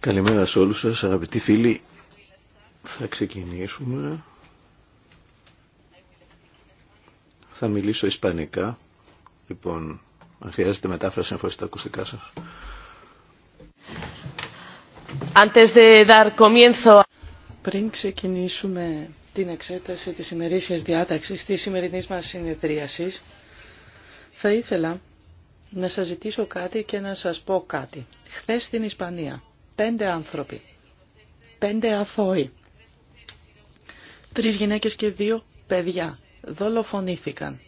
Καλημέρα σε όλους σας αγαπητοί φίλοι. Θα ξεκινήσουμε. Θα μιλήσω ισπανικά. Λοιπόν, αν χρειάζεται μετάφραση να τα ακουστικά σας. Antes Πριν ξεκινήσουμε την εξέταση της ημερήσιας διάταξης της σημερινής μας συνεδρίασης, θα ήθελα να σας ζητήσω κάτι και να σας πω κάτι. Χθες στην Ισπανία, πέντε άνθρωποι, πέντε αθώοι, τρεις γυναίκες και δύο παιδιά δολοφονήθηκαν.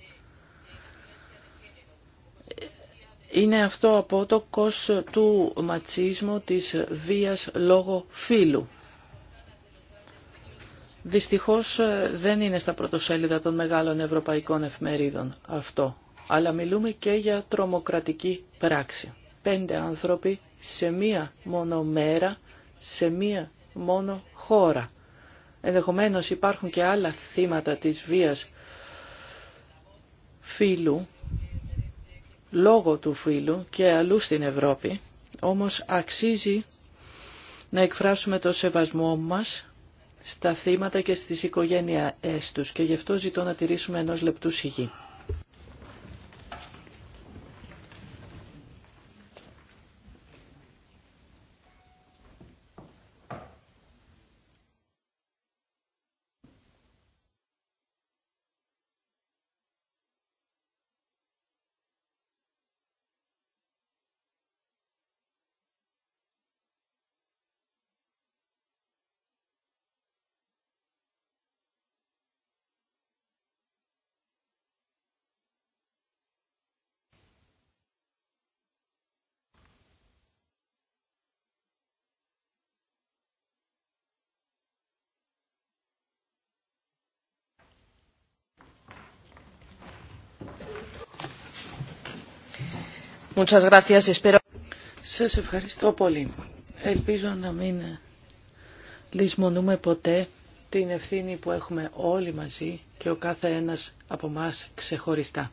Είναι αυτό από το κος του ματσίσμου της βίας λόγω φίλου. Δυστυχώς ε, δεν είναι στα πρωτοσέλιδα των μεγάλων ευρωπαϊκών εφημερίδων αυτό αλλά μιλούμε και για τρομοκρατική πράξη. Πέντε άνθρωποι σε μία μόνο μέρα, σε μία μόνο χώρα. Ενδεχομένως υπάρχουν και άλλα θύματα της βίας φίλου, λόγω του φίλου και αλλού στην Ευρώπη, όμως αξίζει να εκφράσουμε το σεβασμό μας στα θύματα και στις οικογένειές τους και γι' αυτό ζητώ να τηρήσουμε ενός λεπτού σιγή. Muchas Σας ευχαριστώ πολύ. Ελπίζω να μην λησμονούμε ποτέ την ευθύνη που έχουμε όλοι μαζί και ο κάθε ένας από μας ξεχωριστά.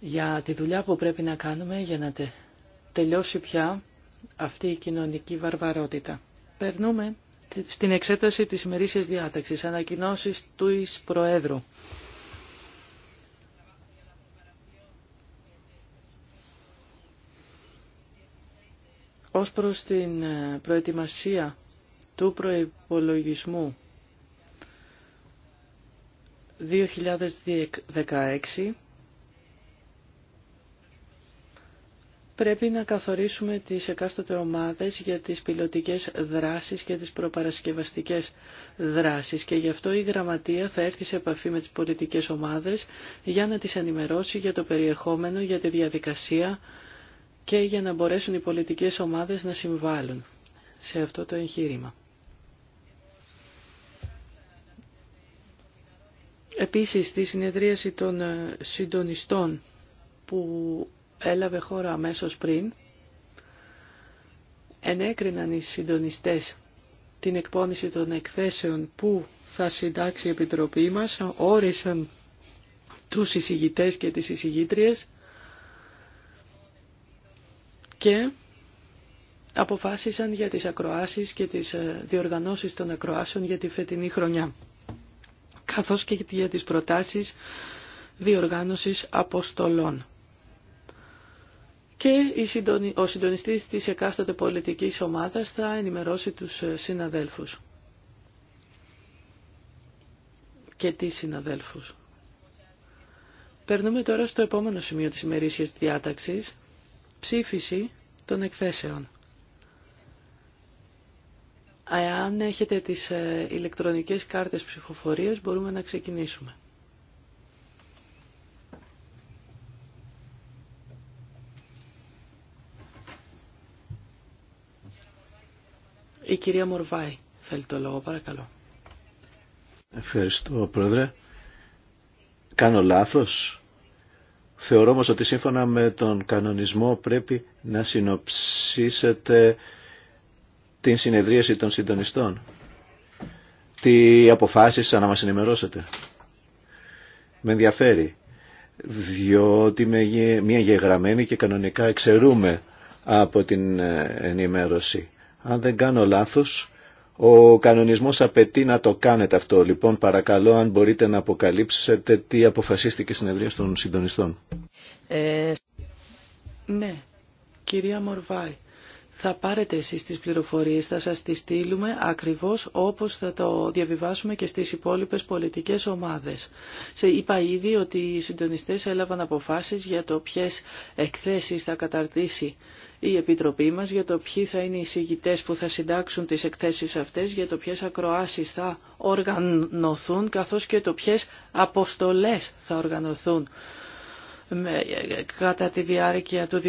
Για τη δουλειά που πρέπει να κάνουμε για να τελειώσει πια αυτή η κοινωνική βαρβαρότητα. Περνούμε στην εξέταση της ημερήσιας διάταξης, ανακοινώσεις του Προέδρου. Ως προς την ε, προετοιμασία του προϋπολογισμού 2016 πρέπει να καθορίσουμε τις εκάστοτε ομάδες για τις πιλωτικές δράσεις και τις προπαρασκευαστικές δράσεις και γι' αυτό η Γραμματεία θα έρθει σε επαφή με τις πολιτικές ομάδες για να τις ενημερώσει για το περιεχόμενο, για τη διαδικασία και για να μπορέσουν οι πολιτικές ομάδες να συμβάλλουν σε αυτό το εγχείρημα. Επίσης, στη συνεδρίαση των ε, συντονιστών που έλαβε χώρα αμέσως πριν, ενέκριναν οι συντονιστές την εκπόνηση των εκθέσεων που θα συντάξει η Επιτροπή μας, όρισαν τους εισηγητές και τις εισηγήτριες, και αποφάσισαν για τις ακροάσεις και τις ε, διοργανώσεις των ακροάσεων για τη φετινή χρονιά, καθώς και για τις προτάσεις διοργάνωσης αποστολών. Και ο συντονιστής της εκάστοτε πολιτικής ομάδας θα ενημερώσει τους ε, συναδέλφους και τι συναδέλφους. Περνούμε τώρα στο επόμενο σημείο της ημερήσιας διάταξης, ψήφιση των εκθέσεων. Αν έχετε τις ε, ηλεκτρονικές κάρτες ψηφοφορίας μπορούμε να ξεκινήσουμε. Η κυρία Μορβάη θέλει το λόγο, παρακαλώ. Ευχαριστώ, Πρόεδρε. Κάνω λάθος. Θεωρώ όμως ότι σύμφωνα με τον κανονισμό πρέπει να συνοψίσετε την συνεδρίαση των συντονιστών. Τι αποφάσεις να μας ενημερώσετε. Με ενδιαφέρει. Διότι με μια γεγραμμένη και κανονικά εξαιρούμε από την ε, ενημέρωση. Αν δεν κάνω λάθος, ο κανονισμός απαιτεί να το κάνετε αυτό. Λοιπόν, παρακαλώ αν μπορείτε να αποκαλύψετε τι αποφασίστηκε συνεδρία των συντονιστών. Ε, ναι, κυρία Μορβάη θα πάρετε εσείς τις πληροφορίες, θα σας τις στείλουμε ακριβώς όπως θα το διαβιβάσουμε και στις υπόλοιπες πολιτικές ομάδες. Σε είπα ήδη ότι οι συντονιστές έλαβαν αποφάσεις για το ποιες εκθέσεις θα καταρτήσει η Επιτροπή μας, για το ποιοι θα είναι οι συγητές που θα συντάξουν τις εκθέσεις αυτές, για το ποιες ακροάσεις θα οργανωθούν, καθώς και το ποιες αποστολές θα οργανωθούν κατά τη διάρκεια του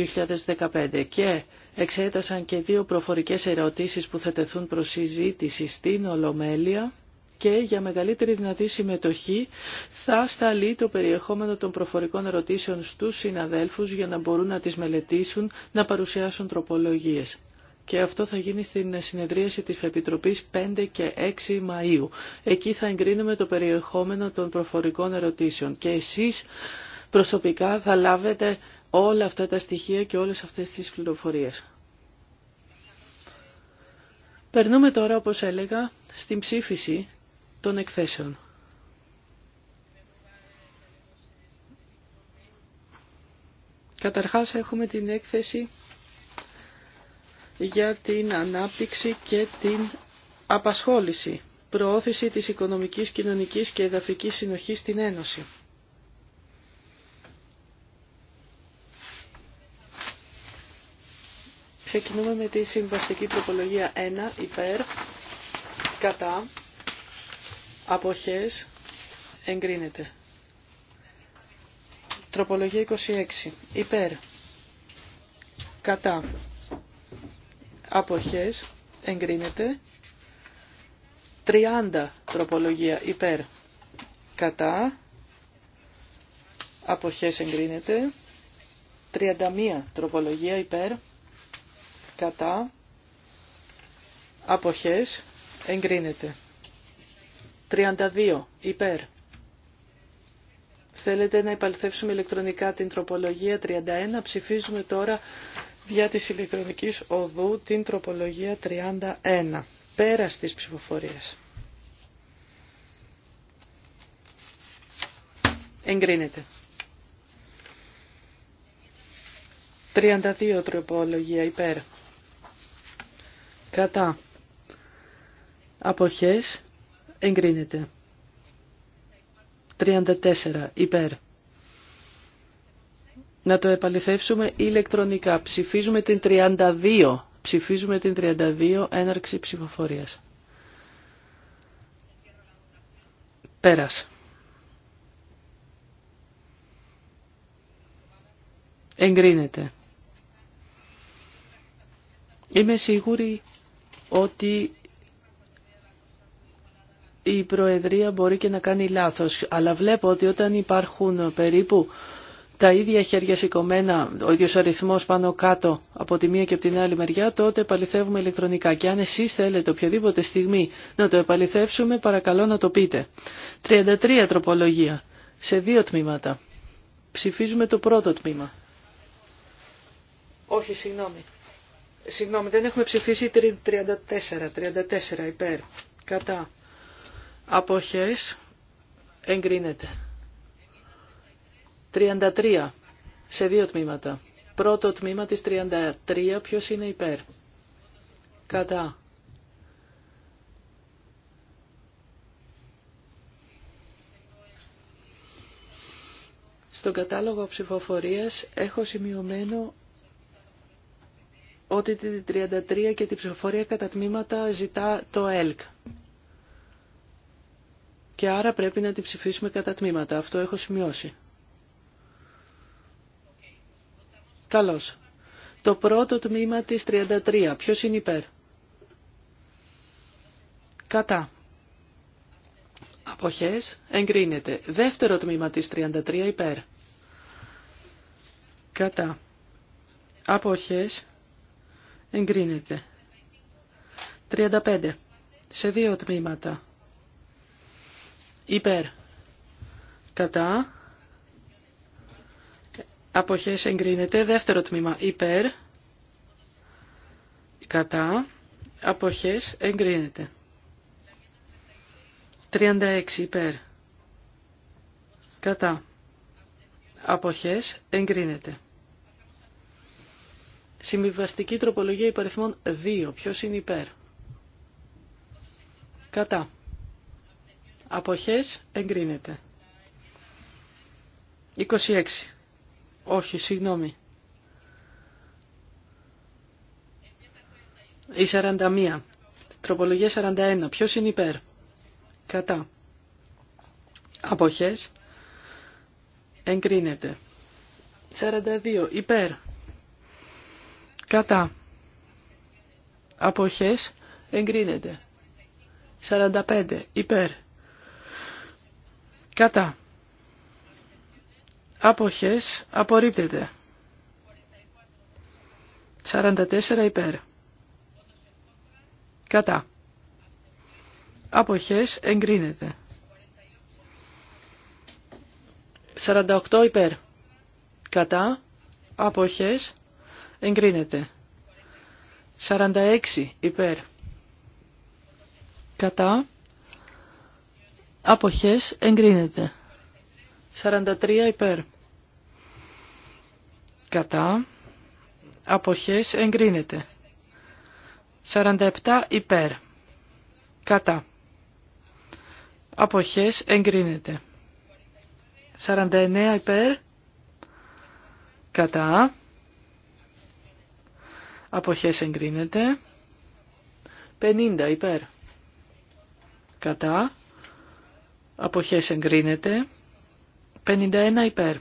2015 και εξέτασαν και δύο προφορικές ερωτήσεις που θα τεθούν προς συζήτηση στην Ολομέλεια και για μεγαλύτερη δυνατή συμμετοχή θα σταλεί το περιεχόμενο των προφορικών ερωτήσεων στους συναδέλφους για να μπορούν να τις μελετήσουν, να παρουσιάσουν τροπολογίες. Και αυτό θα γίνει στην συνεδρίαση της Επιτροπής 5 και 6 Μαΐου. Εκεί θα εγκρίνουμε το περιεχόμενο των προφορικών ερωτήσεων. Και εσείς προσωπικά θα λάβετε όλα αυτά τα στοιχεία και όλες αυτές τις πληροφορίες. Περνούμε τώρα, όπως έλεγα, στην ψήφιση των εκθέσεων. Καταρχάς έχουμε την έκθεση για την ανάπτυξη και την απασχόληση, προώθηση της οικονομικής, κοινωνικής και εδαφικής συνοχής στην Ένωση. Ξεκινούμε με τη συμβαστική τροπολογία 1 υπέρ κατά αποχές εγκρίνεται. Τροπολογία 26 υπέρ κατά αποχές εγκρίνεται. 30 τροπολογία υπέρ κατά αποχές εγκρίνεται. 31 τροπολογία υπέρ κατά, αποχές, εγκρίνεται. 32. Υπέρ. Θέλετε να υπαλθεύσουμε ηλεκτρονικά την τροπολογία 31. Ψηφίζουμε τώρα δια της ηλεκτρονικής οδού την τροπολογία 31. Πέρα της ψηφοφορίας. Εγκρίνεται. 32 τροπολογία υπέρ κατά αποχές εγκρίνεται. 34 υπέρ. Να το επαληθεύσουμε ηλεκτρονικά. Ψηφίζουμε την 32. Ψηφίζουμε την 32 έναρξη ψηφοφορίας. Πέρας. Εγκρίνεται. Είμαι σίγουρη ότι η Προεδρία μπορεί και να κάνει λάθος, αλλά βλέπω ότι όταν υπάρχουν περίπου τα ίδια χέρια σηκωμένα, ο ίδιος αριθμός πάνω κάτω από τη μία και από την άλλη μεριά, τότε επαληθεύουμε ηλεκτρονικά. Και αν εσείς θέλετε οποιαδήποτε στιγμή να το επαληθεύσουμε, παρακαλώ να το πείτε. 33 τροπολογία, σε δύο τμήματα. Ψηφίζουμε το πρώτο τμήμα. Όχι, συγγνώμη. Συγγνώμη, δεν έχουμε ψηφίσει 34. 34 υπέρ. Κατά. Αποχές. Εγκρίνεται. 33. Σε δύο τμήματα. Πρώτο τμήμα της 33. Ποιος είναι υπέρ. Κατά. Στον κατάλογο ψηφοφορίας έχω σημειωμένο ότι την 33 και την ψηφοφορία κατά τμήματα ζητά το ΕΛΚ. Και άρα πρέπει να την ψηφίσουμε κατά τμήματα. Αυτό έχω σημειώσει. Καλώς. Το πρώτο τμήμα της 33. Ποιος είναι υπέρ. Κατά. Αποχές. Εγκρίνεται. Δεύτερο τμήμα της 33 υπέρ. Κατά. Αποχές. Εγκρίνεται. 35. Σε δύο τμήματα. Υπέρ. Κατά. Αποχές εγκρίνεται. Δεύτερο τμήμα. Υπέρ. Κατά. Αποχές εγκρίνεται. 36. Υπέρ. Κατά. Αποχές εγκρίνεται. Συμβιβαστική τροπολογία υπαριθμών 2. Ποιος είναι υπέρ. Κατά. Αποχές εγκρίνεται. 26. Όχι, συγγνώμη. Η 41. Τροπολογία 41. Ποιος είναι υπέρ. Κατά. Αποχές εγκρίνεται. 42. Υπέρ. Κατά. Αποχές εγκρίνεται. 45. Υπέρ. Κατά. Αποχές απορρίπτεται. 44 υπέρ. Κατά. Αποχές εγκρίνεται. 48 υπέρ. Κατά. Αποχές εγκρίνεται. 46 υπέρ κατά αποχές εγκρίνεται. 43 υπέρ κατά αποχές εγκρίνεται. 47 υπέρ κατά αποχές εγκρίνεται. 49 υπέρ κατά Αποχές εγκρίνεται. 50 υπέρ. Κατά. Αποχές εγκρίνεται. 51 υπέρ.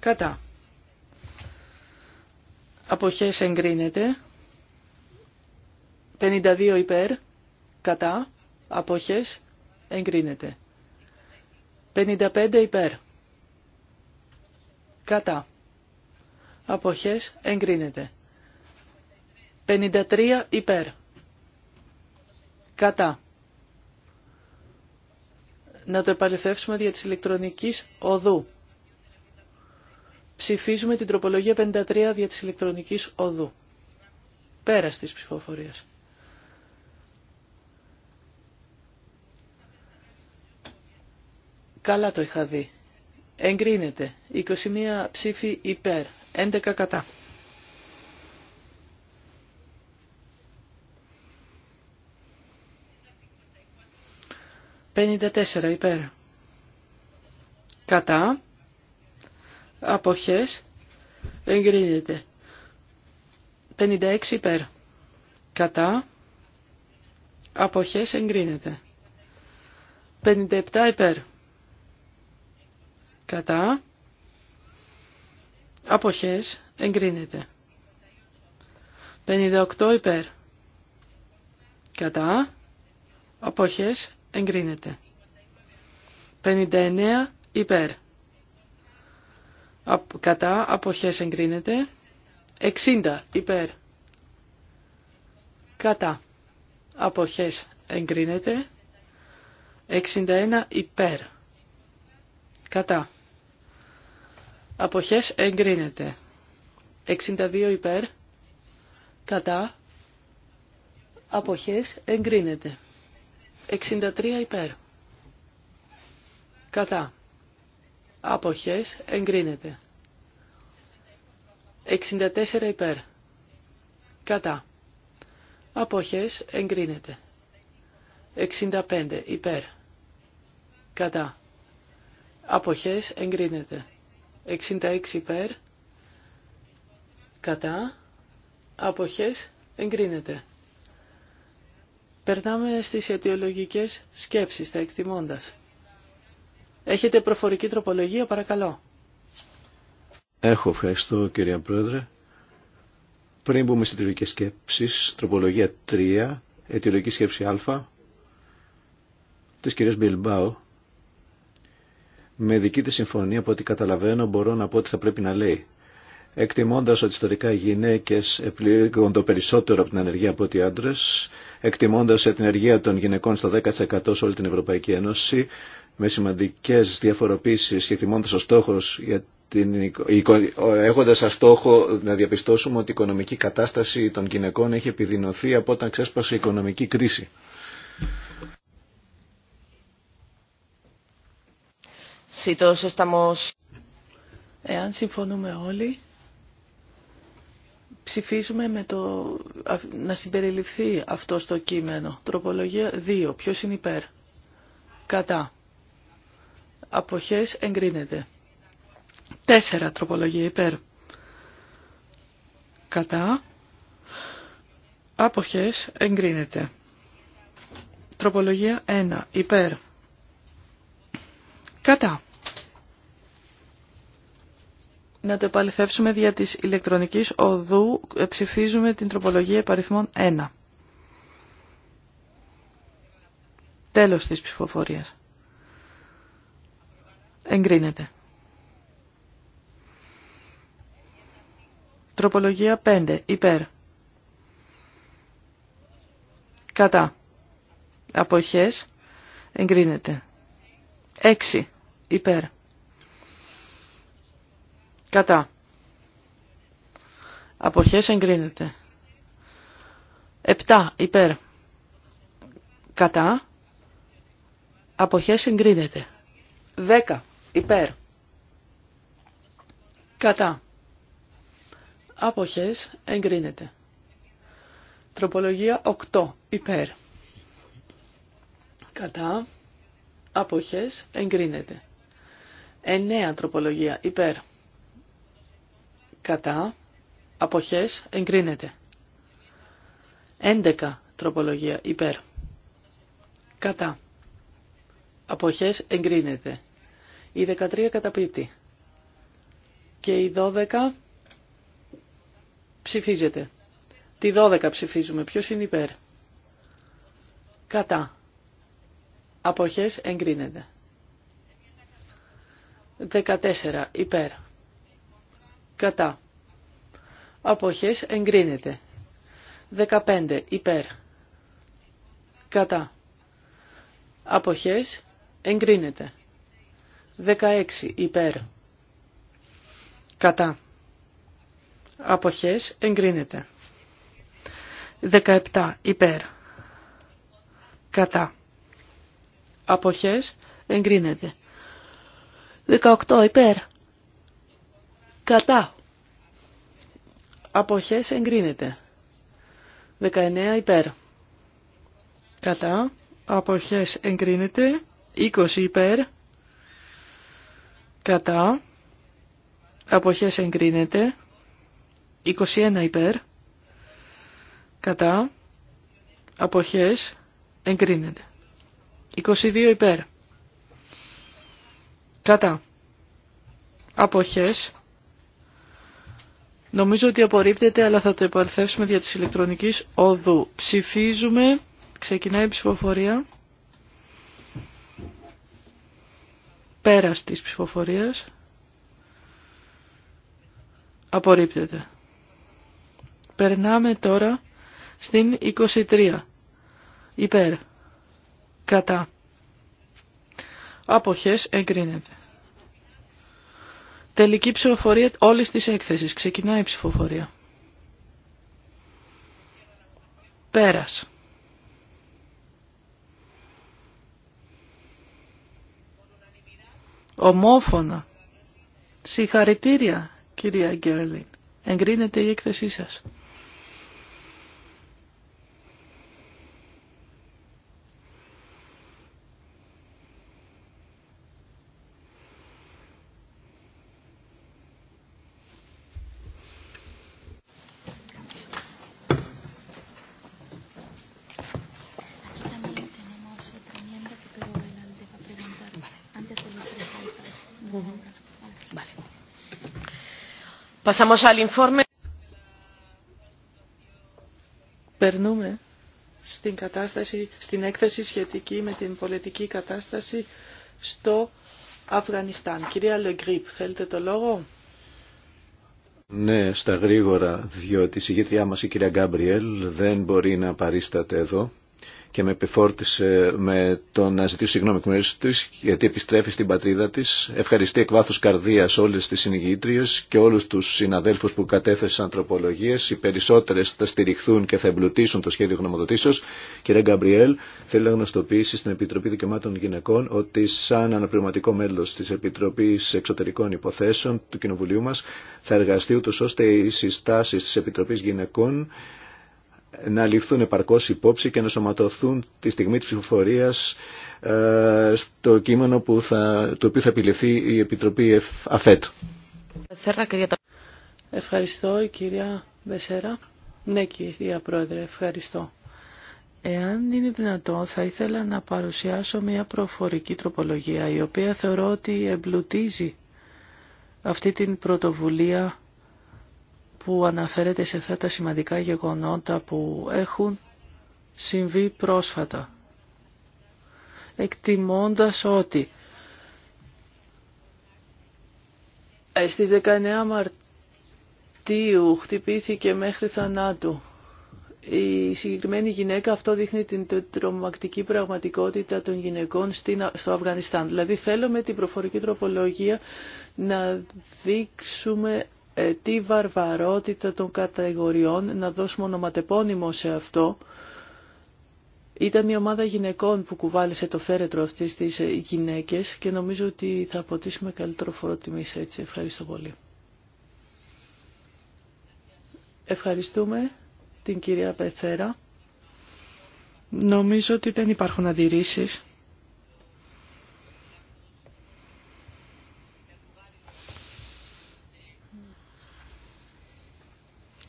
Κατά. Αποχές εγκρίνεται. 52 υπέρ. Κατά. Αποχές εγκρίνεται. 55 υπέρ. Κατά αποχές εγκρίνεται. 53 υπέρ. Κατά. Να το επαληθεύσουμε δια της ηλεκτρονικής οδού. Ψηφίζουμε την τροπολογία 53 δια της ηλεκτρονικής οδού. Πέρας της ψηφοφορίας. Καλά το είχα δει. Εγκρίνεται. 21 ψήφοι υπέρ. 11 κατά. 54 υπέρ. Κατά. Αποχές. Εγκρίνεται. 56 υπέρ. Κατά. Αποχές εγκρίνεται. 57 υπέρ κατά, αποχές, εγκρίνεται. 58 υπέρ, κατά, αποχές, εγκρίνεται. 59 υπέρ, κατά, αποχές, εγκρίνεται. 60 υπέρ, κατά, αποχές, εγκρίνεται. 61 υπέρ, κατά Αποχές εγκρίνεται. 62 υπέρ. Κατά. Αποχές εγκρίνεται. 63 υπέρ. Κατά. Αποχές εγκρίνεται. 64 υπέρ. Κατά. Αποχές εγκρίνεται. 65 υπέρ. Κατά. Αποχές εγκρίνεται. 66 υπέρ, κατά, αποχές, εγκρίνεται. Περνάμε στις αιτιολογικές σκέψεις, τα εκτιμώντας. Έχετε προφορική τροπολογία, παρακαλώ. Έχω, ευχαριστώ κυρία Πρόεδρε. Πριν μπούμε στις αιτιολογικές σκέψεις, τροπολογία 3, αιτιολογική σκέψη α, της κυρίας Μπιλμπάου, με δική της συμφωνία από ό,τι καταλαβαίνω μπορώ να πω ότι θα πρέπει να λέει. Εκτιμώντας ότι ιστορικά οι γυναίκες επλήγονται περισσότερο από την ανεργία από ότι άντρες, εκτιμώντας ότι την ενεργία των γυναικών στο 10% σε όλη την Ευρωπαϊκή Ένωση, με σημαντικές διαφοροποίησεις και ο στόχος για έχοντας σαν στόχο να διαπιστώσουμε ότι η οικονομική κατάσταση των γυναικών έχει επιδεινωθεί από όταν ξέσπασε η οικονομική κρίση. Si Εάν συμφωνούμε όλοι, ψηφίζουμε με το... να συμπεριληφθεί αυτό στο κείμενο. Τροπολογία 2. Ποιος είναι υπέρ. Κατά. Αποχές εγκρίνεται. Τέσσερα Τροπολογία υπέρ. Κατά. Αποχές εγκρίνεται. Τροπολογία 1. Υπέρ. Κατά. Να το επαληθεύσουμε δια της ηλεκτρονικής οδού. Ε, ψηφίζουμε την τροπολογία επαριθμών 1. Τέλος της ψηφοφορίας. Εγκρίνεται. Τροπολογία 5. Υπέρ. Κατά. Αποχές. Εγκρίνεται. 6. Υπέρ. Κατά. Αποχές εγκρίνεται. 7. Υπέρ. Κατά. Αποχές εγκρίνεται. 10. Υπέρ. Κατά. Αποχές εγκρίνεται. Τροπολογία 8. Υπέρ. Κατά. Αποχές εγκρίνεται. 9. Τροπολογία. Υπέρ κατά, αποχές, εγκρίνεται. 11 τροπολογία υπέρ, κατά, αποχές, εγκρίνεται. Η 13 καταπίπτει και η 12 ψηφίζεται. Τη 12 ψηφίζουμε. Ποιος είναι υπέρ. Κατά. Αποχές εγκρίνεται. 14 υπέρ κατά. Αποχές εγκρίνεται. 15 υπέρ. Κατά. Αποχές εγκρίνεται. 16 υπέρ. Κατά. Αποχές εγκρίνεται. 17 υπέρ. Κατά. Αποχές εγκρίνεται. 18 υπέρ. Κατά. Αποχές εγκρίνεται. 19 υπέρ. Κατά. Αποχές εγκρίνεται. 20 υπέρ. Κατά. Αποχές εγκρίνεται. 21 υπέρ. Κατά. Αποχές εγκρίνεται. 22 υπέρ. Κατά. Αποχές Νομίζω ότι απορρίπτεται, αλλά θα το επαρθέσουμε δια της ηλεκτρονικής οδού. Ψηφίζουμε. Ξεκινάει η ψηφοφορία. Πέρας της ψηφοφορίας. Απορρίπτεται. Περνάμε τώρα στην 23. Υπέρ. Κατά. Αποχές εγκρίνεται. Τελική ψηφοφορία όλη τη έκθεση. Ξεκινάει η ψηφοφορία. Πέρας. Ομόφωνα. Συγχαρητήρια, κυρία Γκέρλιν. Εγκρίνεται η έκθεσή σας. Pasamos al Περνούμε στην, κατάσταση, στην έκθεση σχετική με την πολιτική κατάσταση στο Αφγανιστάν. Κυρία Λεγκρίπ, θέλετε το λόγο. Ναι, στα γρήγορα, διότι η συγγήτριά μας η κυρία Γκάμπριελ δεν μπορεί να παρίσταται εδώ και με επιφόρτησε με το να ζητήσω συγγνώμη εκ μέρου τη, γιατί επιστρέφει στην πατρίδα τη. Ευχαριστεί εκ βάθου καρδία όλε τι συνηγήτριε και όλου του συναδέλφου που κατέθεσαν ανθρωπολογίε. Οι περισσότερε θα στηριχθούν και θα εμπλουτίσουν το σχέδιο γνωμοδοτήσεω. Κύριε Γκαμπριέλ, θέλω να γνωστοποιήσει στην Επιτροπή Δικαιωμάτων Γυναικών ότι, σαν αναπληρωματικό μέλο τη Επιτροπή Εξωτερικών Υποθέσεων του Κοινοβουλίου μα, θα εργαστεί ούτω ώστε οι συστάσει τη Επιτροπή Γυναικών να ληφθούν επαρκώς υπόψη και να σωματωθούν τη στιγμή της ψηφοφορίας ε, στο κείμενο που θα, το οποίο θα επιληφθεί η Επιτροπή ΑΦΕΤ. Ευχαριστώ η κυρία Μπεσέρα. Ναι κυρία Πρόεδρε, ευχαριστώ. Εάν είναι δυνατό θα ήθελα να παρουσιάσω μια προφορική τροπολογία η οποία θεωρώ ότι εμπλουτίζει αυτή την πρωτοβουλία που αναφέρεται σε αυτά τα σημαντικά γεγονότα που έχουν συμβεί πρόσφατα. Εκτιμώντας ότι ε, στις 19 Μαρτίου χτυπήθηκε μέχρι θανάτου η συγκεκριμένη γυναίκα αυτό δείχνει την τρομακτική πραγματικότητα των γυναικών στο Αφγανιστάν. Δηλαδή θέλουμε την προφορική τροπολογία να δείξουμε ε, τη βαρβαρότητα των κατηγοριών, να δώσουμε ονοματεπώνυμο σε αυτό. Ήταν η ομάδα γυναικών που κουβάλησε το φέρετρο αυτής της ε, γυναίκες και νομίζω ότι θα αποτίσουμε καλύτερο φορό τιμής έτσι. Ευχαριστώ πολύ. Ευχαριστούμε την κυρία Πεθέρα. Νομίζω ότι δεν υπάρχουν αντιρρήσεις.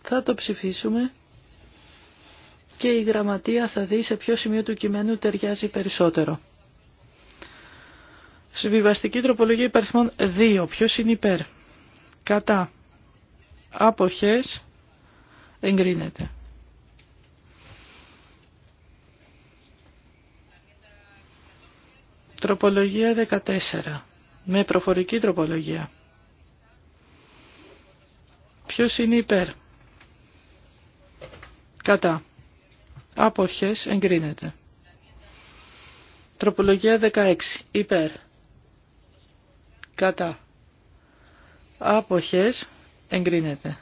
θα το ψηφίσουμε και η γραμματεία θα δει σε ποιο σημείο του κειμένου ταιριάζει περισσότερο. Συμβιβαστική τροπολογία υπαριθμών 2. Ποιος είναι υπέρ. Κατά. Αποχές. Εγκρίνεται. Τροπολογία 14. Με προφορική τροπολογία. Ποιος είναι υπέρ. Κατά. Αποχές εγκρίνεται. Τροπολογία 16. Υπέρ. Κατά. Αποχές εγκρίνεται.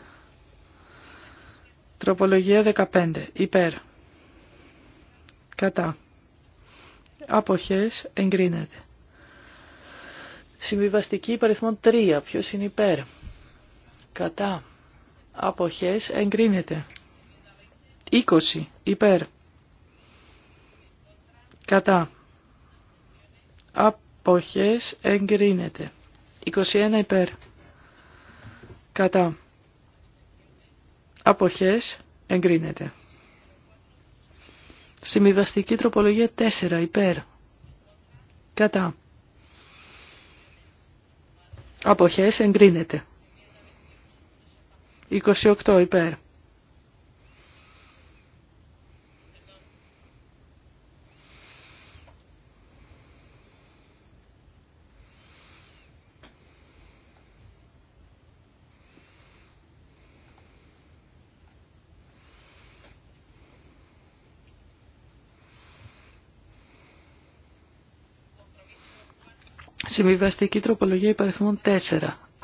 Τροπολογία 15. Υπέρ. Κατά. Αποχές εγκρίνεται. Συμβιβαστική υπαριθμό 3. Ποιος είναι υπέρ. Κατά. Αποχές εγκρίνεται. 20 υπέρ κατά αποχές εγκρίνεται 21 υπέρ κατά αποχές εγκρίνεται Συμβιβαστική τροπολογία 4 υπέρ κατά αποχές εγκρίνεται 28 υπέρ Συμβιβαστική τροπολογία υπαριθμών 4.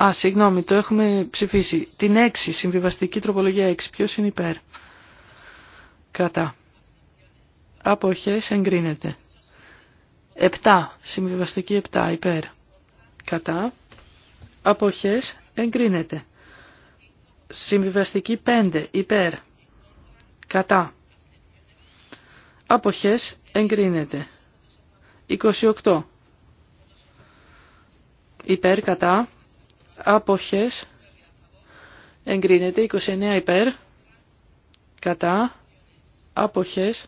Α, συγγνώμη, το έχουμε ψηφίσει. Την 6, συμβιβαστική τροπολογία 6. Ποιος είναι υπέρ. Κατά. Αποχές εγκρίνεται. 7, συμβιβαστική 7, υπέρ. Κατά. Αποχές εγκρίνεται. Συμβιβαστική 5, υπέρ. Κατά. Αποχές εγκρίνεται. 28 υπέρ κατά αποχές εγκρίνεται 29 υπέρ κατά αποχές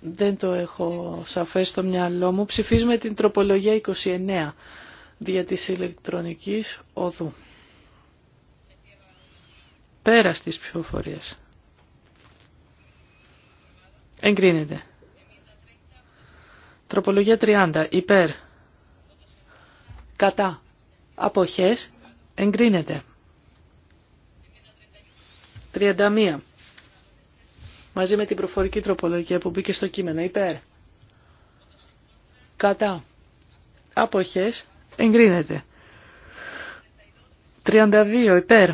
δεν το έχω σαφές στο μυαλό μου ψηφίζουμε την τροπολογία 29 δια της ηλεκτρονικής οδού πέρα στις ψηφοφορίες εγκρίνεται Τροπολογία 30. Υπέρ. Κατά. Αποχές. Εγκρίνεται. 31. Μαζί με την προφορική τροπολογία που μπήκε στο κείμενο. Υπέρ. Κατά. Αποχές. Εγκρίνεται. 32. Υπέρ.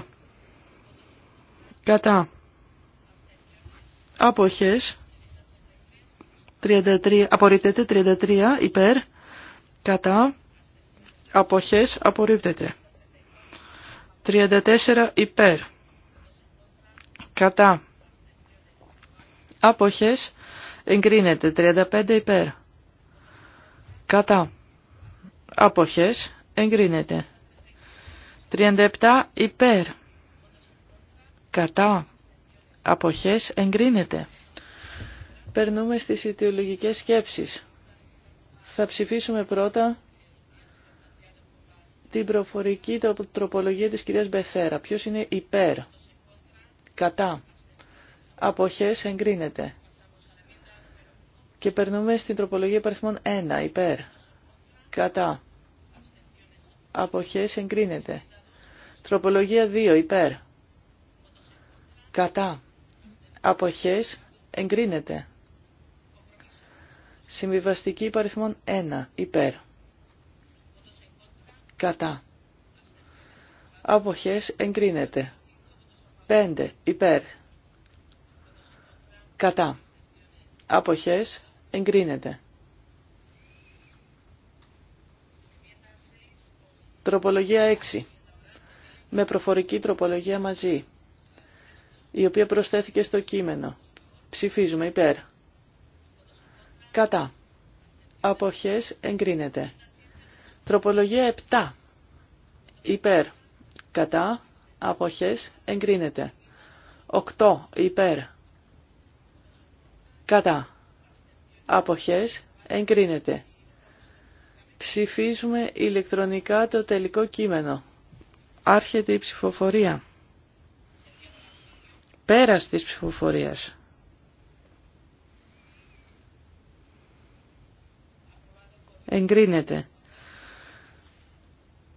Κατά. Αποχές. 33, απορρίπτεται 33 υπέρ, κατά, αποχές απορρίπτεται. 34 υπέρ, κατά, αποχές εγκρίνεται. 35 υπέρ, κατά, αποχές εγκρίνεται. 37 υπέρ, κατά, αποχές εγκρίνεται. Περνούμε στις ιδεολογικές σκέψεις. Θα ψηφίσουμε πρώτα την προφορική τροπολογία της κυρίας Μπεθέρα. Ποιος είναι υπέρ, κατά, αποχές εγκρίνεται. Και περνούμε στην τροπολογία παριθμών 1, υπέρ, κατά, αποχές εγκρίνεται. Τροπολογία 2, υπέρ, κατά, αποχές εγκρίνεται. Συμβιβαστική υπαριθμών 1. Υπέρ. Κατά. Αποχές εγκρίνεται. 5. Υπέρ. Κατά. Αποχές εγκρίνεται. Τροπολογία 6. Με προφορική τροπολογία μαζί, η οποία προσθέθηκε στο κείμενο. Ψηφίζουμε υπέρ. Κατά. Αποχές εγκρίνεται. Τροπολογία 7. Υπέρ. Κατά. Αποχές εγκρίνεται. 8. Υπέρ. Κατά. Αποχές εγκρίνεται. Ψηφίζουμε ηλεκτρονικά το τελικό κείμενο. Άρχεται η ψηφοφορία. Πέρας της ψηφοφορίας. εγκρίνεται.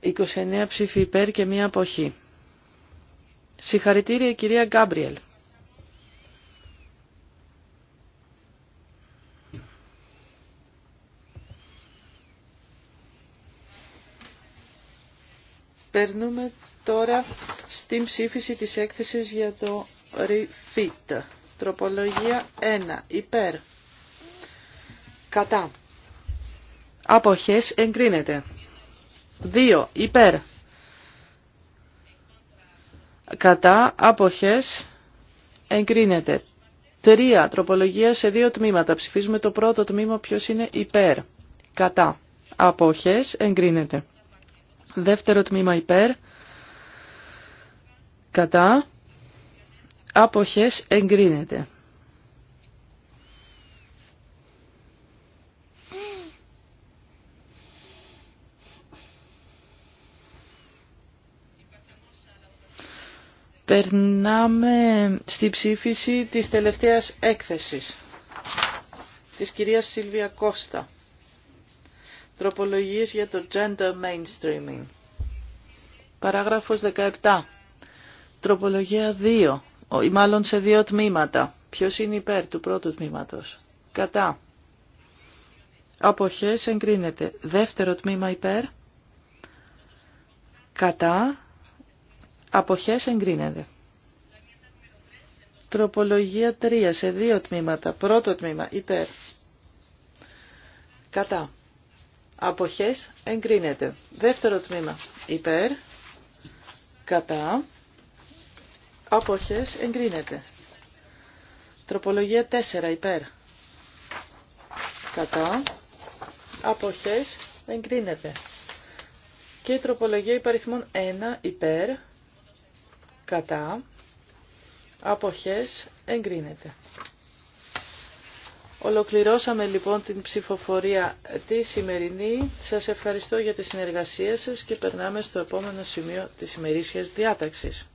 29 ψήφοι υπέρ και μία αποχή. Συγχαρητήρια κυρία Γκάμπριελ. Περνούμε τώρα στην ψήφιση της έκθεσης για το ReFit. Τροπολογία 1. Υπέρ. Κατά. Αποχές εγκρίνεται. 2. Υπέρ. Κατά. Αποχές εγκρίνεται. 3. Τροπολογία σε δύο τμήματα. Ψηφίζουμε το πρώτο τμήμα ποιος είναι υπέρ. Κατά. Αποχές εγκρίνεται. Δεύτερο τμήμα υπέρ. Κατά. Αποχές εγκρίνεται. Περνάμε στη ψήφιση της τελευταίας έκθεσης της κυρίας Σίλβια Κώστα. Τροπολογίες για το gender mainstreaming. Παράγραφος 17. Τροπολογία 2, ή μάλλον σε δύο τμήματα. Ποιος είναι υπέρ του πρώτου τμήματος. Κατά. Αποχές εγκρίνεται. Δεύτερο τμήμα υπέρ. Κατά. Αποχές εγκρίνεται. Τροπολογία 3 σε δύο τμήματα. Πρώτο τμήμα υπέρ. Κατά. Αποχές εγκρίνεται. Δεύτερο τμήμα υπέρ. Κατά. Αποχές εγκρίνεται. Τροπολογία 4 υπέρ. Κατά. Αποχές εγκρίνεται. Και η τροπολογία υπαριθμών 1 υπέρ κατά, αποχές, εγκρίνεται. Ολοκληρώσαμε λοιπόν την ψηφοφορία τη σημερινή. Σας ευχαριστώ για τη συνεργασία σας και περνάμε στο επόμενο σημείο της ημερήσιας διάταξης.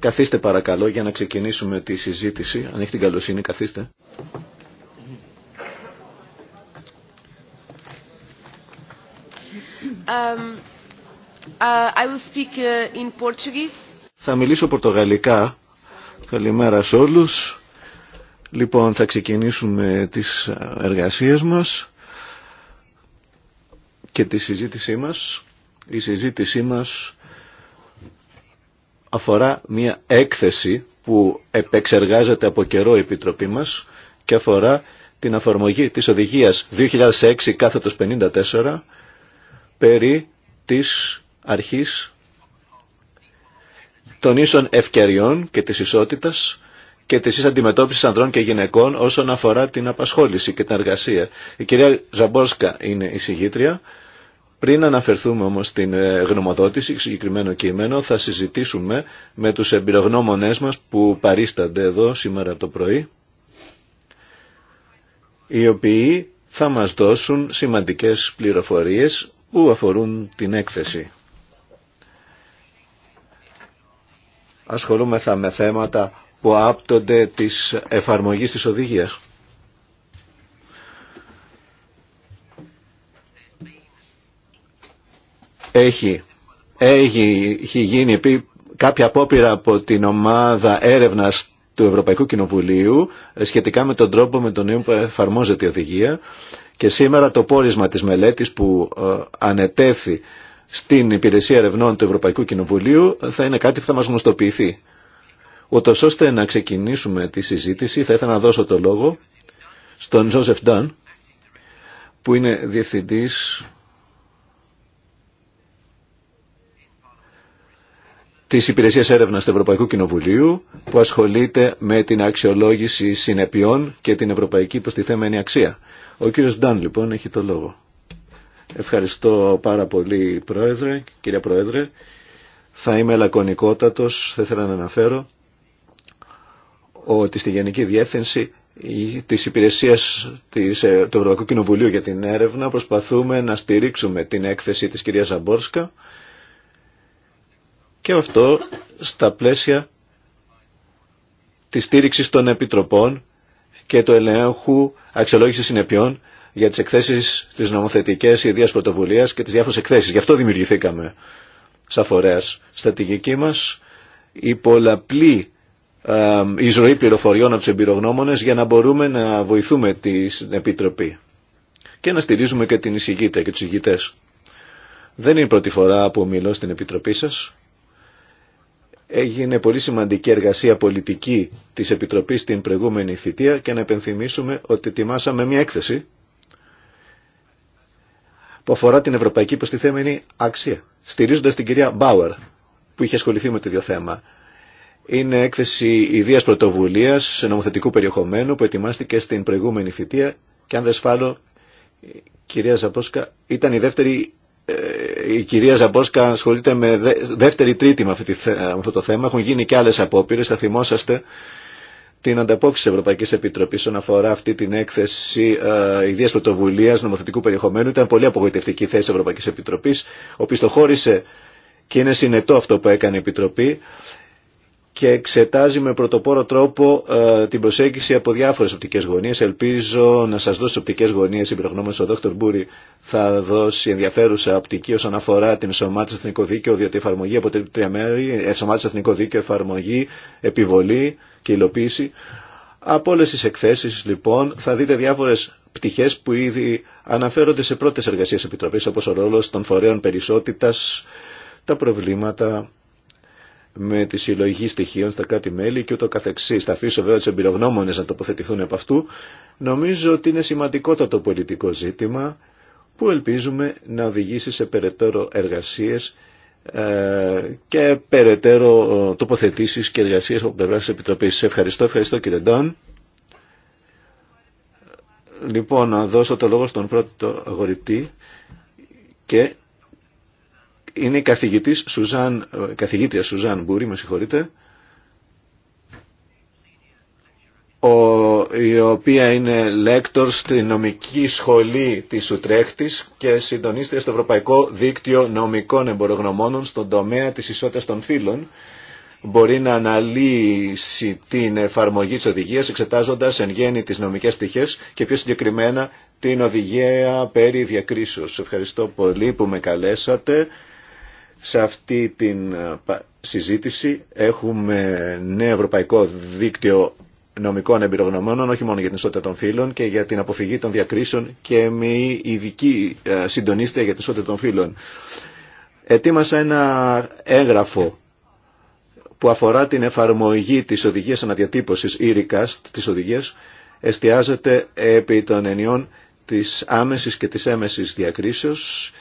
Καθίστε παρακαλώ για να ξεκινήσουμε τη συζήτηση. Αν έχει την καλοσύνη, καθίστε. Um, Uh, I will speak uh, Θα μιλήσω πορτογαλικά. Καλημέρα σε όλους. Λοιπόν, θα ξεκινήσουμε τις εργασίες μας και τη συζήτησή μας. Η συζήτησή μας αφορά μια έκθεση που επεξεργάζεται από καιρό η Επιτροπή μας και αφορά την αφορμογή της οδηγίας 2006 κάθετος 54 περί της αρχής των ίσων ευκαιριών και της ισότητας και της αντιμετώπισης ανδρών και γυναικών όσον αφορά την απασχόληση και την εργασία. Η κυρία Ζαμπόσκα είναι η συγγήτρια. Πριν αναφερθούμε όμως στην ε, γνωμοδότηση, συγκεκριμένο κείμενο, θα συζητήσουμε με τους εμπειρογνώμονές μας που παρίστανται εδώ σήμερα το πρωί, οι οποίοι θα μας δώσουν σημαντικές πληροφορίες που αφορούν την έκθεση. ασχολούμεθα με θέματα που άπτονται της εφαρμογής της οδηγίας. Έχει, έχει, έχει γίνει κάποια απόπειρα από την ομάδα έρευνας του Ευρωπαϊκού Κοινοβουλίου ε, σχετικά με τον τρόπο με τον οποίο εφαρμόζεται η οδηγία και σήμερα το πόρισμα της μελέτης που ε, ανετέθη στην Υπηρεσία Ερευνών του Ευρωπαϊκού Κοινοβουλίου θα είναι κάτι που θα μας γνωστοποιηθεί. Ότως ώστε να ξεκινήσουμε τη συζήτηση θα ήθελα να δώσω το λόγο στον Ζώσεφ Ντάν που είναι διευθυντής της Υπηρεσίας Έρευνας του Ευρωπαϊκού Κοινοβουλίου που ασχολείται με την αξιολόγηση συνεπειών και την ευρωπαϊκή υποστηθέμενη αξία. Ο κύριος Ντάν λοιπόν έχει το λόγο. Ευχαριστώ πάρα πολύ Πρόεδρε, κύριε Πρόεδρε. Θα είμαι λακωνικότατος, θα ήθελα να αναφέρω ότι στη Γενική Διεύθυνση της Υπηρεσίας της, ε, του Ευρωπαϊκού Κοινοβουλίου για την έρευνα προσπαθούμε να στηρίξουμε την έκθεση της κυρίας Ζαμπόρσκα και αυτό στα πλαίσια της στήριξης των επιτροπών και του ελέγχου αξιολόγησης συνεπειών για τις εκθέσεις τις νομοθετικές ιδίας πρωτοβουλίας και τις διάφορες εκθέσεις. Γι' αυτό δημιουργηθήκαμε σαν φορέας. Στατηγική μας η πολλαπλή εισρωή πληροφοριών από τους εμπειρογνώμονες για να μπορούμε να βοηθούμε την Επιτροπή και να στηρίζουμε και την εισηγήτρια και τους ηγητές. Δεν είναι η πρώτη φορά που μιλώ στην Επιτροπή σας. Έγινε πολύ σημαντική εργασία πολιτική της Επιτροπής στην προηγούμενη θητεία και να επενθυμίσουμε ότι ετοιμάσαμε μια έκθεση που αφορά την ευρωπαϊκή προστιθέμενη αξία, στηρίζοντα την κυρία Μπάουερ που είχε ασχοληθεί με το ίδιο θέμα. Είναι έκθεση ιδίας πρωτοβουλίας νομοθετικού περιεχομένου που ετοιμάστηκε στην προηγούμενη θητεία και αν δεν σφάλω, η κυρία Ζαμπόσκα ήταν η δεύτερη ε, η κυρία Ζαμπόσκα ασχολείται με δεύτερη τρίτη με αυτό το θέμα. Έχουν γίνει και άλλες απόπειρε, θα θυμόσαστε την ανταπόκριση της Ευρωπαϊκής Επιτροπής όσον αφορά αυτή την έκθεση ε, ιδίας πρωτοβουλία νομοθετικού περιεχομένου. Ήταν πολύ απογοητευτική η θέση της Ευρωπαϊκής Επιτροπής, χώρισε και είναι συνετό αυτό που έκανε η Επιτροπή και εξετάζει με πρωτοπόρο τρόπο ε, την προσέγγιση από διάφορες οπτικές γωνίες. Ελπίζω να σας δώσει οπτικές γωνίες. Η ο Δόκτωρ Μπούρη θα δώσει ενδιαφέρουσα οπτική όσον αφορά την ενσωμάτωση του εθνικό δίκαιο, διότι η εφαρμογή από τρία μέρη, ενσωμάτωση του εθνικό δίκαιο, εφαρμογή, επιβολή και υλοποίηση. Από όλε τι εκθέσει λοιπόν θα δείτε διάφορες πτυχές που ήδη αναφέρονται σε πρώτες εργασίε Επιτροπής όπως ο ρόλος των φορέων περισσότητας, τα προβλήματα με τη συλλογή στοιχείων στα κράτη-μέλη και ούτω καθεξής. Θα αφήσω βέβαια τους εμπειρογνώμονες να τοποθετηθούν από αυτού. Νομίζω ότι είναι το πολιτικό ζήτημα που ελπίζουμε να οδηγήσει σε περαιτέρω εργασίες ε, και περαιτέρω ε, τοποθετήσεις και εργασίες από πλευρά της Επιτροπής. Σε ευχαριστώ, ευχαριστώ κύριε Ντάν. Λοιπόν, να δώσω το λόγο στον πρώτο αγορητή και είναι η καθηγητής ε, καθηγήτρια Σουζάν Μπούρη, με ο, η οποία είναι λέκτορ στη νομική σχολή της Ουτρέχτης και συντονίστρια στο Ευρωπαϊκό Δίκτυο Νομικών Εμπορογνωμόνων στον τομέα της ισότητας των φύλων, μπορεί να αναλύσει την εφαρμογή της οδηγίας εξετάζοντας εν γέννη τις νομικές πτυχές και πιο συγκεκριμένα την οδηγία περί διακρίσεως. Ευχαριστώ πολύ που με καλέσατε. Σε αυτή την ε, συζήτηση έχουμε νέο ευρωπαϊκό δίκτυο νομικών εμπειρογνωμένων, όχι μόνο για την ισότητα των φύλων και για την αποφυγή των διακρίσεων και με ειδική ε, συντονίστρια για την ισότητα των φύλων. Ετοίμασα ένα έγγραφο που αφορά την εφαρμογή της οδηγίας αναδιατύπωσης Ίρικας της οδηγίας εστιάζεται επί των ενιών της άμεσης και της έμεσης διακρίσεως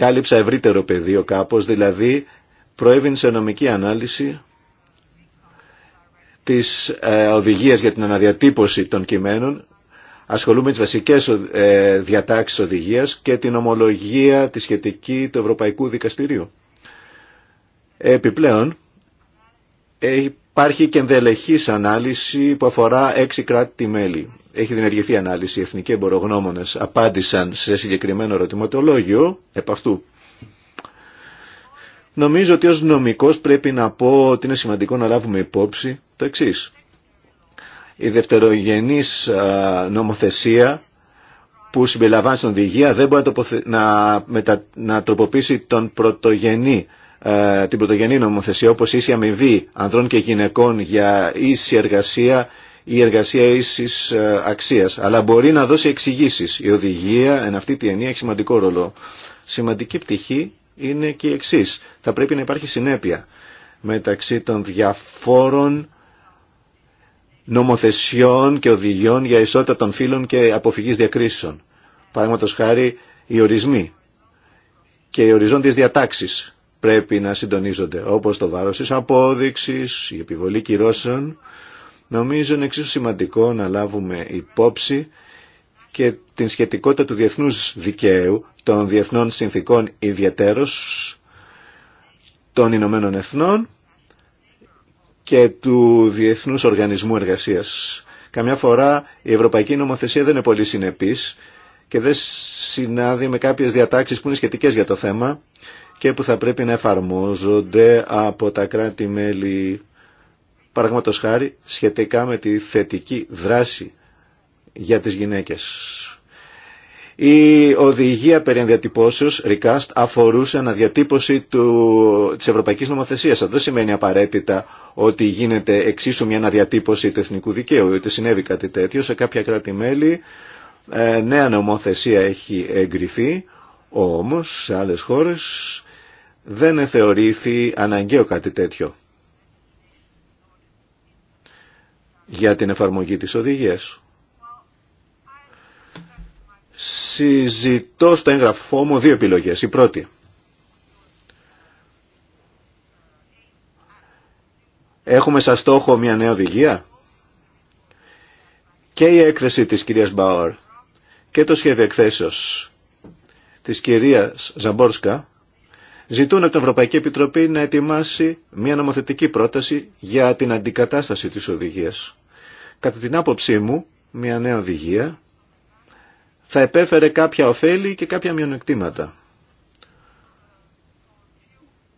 κάλυψα ευρύτερο πεδίο κάπως, δηλαδή προέβην σε νομική ανάλυση της ε, οδηγίας για την αναδιατύπωση των κειμένων, ασχολούμαι τις βασικές ε, διατάξεις οδηγίας και την ομολογία τη σχετική του Ευρωπαϊκού Δικαστηρίου. Επιπλέον, Υπάρχει και ενδελεχής ανάλυση που αφορά έξι κράτη-μέλη. Έχει δημιουργηθεί ανάλυση. Οι εθνικοί εμπορογνώμονε απάντησαν σε συγκεκριμένο ερωτηματολόγιο επ' αυτού. Νομίζω ότι ω νομικός πρέπει να πω ότι είναι σημαντικό να λάβουμε υπόψη το εξή. Η δευτερογενής νομοθεσία που συμπεριλαμβάνει στην οδηγία δεν μπορεί να, να, μετα... να τροποποιήσει τον πρωτογενή ε, την πρωτογενή νομοθεσία όπως ίση αμοιβή ανδρών και γυναικών για ίση εργασία ή εργασία ίσης ε, αξίας. Αλλά μπορεί να δώσει εξηγήσει. Η οδηγία εν αυτή τη ενία έχει σημαντικό ρόλο. Σημαντική πτυχή είναι και η εξή. Θα πρέπει να υπάρχει συνέπεια μεταξύ των διαφόρων νομοθεσιών και οδηγιών για ισότητα των φύλων και αποφυγής διακρίσεων. Παραδείγματο χάρη οι ορισμοί και οι οριζόντιες διατάξεις πρέπει να συντονίζονται, όπως το βάρος της απόδειξης, η επιβολή κυρώσεων. Νομίζω είναι εξίσου σημαντικό να λάβουμε υπόψη και την σχετικότητα του διεθνούς δικαίου, των διεθνών συνθήκων ιδιαίτερος των Ηνωμένων Εθνών και του Διεθνούς Οργανισμού Εργασίας. Καμιά φορά η ευρωπαϊκή νομοθεσία δεν είναι πολύ συνεπής και δεν συνάδει με κάποιες διατάξεις που είναι σχετικές για το θέμα και που θα πρέπει να εφαρμόζονται από τα κράτη-μέλη παραγματος χάρη σχετικά με τη θετική δράση για τις γυναίκες. Η οδηγία περί ενδιατυπώσεως, recast, αφορούσε αναδιατύπωση του, της ευρωπαϊκής νομοθεσίας. Αυτό δεν σημαίνει απαραίτητα ότι γίνεται εξίσου μια αναδιατύπωση του εθνικού δικαίου, ότι συνέβη κάτι τέτοιο. Σε κάποια κράτη-μέλη ε, νέα νομοθεσία έχει εγκριθεί, όμως σε άλλες χώρες δεν θεωρήθη αναγκαίο κάτι τέτοιο για την εφαρμογή της οδηγίας. Συζητώ στο έγγραφό μου δύο επιλογές. Η πρώτη. Έχουμε σαν στόχο μια νέα οδηγία και η έκθεση της κυρίας Μπαόρ και το σχέδιο εκθέσεως της κυρίας Ζαμπόρσκα ζητούν από την Ευρωπαϊκή Επιτροπή να ετοιμάσει μια νομοθετική πρόταση για την αντικατάσταση της οδηγίας. Κατά την άποψή μου, μια νέα οδηγία θα επέφερε κάποια ωφέλη και κάποια μειονεκτήματα.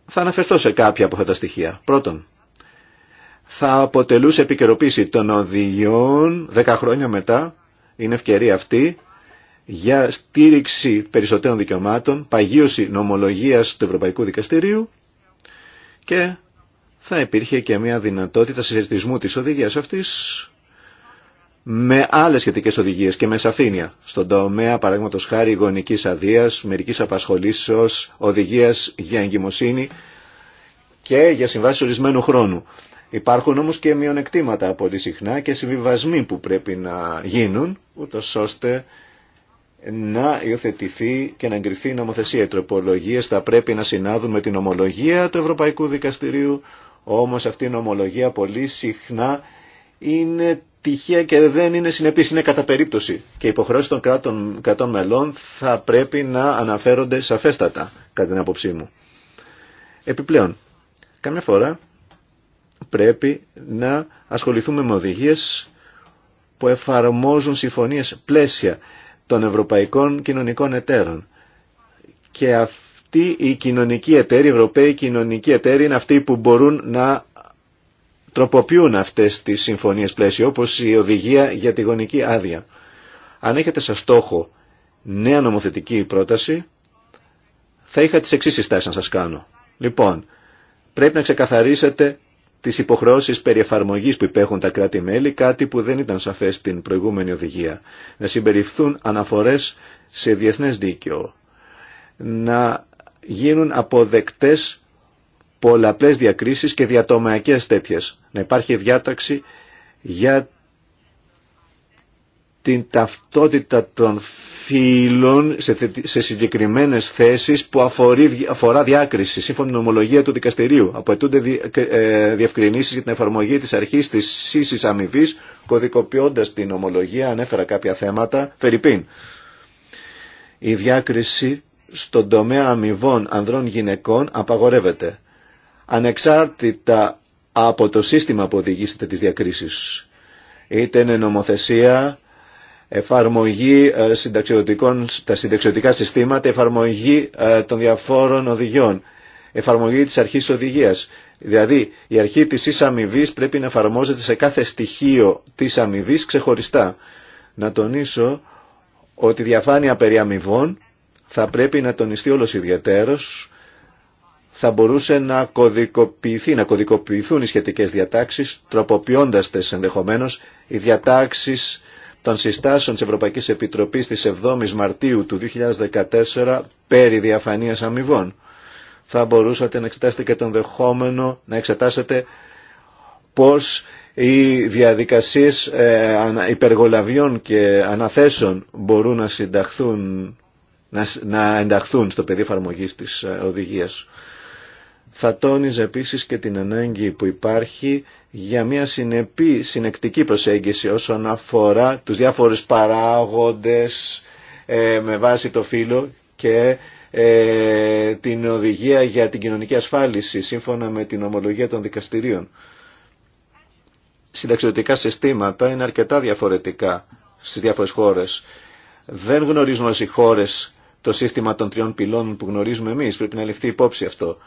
Θα αναφερθώ σε κάποια από αυτά τα στοιχεία. Πρώτον, θα αποτελούσε επικαιροποίηση των οδηγιών 10 χρόνια μετά, είναι ευκαιρία αυτή, για στήριξη περισσότερων δικαιωμάτων, παγίωση νομολογίας του Ευρωπαϊκού Δικαστηρίου και θα υπήρχε και μια δυνατότητα συζητισμού της οδηγίας αυτής με άλλες σχετικές οδηγίες και με σαφήνεια στον τομέα παραδείγματος χάρη γονικής αδείας, μερικής απασχολήσεως, οδηγίας για εγκυμοσύνη και για συμβάσει ορισμένου χρόνου. Υπάρχουν όμως και μειονεκτήματα πολύ συχνά και συμβιβασμοί που πρέπει να γίνουν, ούτως ώστε να υιοθετηθεί και να εγκριθεί η νομοθεσία. Οι τροπολογίες θα πρέπει να συνάδουν με την ομολογία του Ευρωπαϊκού Δικαστηρίου, όμως αυτή η ομολογία πολύ συχνά είναι τυχαία και δεν είναι συνεπής, είναι κατά περίπτωση. Και οι υποχρεώσεις των κρατών, κρατών μελών θα πρέπει να αναφέρονται σαφέστατα, κατά την άποψή μου. Επιπλέον, καμιά φορά πρέπει να ασχοληθούμε με οδηγίες που εφαρμόζουν συμφωνίες πλαίσια των ευρωπαϊκών κοινωνικών εταίρων. Και αυτοί οι κοινωνικοί εταίροι, οι ευρωπαίοι κοινωνικοί εταίροι είναι αυτοί που μπορούν να τροποποιούν αυτές τις συμφωνίες πλαίσιο, όπως η οδηγία για τη γονική άδεια. Αν έχετε σε στόχο νέα νομοθετική πρόταση, θα είχα τις εξής συστάσεις να σας κάνω. Λοιπόν, πρέπει να ξεκαθαρίσετε τις υποχρεώσεις περιεφαρμογής που υπέχουν τα κράτη-μέλη, κάτι που δεν ήταν σαφές στην προηγούμενη οδηγία. Να συμπεριφθούν αναφορές σε διεθνές δίκαιο. Να γίνουν αποδεκτές πολλαπλές διακρίσεις και διατομεακές τέτοιες. Να υπάρχει διάταξη για την ταυτότητα των φίλων σε, σε συγκεκριμένες θέσεις που αφορεί, αφορά διάκριση σύμφωνα με την ομολογία του δικαστηρίου. Απαιτούνται δι, ε, ε, διευκρινήσεις για την εφαρμογή της αρχής της σύσης αμοιβή, κωδικοποιώντας την ομολογία, ανέφερα κάποια θέματα, Φερρυπίν. Η διάκριση στον τομέα αμοιβών ανδρών γυναικών απαγορεύεται, ανεξάρτητα από το σύστημα που οδηγήσετε τις διακρίσεις. Είτε είναι νομοθεσία, εφαρμογή ε, συνταξιδοτικών, τα συνταξιδοτικά συστήματα, εφαρμογή ε, των διαφόρων οδηγιών, εφαρμογή της αρχής οδηγίας. Δηλαδή η αρχή της ίσα πρέπει να εφαρμόζεται σε κάθε στοιχείο της αμοιβή ξεχωριστά. Να τονίσω ότι η διαφάνεια περί αμοιβών θα πρέπει να τονιστεί όλος ιδιαίτερος, θα μπορούσε να κωδικοποιηθεί, να κωδικοποιηθούν οι σχετικές διατάξεις, τροποποιώντας τες ενδεχομένως οι διατάξεις των συστάσεων της Ευρωπαϊκής Επιτροπής της 7ης Μαρτίου του 2014 περί διαφανείας αμοιβών. Θα μπορούσατε να εξετάσετε και τον δεχόμενο, να εξετάσετε πώς οι διαδικασίες ε, υπεργολαβιών και αναθέσεων μπορούν να ενταχθούν στο πεδίο εφαρμογή της ε, οδηγίας. Θα τόνιζε επίσης και την ανάγκη που υπάρχει για μια συνεπή, συνεκτική προσέγγιση όσον αφορά τους διάφορους παράγοντες ε, με βάση το φύλλο και ε, την οδηγία για την κοινωνική ασφάλιση σύμφωνα με την ομολογία των δικαστηρίων. Συνταξιδοτικά συστήματα είναι αρκετά διαφορετικά στις διάφορες χώρες. Δεν γνωρίζουμε όλες οι χώρες το σύστημα των τριών πυλών που γνωρίζουμε εμείς. Πρέπει να ληφθεί υπόψη αυτό.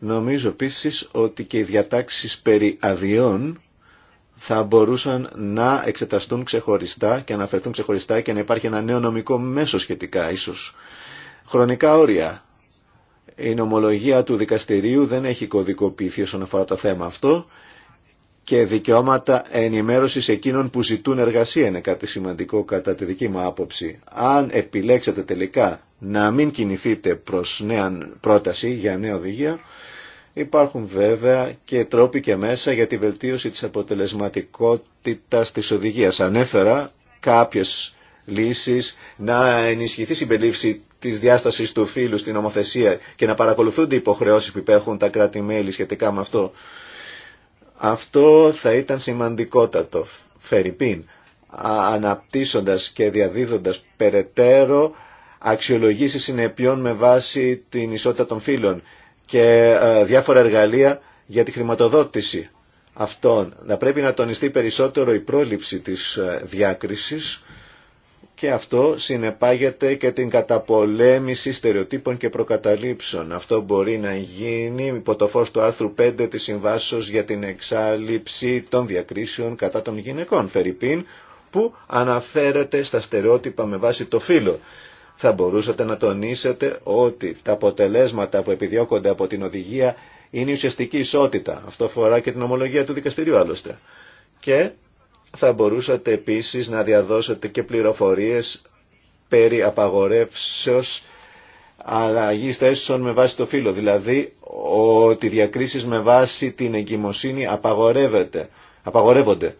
Νομίζω επίσης ότι και οι διατάξεις περί αδειών θα μπορούσαν να εξεταστούν ξεχωριστά και να αναφερθούν ξεχωριστά και να υπάρχει ένα νέο νομικό μέσο σχετικά ίσως. Χρονικά όρια. Η νομολογία του δικαστηρίου δεν έχει κωδικοποιηθεί όσον αφορά το θέμα αυτό και δικαιώματα ενημέρωσης εκείνων που ζητούν εργασία είναι κάτι σημαντικό κατά τη δική μου άποψη. Αν επιλέξετε τελικά να μην κινηθείτε προς νέα πρόταση για νέα οδηγία, Υπάρχουν βέβαια και τρόποι και μέσα για τη βελτίωση της αποτελεσματικότητας της οδηγίας. Ανέφερα κάποιες λύσεις να ενισχυθεί η συμπερίληψη της διάστασης του φύλου στην ομοθεσία και να παρακολουθούνται οι υποχρεώσεις που υπέχουν τα κράτη-μέλη σχετικά με αυτό. Αυτό θα ήταν σημαντικότατο. Φερρυπίν, αναπτύσσοντας και διαδίδοντας περαιτέρω αξιολογήσεις συνεπειών με βάση την ισότητα των φύλων και ε, διάφορα εργαλεία για τη χρηματοδότηση αυτών. Να πρέπει να τονιστεί περισσότερο η πρόληψη της ε, διάκρισης και αυτό συνεπάγεται και την καταπολέμηση στερεοτύπων και προκαταλήψεων. Αυτό μπορεί να γίνει υπό το φως του άρθρου 5 της Συμβάσεως για την εξάλληψη των διακρίσεων κατά των γυναικών, Φερρυπίν, που αναφέρεται στα στερεότυπα με βάση το φύλλο θα μπορούσατε να τονίσετε ότι τα αποτελέσματα που επιδιώκονται από την οδηγία είναι η ουσιαστική ισότητα. Αυτό αφορά και την ομολογία του δικαστηρίου άλλωστε. Και θα μπορούσατε επίσης να διαδώσετε και πληροφορίες περί απαγορεύσεως αλλαγής θέσεων με βάση το φύλλο. Δηλαδή ότι διακρίσεις με βάση την εγκυμοσύνη απαγορεύονται.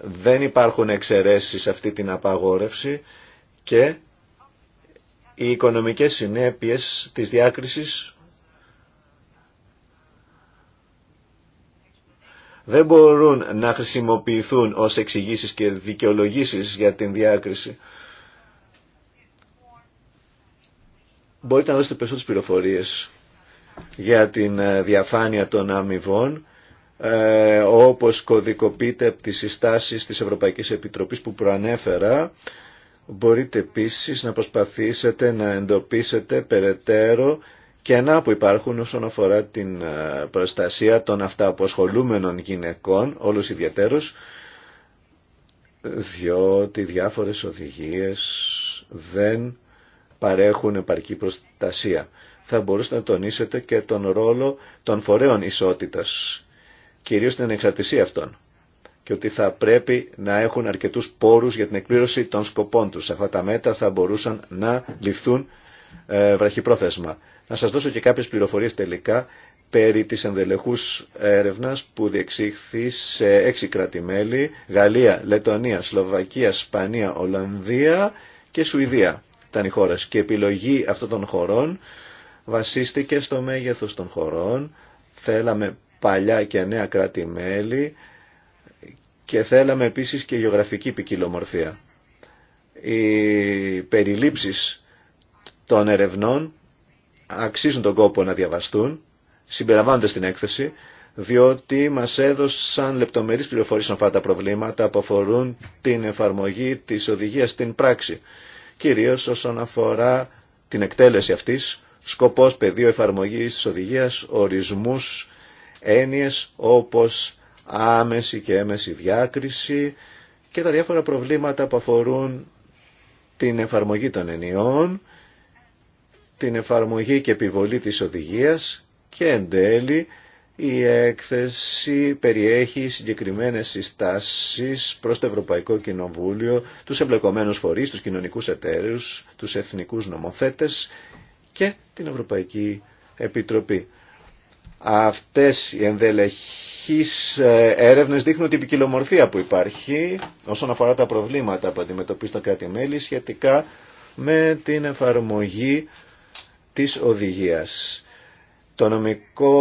Δεν υπάρχουν εξαιρέσεις σε αυτή την απαγόρευση και οι οικονομικές συνέπειες της διάκρισης δεν μπορούν να χρησιμοποιηθούν ως εξηγήσει και δικαιολογήσεις για την διάκριση. Μπορείτε να δώσετε περισσότερες πληροφορίες για την ε, διαφάνεια των αμοιβών ε, όπως κωδικοποιείται από τις συστάσεις της Ευρωπαϊκής Επιτροπής που προανέφερα Μπορείτε επίσης να προσπαθήσετε να εντοπίσετε περαιτέρω κενά που υπάρχουν όσον αφορά την ε, προστασία των αυταποσχολούμενων γυναικών, όλους ιδιαίτερους, διότι διάφορες οδηγίες δεν παρέχουν επαρκή προστασία. Θα μπορούσατε να τονίσετε και τον ρόλο των φορέων ισότητας, κυρίως την ανεξαρτησία αυτών και ότι θα πρέπει να έχουν αρκετούς πόρους για την εκπλήρωση των σκοπών τους. Αυτά τα μέτρα θα μπορούσαν να ληφθούν ε, βραχυπρόθεσμα. Να σας δώσω και κάποιες πληροφορίες τελικά περί της ενδελεχούς έρευνας που διεξήχθη σε έξι Γαλλία, Λετωνία, Σλοβακία, Σπανία, Ολλανδία και Σουηδία ήταν οι χώρες. Και η επιλογή αυτών των χωρών βασίστηκε στο μέγεθος των χωρών. Θέλαμε παλιά και νέα κράτη-μέλη και θέλαμε επίσης και γεωγραφική ποικιλομορφία. Οι περιλήψεις των ερευνών αξίζουν τον κόπο να διαβαστούν, συμπεριλαμβάνονται στην έκθεση, διότι μας έδωσαν λεπτομερείς πληροφορίες αυτά τα προβλήματα που αφορούν την εφαρμογή της οδηγίας στην πράξη, κυρίως όσον αφορά την εκτέλεση αυτής, σκοπός πεδίο εφαρμογής της οδηγίας, ορισμούς, έννοιες όπως άμεση και έμεση διάκριση και τα διάφορα προβλήματα που αφορούν την εφαρμογή των ενιών, την εφαρμογή και επιβολή της οδηγίας και εν τέλει η έκθεση περιέχει συγκεκριμένες συστάσεις προς το Ευρωπαϊκό Κοινοβούλιο, τους εμπλεκομένους φορείς, τους κοινωνικούς εταίρους, τους εθνικούς νομοθέτες και την Ευρωπαϊκή Επιτροπή. Αυτές οι Διεθνείς ε, έρευνες δείχνουν την ποικιλομορφία που υπάρχει όσον αφορά τα προβλήματα που αντιμετωπίζει το κράτη-μέλη σχετικά με την εφαρμογή της οδηγίας. Το νομικό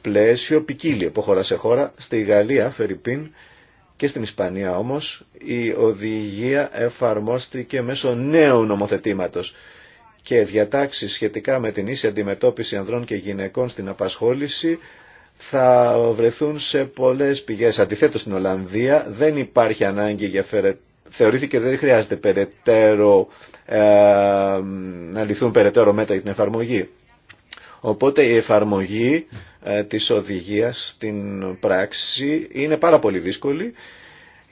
πλαίσιο ποικίλει από χώρα σε χώρα, στη Γαλλία, Φερρυπίν και στην Ισπανία όμως η οδηγία εφαρμόστηκε μέσω νέου νομοθετήματος και διατάξεις σχετικά με την ίση αντιμετώπιση ανδρών και γυναικών στην απασχόληση θα βρεθούν σε πολλές πηγές. Αντιθέτως στην Ολλανδία δεν υπάρχει ανάγκη για θεωρήθηκε δεν χρειάζεται περαιτέρω, ε, να λυθούν περαιτέρω μέτρα για την εφαρμογή. Οπότε η εφαρμογή ε, της οδηγίας στην πράξη είναι πάρα πολύ δύσκολη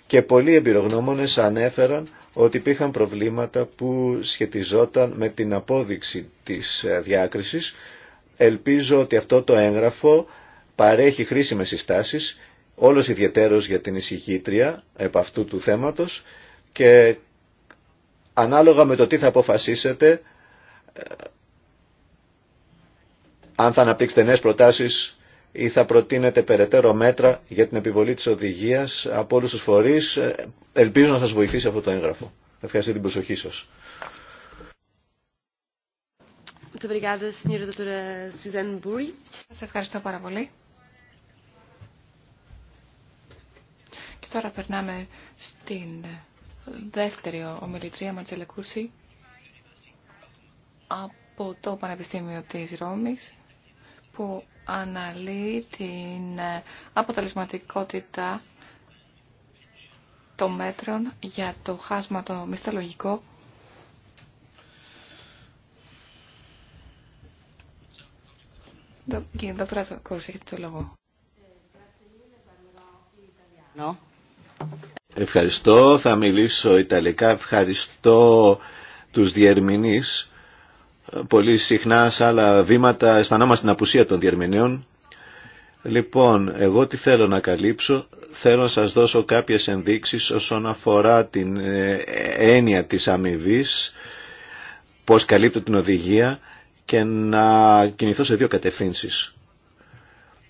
και πολλοί εμπειρογνώμονες ανέφεραν ότι υπήρχαν προβλήματα που σχετιζόταν με την απόδειξη της ε, διάκρισης. Ελπίζω ότι αυτό το έγγραφο παρέχει χρήσιμες συστάσεις, όλος ιδιαιτέρως για την εισηγήτρια επ' αυτού του θέματος και ανάλογα με το τι θα αποφασίσετε, ε, αν θα αναπτύξετε νέες προτάσεις ή θα προτείνετε περαιτέρω μέτρα για την επιβολή της οδηγίας από όλους τους φορείς, ε, ελπίζω να σας βοηθήσει αυτό το έγγραφο. Ευχαριστώ την προσοχή σας. Σας ευχαριστώ πάρα πολύ. Τώρα περνάμε στην δεύτερη ομιλητρία Ματζελεκούση, από το Πανεπιστήμιο της Ρώμης που αναλύει την αποτελεσματικότητα των μέτρων για το χάσμα το μισθολογικό Κύριε Δόκτωρα Κούρση, έχετε το λόγο. Ευχαριστώ, θα μιλήσω Ιταλικά. Ευχαριστώ τους διερμηνείς. Πολύ συχνά σε άλλα βήματα αισθανόμαστε την απουσία των διερμηνέων. Λοιπόν, εγώ τι θέλω να καλύψω. Θέλω να σας δώσω κάποιες ενδείξεις όσον αφορά την ε, έννοια της αμοιβή, πώς καλύπτω την οδηγία και να κινηθώ σε δύο κατευθύνσεις.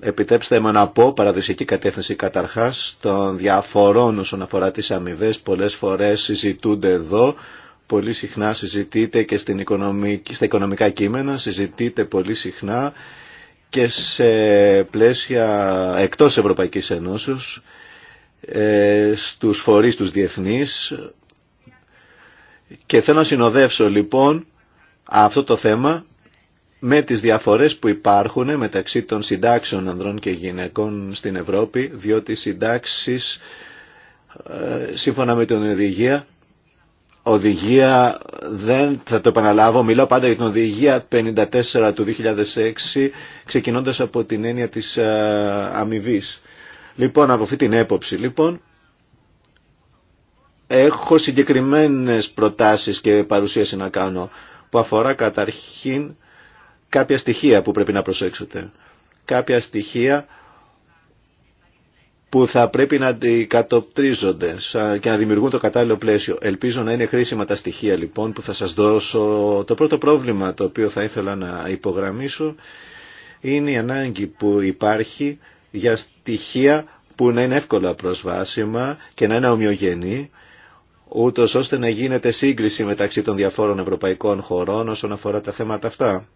Επιτρέψτε μου να πω παραδοσιακή κατεύθυνση καταρχάς των διαφορών όσον αφορά τις αμοιβέ. Πολλές φορές συζητούνται εδώ, πολύ συχνά συζητείται και στην οικονομική, στα οικονομικά κείμενα, συζητείται πολύ συχνά και σε πλαίσια εκτός Ευρωπαϊκής Ενώσεως, ε, στους φορείς τους διεθνείς. Και θέλω να συνοδεύσω λοιπόν αυτό το θέμα με τις διαφορές που υπάρχουν μεταξύ των συντάξεων ανδρών και γυναικών στην Ευρώπη, διότι οι συντάξεις, ε, σύμφωνα με την οδηγία, οδηγία δεν θα το επαναλάβω, μιλώ πάντα για την οδηγία 54 του 2006, ξεκινώντας από την έννοια της ε, αμοιβή. Λοιπόν, από αυτή την έποψη, λοιπόν, έχω συγκεκριμένες προτάσεις και παρουσίαση να κάνω, που αφορά καταρχήν κάποια στοιχεία που πρέπει να προσέξετε. Κάποια στοιχεία που θα πρέπει να αντικατοπτρίζονται και να δημιουργούν το κατάλληλο πλαίσιο. Ελπίζω να είναι χρήσιμα τα στοιχεία λοιπόν που θα σας δώσω. Το πρώτο πρόβλημα το οποίο θα ήθελα να υπογραμμίσω είναι η ανάγκη που υπάρχει για στοιχεία που να είναι εύκολα προσβάσιμα και να είναι ομοιογενή, ούτως ώστε να γίνεται σύγκριση μεταξύ των διαφόρων ευρωπαϊκών χωρών όσον αφορά τα θέματα αυτά.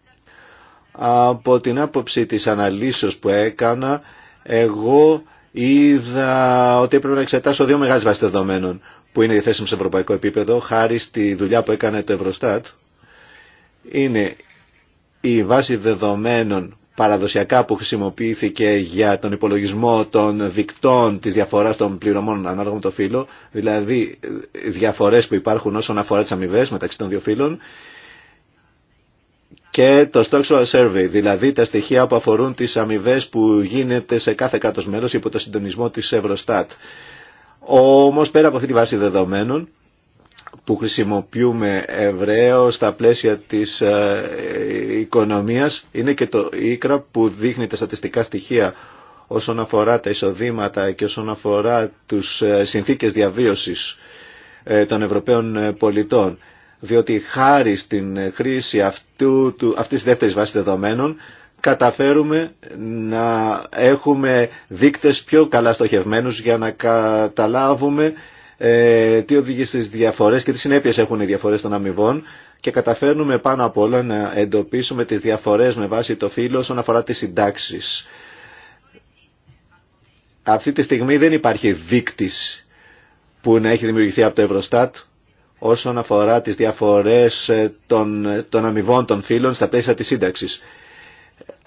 Από την άποψη της αναλύσεως που έκανα, εγώ είδα ότι έπρεπε να εξετάσω δύο μεγάλες βάσεις δεδομένων που είναι διαθέσιμες σε ευρωπαϊκό επίπεδο, χάρη στη δουλειά που έκανε το Ευρωστάτ. Είναι η βάση δεδομένων παραδοσιακά που χρησιμοποιήθηκε για τον υπολογισμό των δικτών της διαφοράς των πληρωμών ανάλογα με το φύλλο, δηλαδή διαφορές που υπάρχουν όσον αφορά τις αμοιβέ μεταξύ των δύο φύλων και το Stock Survey, δηλαδή τα στοιχεία που αφορούν τις αμοιβέ που γίνεται σε κάθε κράτος μέλος υπό το συντονισμό της Eurostat. Όμως πέρα από αυτή τη βάση δεδομένων που χρησιμοποιούμε ευρέω στα πλαίσια της ε, οικονομίας είναι και το ίκρα που δείχνει τα στατιστικά στοιχεία όσον αφορά τα εισοδήματα και όσον αφορά τους ε, συνθήκες διαβίωσης ε, των Ευρωπαίων πολιτών διότι χάρη στην χρήση αυτού, του, αυτής της δεύτερης βάσης δεδομένων καταφέρουμε να έχουμε δείκτες πιο καλά στοχευμένους για να καταλάβουμε ε, τι οδηγεί στις διαφορές και τι συνέπειες έχουν οι διαφορές των αμοιβών και καταφέρνουμε πάνω απ' όλα να εντοπίσουμε τις διαφορές με βάση το φύλλο όσον αφορά τις συντάξεις. Αυτή τη στιγμή δεν υπάρχει δείκτης που να έχει δημιουργηθεί από το Ευρωστάτ όσον αφορά τις διαφορές ε, των, ε, των αμοιβών των φύλων στα πλαίσια της σύνταξης.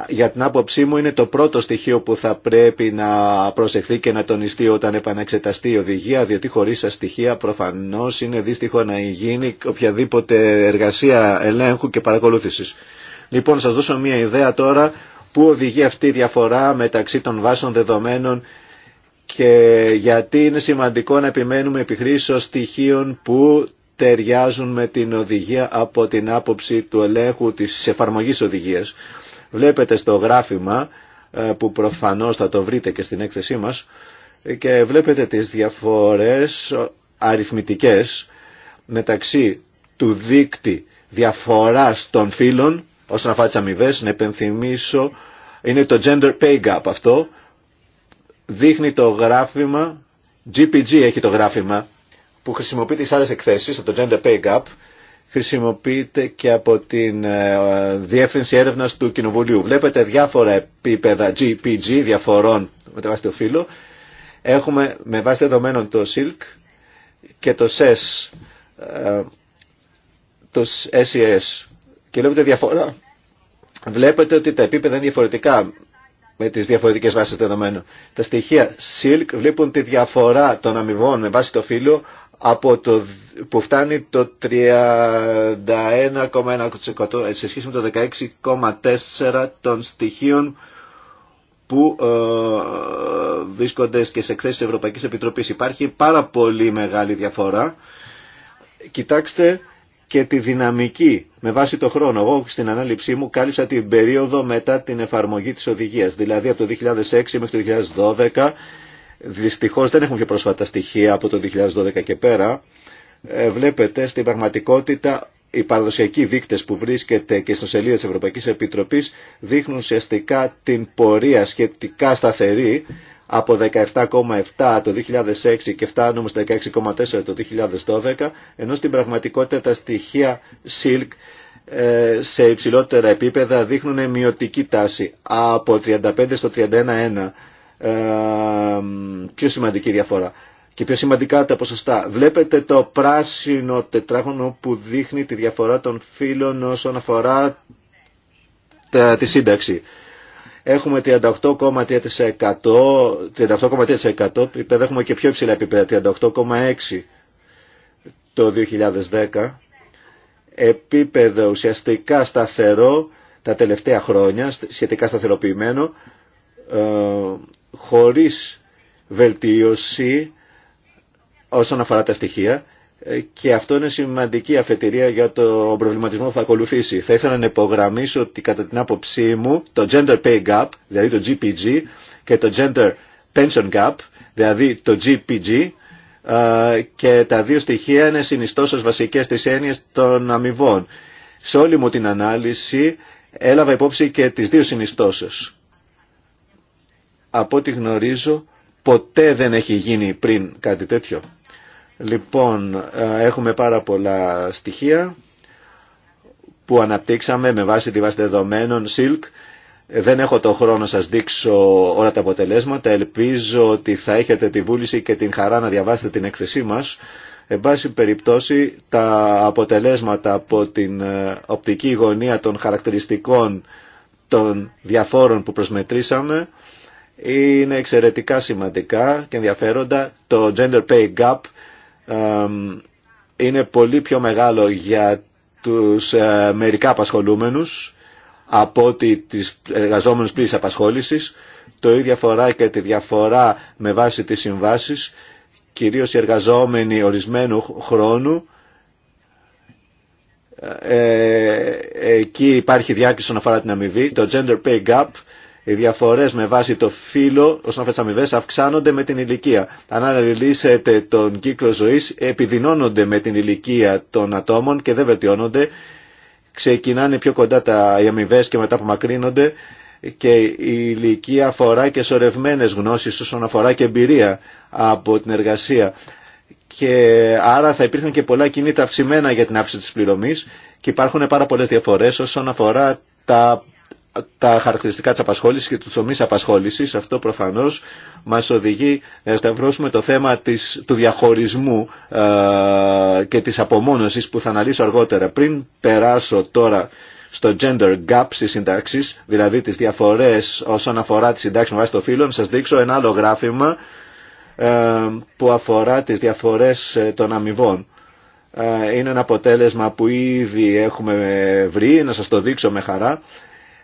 Για την άποψή μου είναι το πρώτο στοιχείο που θα πρέπει να προσεχθεί και να τονιστεί όταν επαναξεταστεί η οδηγία, διότι χωρίς τα στοιχεία προφανώς είναι δύστιχο να γίνει οποιαδήποτε εργασία ελέγχου και παρακολούθησης. Λοιπόν, σας δώσω μια ιδέα τώρα που οδηγεί αυτή η διαφορά μεταξύ των βάσεων δεδομένων και γιατί είναι σημαντικό να επιμένουμε επιχρήσεως στοιχείων που ταιριάζουν με την οδηγία από την άποψη του ελέγχου της εφαρμογής οδηγίας. Βλέπετε στο γράφημα ε, που προφανώς θα το βρείτε και στην έκθεσή μας και βλέπετε τις διαφορές αριθμητικές μεταξύ του δίκτυ διαφοράς των φύλων όσον να τις αμοιβές, να επενθυμίσω, είναι το gender pay gap αυτό, δείχνει το γράφημα, GPG έχει το γράφημα, που χρησιμοποιείται στις άλλες εκθέσεις, από το Gender Pay Gap, χρησιμοποιείται και από την ε, Διεύθυνση Έρευνας του Κοινοβουλίου. Βλέπετε διάφορα επίπεδα GPG διαφορών με βάση το φύλλο. Έχουμε με βάση δεδομένων το SILK και το SES, ε, το SES. E και βλέπετε διαφορά. Βλέπετε ότι τα επίπεδα είναι διαφορετικά με τις διαφορετικές βάσεις δεδομένων. Τα στοιχεία SILK βλέπουν τη διαφορά των αμοιβών με βάση το φύλλο από το, που φτάνει το 31,1% ε, σε σχέση με το 16,4% των στοιχείων που ε, βρίσκονται και σε εκθέσεις της Ευρωπαϊκής Επιτροπής. Υπάρχει πάρα πολύ μεγάλη διαφορά. Κοιτάξτε και τη δυναμική με βάση το χρόνο. Εγώ στην ανάληψή μου κάλυψα την περίοδο μετά την εφαρμογή της οδηγίας, δηλαδή από το 2006 μέχρι το 2012 Δυστυχώς δεν έχουμε πιο πρόσφατα στοιχεία από το 2012 και πέρα. Ε, βλέπετε στην πραγματικότητα οι παραδοσιακοί δείκτες που βρίσκεται και στο σελίδα της Ευρωπαϊκής Επιτροπής δείχνουν ουσιαστικά την πορεία σχετικά σταθερή από 17,7 το 2006 και φτάνουμε στα 16,4 το 2012, ενώ στην πραγματικότητα τα στοιχεία SILK ε, σε υψηλότερα επίπεδα δείχνουν μειωτική τάση από 35 στο 31,1 πιο σημαντική διαφορά και πιο σημαντικά τα ποσοστά. Βλέπετε το πράσινο τετράγωνο που δείχνει τη διαφορά των φύλων όσον αφορά ε, τη σύνταξη. Έχουμε 38,3%, 38,3% επίπεδα, έχουμε και πιο υψηλά επίπεδα, 38,6% το 2010. Επίπεδο ουσιαστικά σταθερό τα τελευταία χρόνια, σχετικά σταθεροποιημένο, ε, χωρίς βελτίωση όσον αφορά τα στοιχεία ε, και αυτό είναι σημαντική αφετηρία για το προβληματισμό που θα ακολουθήσει. Θα ήθελα να υπογραμμίσω ότι κατά την άποψή μου το Gender Pay Gap, δηλαδή το GPG και το Gender Pension Gap, δηλαδή το GPG ε, και τα δύο στοιχεία είναι συνιστός βασικές της έννοιες των αμοιβών. Σε όλη μου την ανάλυση έλαβα υπόψη και τις δύο συνιστώσεις από ό,τι γνωρίζω ποτέ δεν έχει γίνει πριν κάτι τέτοιο. Λοιπόν, ε, έχουμε πάρα πολλά στοιχεία που αναπτύξαμε με βάση τη βάση δεδομένων SILK. Δεν έχω το χρόνο να σας δείξω όλα τα αποτελέσματα. Ελπίζω ότι θα έχετε τη βούληση και την χαρά να διαβάσετε την έκθεσή μας. Εν πάση περιπτώσει, τα αποτελέσματα από την ε, οπτική γωνία των χαρακτηριστικών των διαφόρων που προσμετρήσαμε είναι εξαιρετικά σημαντικά και ενδιαφέροντα. Το gender pay gap είναι πολύ πιο μεγάλο για τους ε, μερικά απασχολούμενους από ότι τις εργαζόμενους πλήρης απασχόλησης. Το ίδιο αφορά και τη διαφορά με βάση τις συμβάσεις, κυρίως οι εργαζόμενοι ορισμένου χρόνου. Ε, ε, εκεί υπάρχει διάκριση όσον αφορά την αμοιβή. Το gender pay gap οι διαφορέ με βάση το φύλλο όσον αφορά τι αμοιβέ αυξάνονται με την ηλικία. Αν αναλύσετε τον κύκλο ζωή, επιδεινώνονται με την ηλικία των ατόμων και δεν βελτιώνονται. Ξεκινάνε πιο κοντά τα, οι αμοιβέ και μετά απομακρύνονται και η ηλικία αφορά και σωρευμένε γνώσει όσον αφορά και εμπειρία από την εργασία. Και άρα θα υπήρχαν και πολλά κινήτρα αυξημένα για την αύξηση τη πληρωμή και υπάρχουν πάρα πολλέ διαφορέ όσον αφορά τα τα χαρακτηριστικά της απασχόλησης και του τομείς απασχόλησης. Αυτό προφανώς μας οδηγεί να ε, σταυρώσουμε το θέμα της, του διαχωρισμού ε, και της απομόνωσης που θα αναλύσω αργότερα. Πριν περάσω τώρα στο gender gap στις συντάξεις, δηλαδή τις διαφορές όσον αφορά τις συντάξεις με βάση το φύλλο, σας δείξω ένα άλλο γράφημα ε, που αφορά τις διαφορές των αμοιβών. είναι ένα αποτέλεσμα που ήδη έχουμε βρει, να σας το δείξω με χαρά.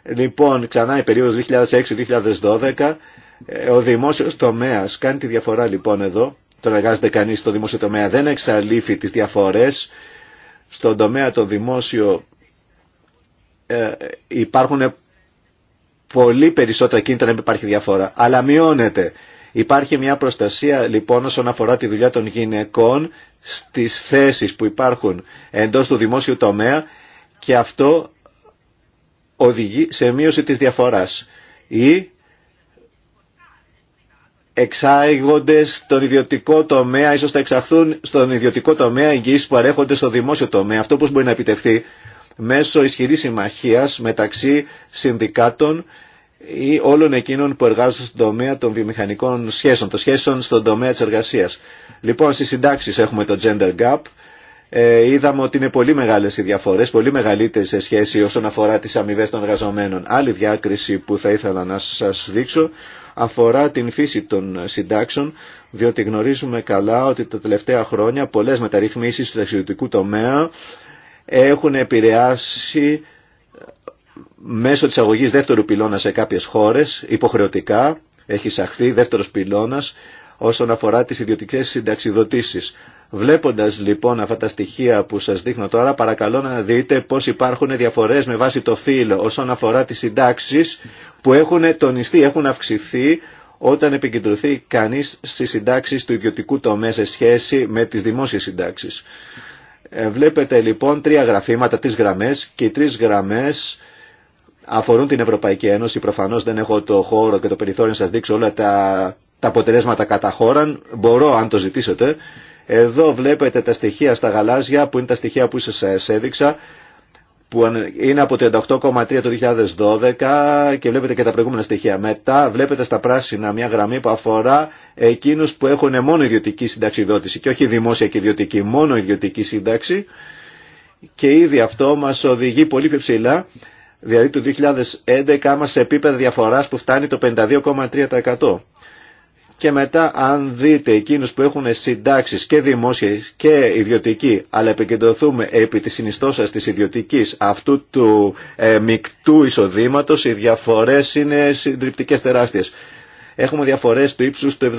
Λοιπόν, ξανά η περίοδος 2006-2012, ε, ο δημόσιο τομέα, κάνει τη διαφορά λοιπόν εδώ. το εργάζεται κανεί στο δημόσιο τομέα, δεν εξαλείφει τις διαφορές. Στον τομέα το δημόσιο ε, υπάρχουν πολύ περισσότερα κίνητρα να υπάρχει διαφορά, αλλά μειώνεται. Υπάρχει μια προστασία λοιπόν όσον αφορά τη δουλειά των γυναικών στις θέσεις που υπάρχουν εντός του δημόσιου τομέα και αυτό οδηγεί σε μείωση της διαφοράς ή εξάγονται στον ιδιωτικό τομέα, ίσως θα εξαχθούν στον ιδιωτικό τομέα εγγυήσεις που παρέχονται στο δημόσιο τομέα. Αυτό πώς μπορεί να επιτευχθεί μέσω ισχυρής συμμαχίας μεταξύ συνδικάτων ή όλων εκείνων που εργάζονται στον τομέα των βιομηχανικών σχέσεων, των σχέσεων στον τομέα της εργασίας. Λοιπόν, στις συντάξεις έχουμε το gender gap, ε, είδαμε ότι είναι πολύ μεγάλε οι διαφορέ, πολύ μεγαλύτερε σε σχέση όσον αφορά τι αμοιβέ των εργαζομένων. Άλλη διάκριση που θα ήθελα να σα δείξω αφορά την φύση των συντάξεων, διότι γνωρίζουμε καλά ότι τα τελευταία χρόνια πολλέ μεταρρυθμίσει του ταξιδιωτικού τομέα έχουν επηρεάσει ε, μέσω της αγωγής δεύτερου πυλώνα σε κάποιες χώρες, υποχρεωτικά έχει εισαχθεί δεύτερος πυλώνας όσον αφορά τις ιδιωτικές συνταξιδοτήσεις. Βλέποντας λοιπόν αυτά τα στοιχεία που σας δείχνω τώρα, παρακαλώ να δείτε πώς υπάρχουν διαφορές με βάση το φύλλο όσον αφορά τις συντάξεις που έχουν τονιστεί, έχουν αυξηθεί όταν επικεντρωθεί κανείς στις συντάξεις του ιδιωτικού τομέα σε σχέση με τις δημόσιες συντάξεις. Ε, βλέπετε λοιπόν τρία γραφήματα, τρεις γραμμές και οι τρεις γραμμές αφορούν την Ευρωπαϊκή Ένωση. Προφανώς δεν έχω το χώρο και το περιθώριο να σας δείξω όλα τα, τα αποτελέσματα κατά χώραν. Μπορώ αν το ζητήσετε. Εδώ βλέπετε τα στοιχεία στα γαλάζια που είναι τα στοιχεία που σας έδειξα που είναι από το 38,3 το 2012 και βλέπετε και τα προηγούμενα στοιχεία. Μετά βλέπετε στα πράσινα μια γραμμή που αφορά εκείνους που έχουν μόνο ιδιωτική συνταξιδότηση και όχι δημόσια και ιδιωτική, μόνο ιδιωτική σύνταξη και ήδη αυτό μας οδηγεί πολύ πιο ψηλά, δηλαδή το 2011 μας σε επίπεδο διαφοράς που φτάνει το 52,3% και μετά αν δείτε εκείνους που έχουν συντάξεις και δημόσιες και ιδιωτικοί αλλά επικεντρωθούμε επί της συνιστώσας της ιδιωτικής αυτού του ε, μεικτού εισοδήματος οι διαφορές είναι συντριπτικές τεράστιες. Έχουμε διαφορές του ύψους του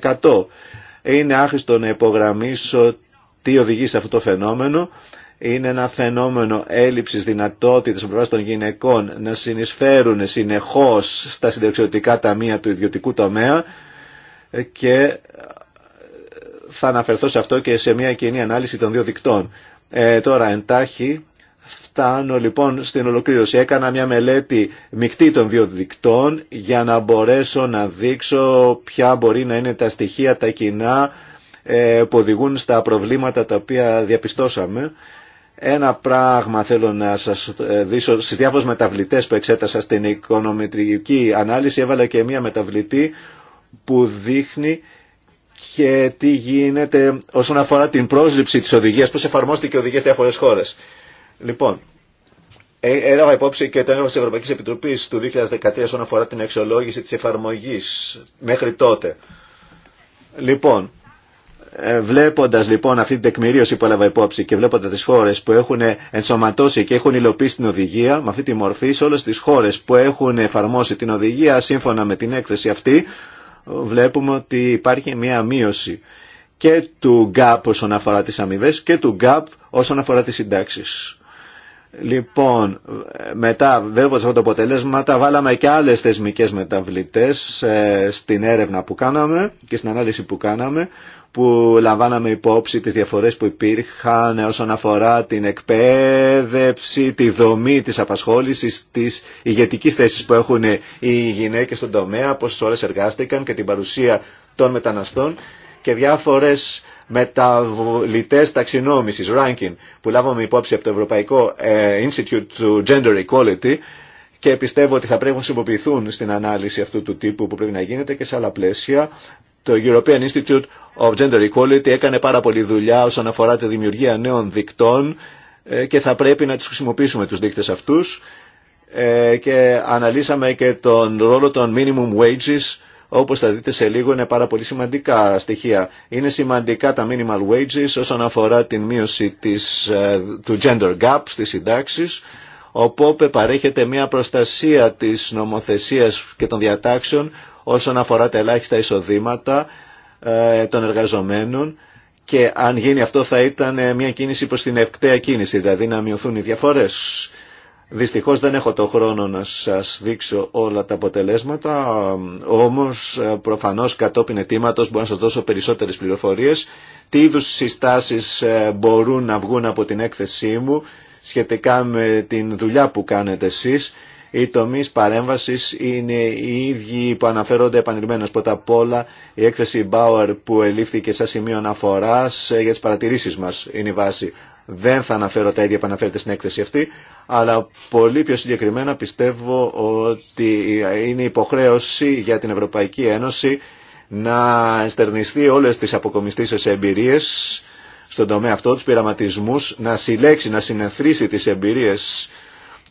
70%. Είναι άχρηστο να υπογραμμίσω τι οδηγεί σε αυτό το φαινόμενο. Είναι ένα φαινόμενο έλλειψης δυνατότητας από των γυναικών να συνεισφέρουν συνεχώς στα συνταξιωτικά ταμεία του ιδιωτικού τομέα και θα αναφερθώ σε αυτό και σε μια κοινή ανάλυση των δύο δικτών. Ε, τώρα εντάχει φτάνω λοιπόν στην ολοκλήρωση. Έκανα μια μελέτη μεικτή των δύο δικτών για να μπορέσω να δείξω ποια μπορεί να είναι τα στοιχεία τα κοινά ε, που οδηγούν στα προβλήματα τα οποία διαπιστώσαμε. Ένα πράγμα θέλω να σας ε, δείσω στις διάφορες μεταβλητές που εξέτασα στην οικονομητρική ανάλυση έβαλα και μια μεταβλητή που δείχνει και τι γίνεται όσον αφορά την πρόσληψη της οδηγίας, πώς εφαρμόστηκε η οδηγία σε διάφορες χώρες. Λοιπόν, ε, έλαβα υπόψη και το έργο της Ευρωπαϊκής Επιτροπής του 2013 όσον αφορά την αξιολόγηση της εφαρμογής μέχρι τότε. Λοιπόν, ε, βλέποντας λοιπόν αυτή την τεκμηρίωση που έλαβα υπόψη και βλέποντας τις χώρες που έχουν ενσωματώσει και έχουν υλοποιήσει την οδηγία με αυτή τη μορφή σε όλες τις χώρες που έχουν εφαρμόσει την οδηγία σύμφωνα με την έκθεση αυτή βλέπουμε ότι υπάρχει μια μείωση και του gap όσον αφορά τις αμοιβέ και του gap όσον αφορά τις συντάξεις. Λοιπόν, μετά βέβαια αυτά τα αποτελέσματα βάλαμε και άλλες θεσμικές μεταβλητές ε, στην έρευνα που κάναμε και στην ανάλυση που κάναμε που λαμβάναμε υπόψη τις διαφορές που υπήρχαν όσον αφορά την εκπαίδευση, τη δομή της απασχόλησης, της ηγετική θέση που έχουν οι γυναίκες στον τομέα, πώς ώρες εργάστηκαν και την παρουσία των μεταναστών και διάφορες μεταβλητές ταξινόμησης, ranking, που λάβαμε υπόψη από το Ευρωπαϊκό ε, Institute to Gender Equality και πιστεύω ότι θα πρέπει να συμποποιηθούν στην ανάλυση αυτού του τύπου που πρέπει να γίνεται και σε άλλα πλαίσια το European Institute of Gender Equality έκανε πάρα πολλή δουλειά όσον αφορά τη δημιουργία νέων δικτών ε, και θα πρέπει να τις χρησιμοποιήσουμε τους δείκτες αυτούς ε, και αναλύσαμε και τον ρόλο των minimum wages όπως θα δείτε σε λίγο είναι πάρα πολύ σημαντικά στοιχεία. Είναι σημαντικά τα minimal wages όσον αφορά την μείωση της, ε, του gender gap στις συντάξεις οπότε παρέχεται μια προστασία της νομοθεσίας και των διατάξεων όσον αφορά τα ελάχιστα εισοδήματα ε, των εργαζομένων και αν γίνει αυτό θα ήταν ε, μια κίνηση προς την ευκταία κίνηση, δηλαδή να μειωθούν οι διαφορές. Δυστυχώς δεν έχω το χρόνο να σας δείξω όλα τα αποτελέσματα, όμως ε, προφανώς κατόπιν ετήματος μπορώ να σας δώσω περισσότερες πληροφορίες. Τι είδους συστάσεις μπορούν να βγουν από την έκθεσή μου σχετικά με την δουλειά που κάνετε εσείς οι τομείς παρέμβασης είναι οι ίδιοι που αναφέρονται επανειλημμένως. Πρώτα απ' όλα η έκθεση Bauer που ελήφθηκε σαν σημείο αναφοράς ε, για τις παρατηρήσεις μας είναι η βάση. Δεν θα αναφέρω τα ίδια που αναφέρεται στην έκθεση αυτή, αλλά πολύ πιο συγκεκριμένα πιστεύω ότι είναι υποχρέωση για την Ευρωπαϊκή Ένωση να στερνιστεί όλες τις αποκομιστήσεις εμπειρίες στον τομέα αυτό, τους πειραματισμούς, να συλλέξει, να συνεθρήσει τις εμπειρίες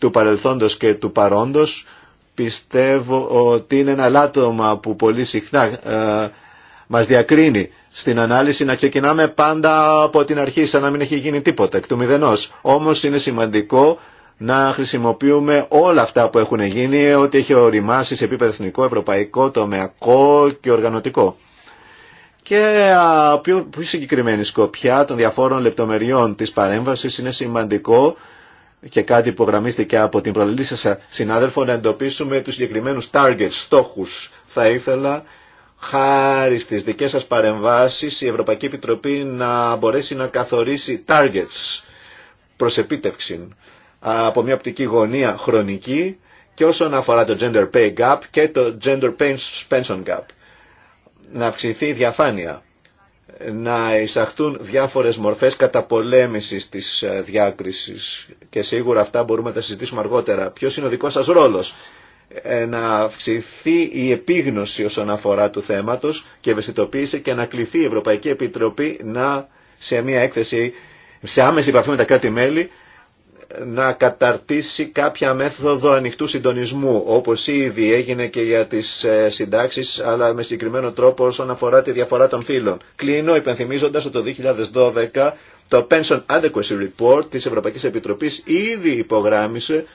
του παρελθόντος και του παρόντος πιστεύω ότι είναι ένα λάτωμα που πολύ συχνά ε, μας διακρίνει στην ανάλυση να ξεκινάμε πάντα από την αρχή σαν να μην έχει γίνει τίποτα εκ του μηδενός. Όμως είναι σημαντικό να χρησιμοποιούμε όλα αυτά που έχουν γίνει, ό,τι έχει οριμάσει σε επίπεδο εθνικό, ευρωπαϊκό, τομεακό και οργανωτικό. Και πιο, πιο συγκεκριμένη σκοπιά των διαφόρων λεπτομεριών της παρέμβασης είναι σημαντικό και κάτι που γραμμίστηκε από την προλαλή σας συνάδελφο να εντοπίσουμε τους συγκεκριμένους targets, στόχους. Θα ήθελα χάρη στις δικές σας παρεμβάσεις η Ευρωπαϊκή Επιτροπή να μπορέσει να καθορίσει targets προς επίτευξη από μια οπτική γωνία χρονική και όσον αφορά το gender pay gap και το gender pension gap. Να αυξηθεί η διαφάνεια να εισαχθούν διάφορες μορφές καταπολέμησης της ε, διάκρισης και σίγουρα αυτά μπορούμε να τα συζητήσουμε αργότερα. Ποιος είναι ο δικός σας ρόλος ε, να αυξηθεί η επίγνωση όσον αφορά του θέματος και ευαισθητοποίηση και να κληθεί η Ευρωπαϊκή Επιτροπή να σε μια έκθεση σε άμεση επαφή με τα κράτη-μέλη να καταρτήσει κάποια μέθοδο ανοιχτού συντονισμού, όπως ήδη έγινε και για τις ε, συντάξεις, αλλά με συγκεκριμένο τρόπο όσον αφορά τη διαφορά των φύλων. Κλείνω υπενθυμίζοντας ότι το 2012 το Pension Adequacy Report της Ευρωπαϊκής Επιτροπής ήδη υπογράμμισε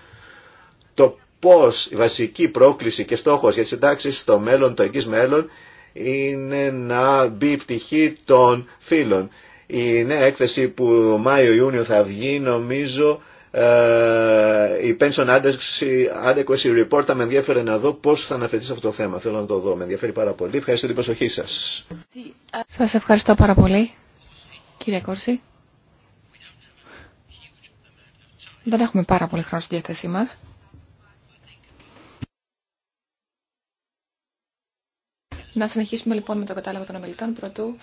το πώς η βασική πρόκληση και στόχος για τις συντάξεις στο μέλλον, το εγγύς μέλλον, είναι να μπει η πτυχή των φύλων. Η νέα έκθεση που Μάιο-Ιούνιο θα βγει νομίζω ε, η Pension Adequacy, Report θα με ενδιαφέρει να δω πώς θα αναφερθεί σε αυτό το θέμα. Θέλω να το δω. Με ενδιαφέρει πάρα πολύ. Ευχαριστώ την προσοχή σας. Σας ευχαριστώ πάρα πολύ, κύριε Κόρση. Δεν έχουμε πάρα πολύ χρόνο στη διάθεσή μας. Να συνεχίσουμε λοιπόν με το κατάλογο των ομιλητών πρωτού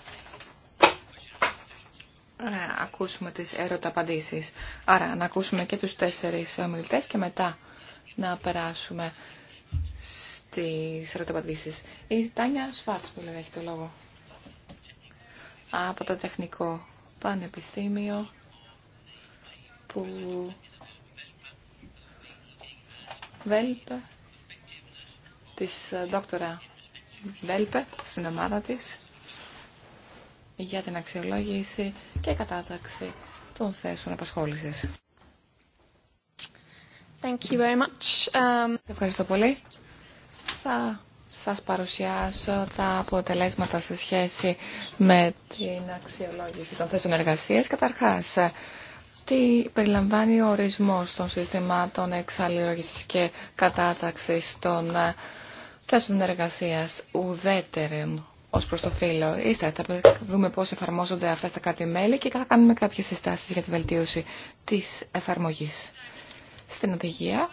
ακούσουμε τις ερωταπαντήσεις. Άρα να ακούσουμε και τους τέσσερις ομιλητές και μετά να περάσουμε στις ερωταπαντήσεις. Η Τάνια λέει έχει το λόγο. Από το Τεχνικό Πανεπιστήμιο που Βέλπε της δόκτωρα Βέλπε στην ομάδα της για την αξιολόγηση και κατάταξη των θέσεων απασχόληση. Um, ευχαριστώ πολύ. Θα σας παρουσιάσω τα αποτελέσματα σε σχέση με την αξιολόγηση των θέσεων εργασίας. Καταρχάς, τι περιλαμβάνει ο ορισμός των συστημάτων εξαλληλόγησης και κατάταξης των ε, θέσεων εργασίας ουδέτερων ω προ το φύλλο. θα δούμε πώ εφαρμόζονται αυτά τα κράτη-μέλη και θα κάνουμε κάποιε συστάσει για τη βελτίωση τη εφαρμογή. Στην οδηγία,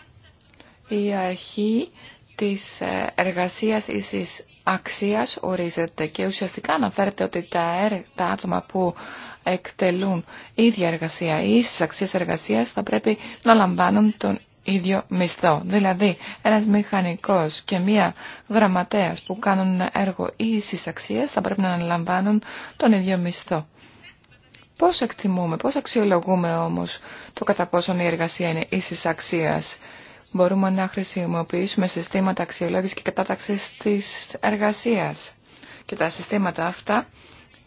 η αρχή τη ε, εργασία τη αξία ορίζεται και ουσιαστικά αναφέρεται ότι τα, τα άτομα που εκτελούν ίδια εργασία ή στι αξίε εργασία θα πρέπει να λαμβάνουν τον ίδιο μισθό. Δηλαδή, ένας μηχανικός και μία γραμματέας που κάνουν ένα έργο ίσης αξίας θα πρέπει να αναλαμβάνουν τον ίδιο μισθό. Πώς εκτιμούμε, πώς αξιολογούμε όμως το κατά πόσον η εργασία είναι ίσης αξίας. Μπορούμε να χρησιμοποιήσουμε συστήματα αξιολόγησης και κατάταξης της εργασίας. Και τα συστήματα αυτά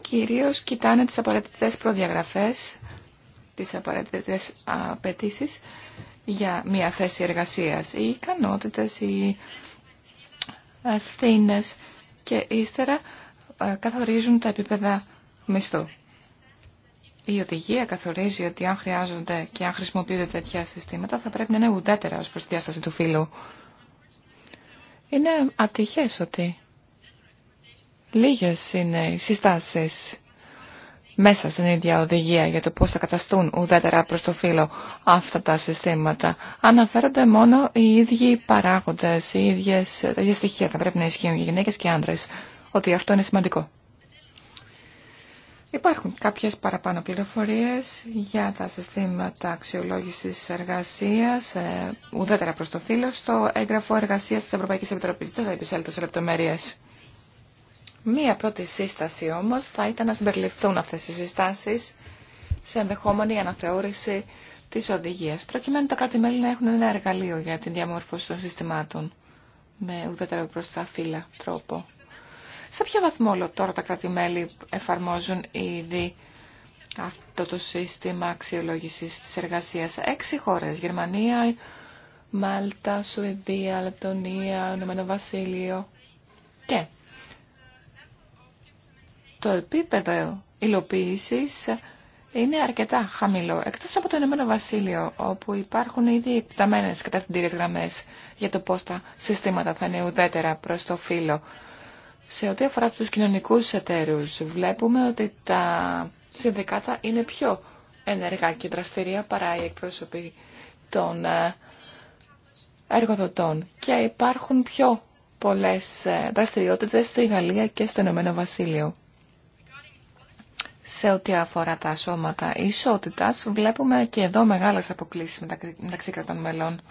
κυρίως κοιτάνε τις απαραίτητες προδιαγραφές, τις απαραίτητες απαιτήσει για μια θέση εργασίας. Οι ικανότητες, οι ευθύνε και ύστερα ε, καθορίζουν τα επίπεδα μισθού. Η οδηγία καθορίζει ότι αν χρειάζονται και αν χρησιμοποιούνται τέτοια συστήματα θα πρέπει να είναι ουδέτερα ως προς τη διάσταση του φύλου. Είναι ατυχές ότι λίγες είναι οι συστάσεις μέσα στην ίδια οδηγία για το πώς θα καταστούν ουδέτερα προς το φύλλο αυτά τα συστήματα. Αναφέρονται μόνο οι ίδιοι παράγοντες, οι ίδιες, τα ίδια στοιχεία θα πρέπει να ισχύουν για γυναίκες και άντρες, ότι αυτό είναι σημαντικό. Υπάρχουν κάποιες παραπάνω πληροφορίες για τα συστήματα αξιολόγησης εργασίας, ε, ουδέτερα προς το φύλλο, στο έγγραφο εργασίας της Ευρωπαϊκής Επιτροπής. Δεν θα επισέλθω σε λεπτομέρειες. Μία πρώτη σύσταση όμως θα ήταν να συμπεριληφθούν αυτές οι συστάσεις σε ενδεχόμενη αναθεώρηση της οδηγίας, προκειμένου τα κράτη-μέλη να έχουν ένα εργαλείο για την διαμόρφωση των συστημάτων με ουδέτερο προς τα φύλλα τρόπο. Σε ποιο βαθμό όλο τώρα τα κράτη-μέλη εφαρμόζουν ήδη αυτό το σύστημα αξιολόγηση τη εργασία, Έξι χώρε. Γερμανία, Μάλτα, Σουηδία, Λεπτονία, Ηνωμένο Βασίλειο και το επίπεδο υλοποίησης είναι αρκετά χαμηλό. Εκτός από το Ηνωμένο Βασίλειο, όπου υπάρχουν ήδη εκταμένες κατευθυντήριες γραμμές για το πώς τα συστήματα θα είναι ουδέτερα προς το φύλλο. Σε ό,τι αφορά τους κοινωνικούς εταίρους, βλέπουμε ότι τα συνδικάτα είναι πιο ενεργά και δραστηρία παρά οι εκπρόσωποι των ε, εργοδοτών και υπάρχουν πιο πολλές ε, δραστηριότητες στη Γαλλία και στο Ηνωμένο Βασίλειο σε ό,τι αφορά τα σώματα ισότητας, βλέπουμε και εδώ μεγάλες αποκλήσεις μεταξύ κρατών μελών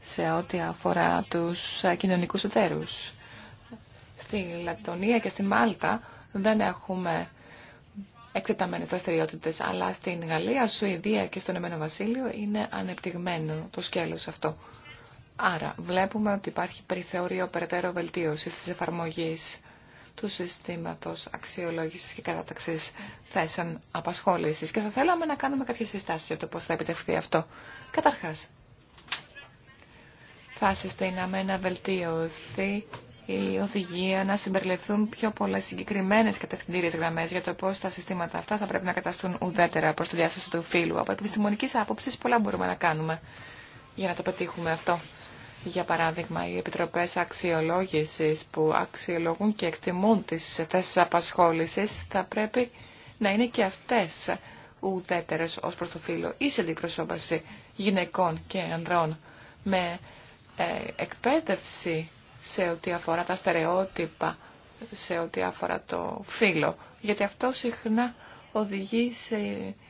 σε ό,τι αφορά τους ε, κοινωνικούς εταίρους. Στη Λατωνία και στη Μάλτα δεν έχουμε εκτεταμένες δραστηριότητε, αλλά στην Γαλλία, Σουηδία και στον Εμένο Βασίλειο είναι ανεπτυγμένο το σκέλος αυτό. Άρα βλέπουμε ότι υπάρχει περιθεωρείο περαιτέρω βελτίωση της εφαρμογής του συστήματος αξιολόγησης και κατάταξης θέσεων απασχόλησης και θα θέλαμε να κάνουμε κάποιες συστάσεις για το πώς θα επιτευχθεί αυτό. Καταρχάς, θα συστήναμε να βελτιωθεί η οδηγία να συμπεριληφθούν πιο πολλές συγκεκριμένες κατευθυντήριες γραμμές για το πώς τα συστήματα αυτά θα πρέπει να καταστούν ουδέτερα προς τη διάσταση του φύλου. Από επιστημονικής άποψης πολλά μπορούμε να κάνουμε για να το πετύχουμε αυτό. Για παράδειγμα, οι επιτροπές αξιολόγησης που αξιολογούν και εκτιμούν τις θέσεις απασχόλησης θα πρέπει να είναι και αυτές ουδέτερες ως προς το φύλλο ή σε αντιπροσώπευση γυναικών και ανδρών με ε, εκπαίδευση σε ό,τι αφορά τα στερεότυπα, σε ό,τι αφορά το φύλλο. Γιατί αυτό συχνά οδηγεί σε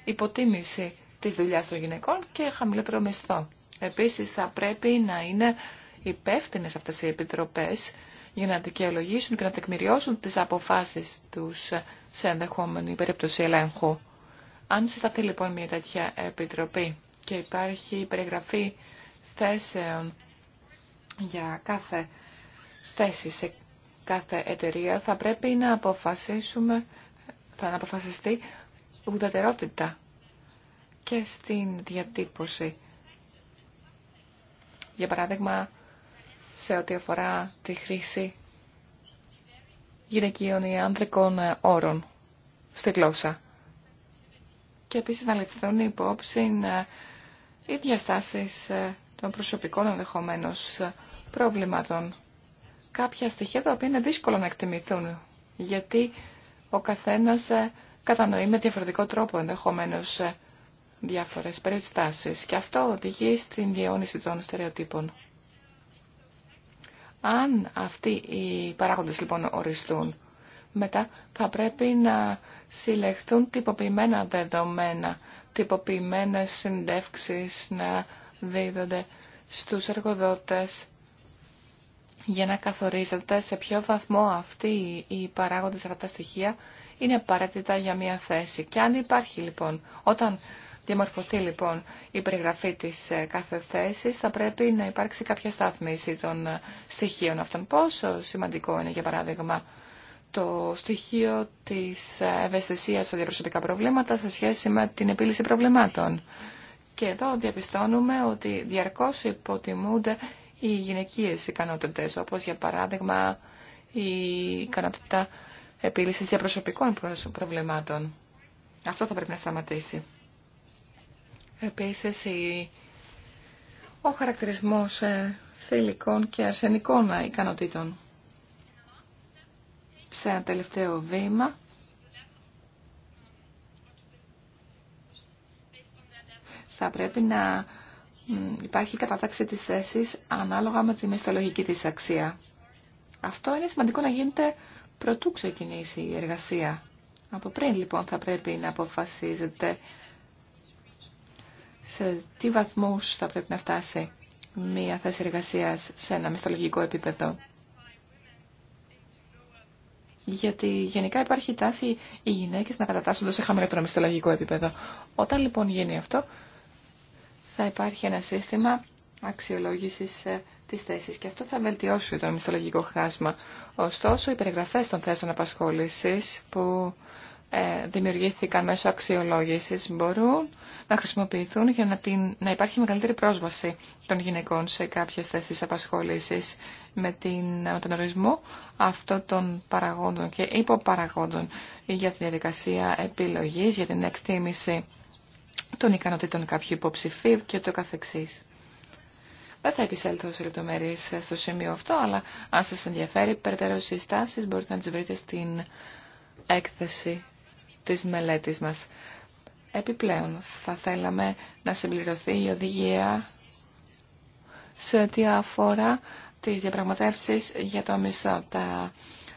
υποτίμηση της δουλειάς των γυναικών και χαμηλότερο μισθό. Επίσης θα πρέπει να είναι υπεύθυνες αυτές οι επιτροπές για να δικαιολογήσουν και να τεκμηριώσουν τις αποφάσεις τους σε ενδεχόμενη περίπτωση ελέγχου. Αν συσταθεί λοιπόν μια τέτοια επιτροπή και υπάρχει περιγραφή θέσεων για κάθε θέση σε κάθε εταιρεία, θα πρέπει να αποφασίσουμε, θα αποφασιστεί ουδετερότητα και στην διατύπωση για παράδειγμα, σε ό,τι αφορά τη χρήση γυναικείων ή άνδρικων ε, όρων στη γλώσσα. Και επίσης να ληφθούν υπόψη ε, οι διαστάσεις ε, των προσωπικών ενδεχομένω προβλημάτων. Κάποια στοιχεία τα οποία είναι δύσκολο να εκτιμηθούν, γιατί ο καθένας κατανοεί με διαφορετικό τρόπο ενδεχομένως διάφορες περιστάσεις και αυτό οδηγεί στην διαιώνιση των στερεοτύπων. Αν αυτοί οι παράγοντες λοιπόν οριστούν, μετά θα πρέπει να συλλεχθούν τυποποιημένα δεδομένα, τυποποιημένες συντεύξεις να δίδονται στους εργοδότες για να καθορίζεται σε ποιο βαθμό αυτοί οι παράγοντες, αυτά τα στοιχεία είναι απαραίτητα για μια θέση. Και αν υπάρχει λοιπόν, όταν διαμορφωθεί λοιπόν η περιγραφή της ε, κάθε θέσης, θα πρέπει να υπάρξει κάποια στάθμιση των ε, στοιχείων αυτών. Πόσο σημαντικό είναι, για παράδειγμα, το στοιχείο της ε, ευαισθησίας στα διαπροσωπικά προβλήματα σε σχέση με την επίλυση προβλημάτων. Και εδώ διαπιστώνουμε ότι διαρκώς υποτιμούνται οι γυναικείες ικανότητες, όπως για παράδειγμα η ικανότητα επίλυσης διαπροσωπικών προβλημάτων. Αυτό θα πρέπει να σταματήσει. Επίσης, ο χαρακτηρισμός ε, θηλυκών και αρσενικών ικανοτήτων. Σε ένα τελευταίο βήμα, θα πρέπει να υπάρχει κατάταξη της θέσης ανάλογα με τη μισθολογική της αξία. Αυτό είναι σημαντικό να γίνεται προτού ξεκινήσει η εργασία. Από πριν λοιπόν θα πρέπει να αποφασίζεται σε τι βαθμούς θα πρέπει να φτάσει μία θέση εργασίας σε ένα μισθολογικό επίπεδο. Γιατί γενικά υπάρχει τάση οι γυναίκες να κατατάσσονται σε χαμηλότερο μισθολογικό επίπεδο. Όταν λοιπόν γίνει αυτό, θα υπάρχει ένα σύστημα αξιολόγησης ε, της θέσης και αυτό θα βελτιώσει το μισθολογικό χάσμα. Ωστόσο, οι περιγραφές των θέσεων απασχόλησης που ε, δημιουργήθηκαν μέσω αξιολόγησης μπορούν να χρησιμοποιηθούν για να, την, να υπάρχει μεγαλύτερη πρόσβαση των γυναικών σε κάποιες θέσεις απασχόλησης με, την, τον ορισμό αυτών των παραγόντων και υποπαραγόντων για τη διαδικασία επιλογής, για την εκτίμηση των ικανοτήτων κάποιου υποψηφίου και το καθεξής. Δεν θα επισέλθω σε λεπτομέρειες στο σημείο αυτό, αλλά αν σας ενδιαφέρει περαιτέρω συστάσεις μπορείτε να τις βρείτε στην έκθεση της μελέτης μας. Επιπλέον, θα θέλαμε να συμπληρωθεί η οδηγία σε ό,τι αφορά τις διαπραγματεύσεις για το μισθό. Τα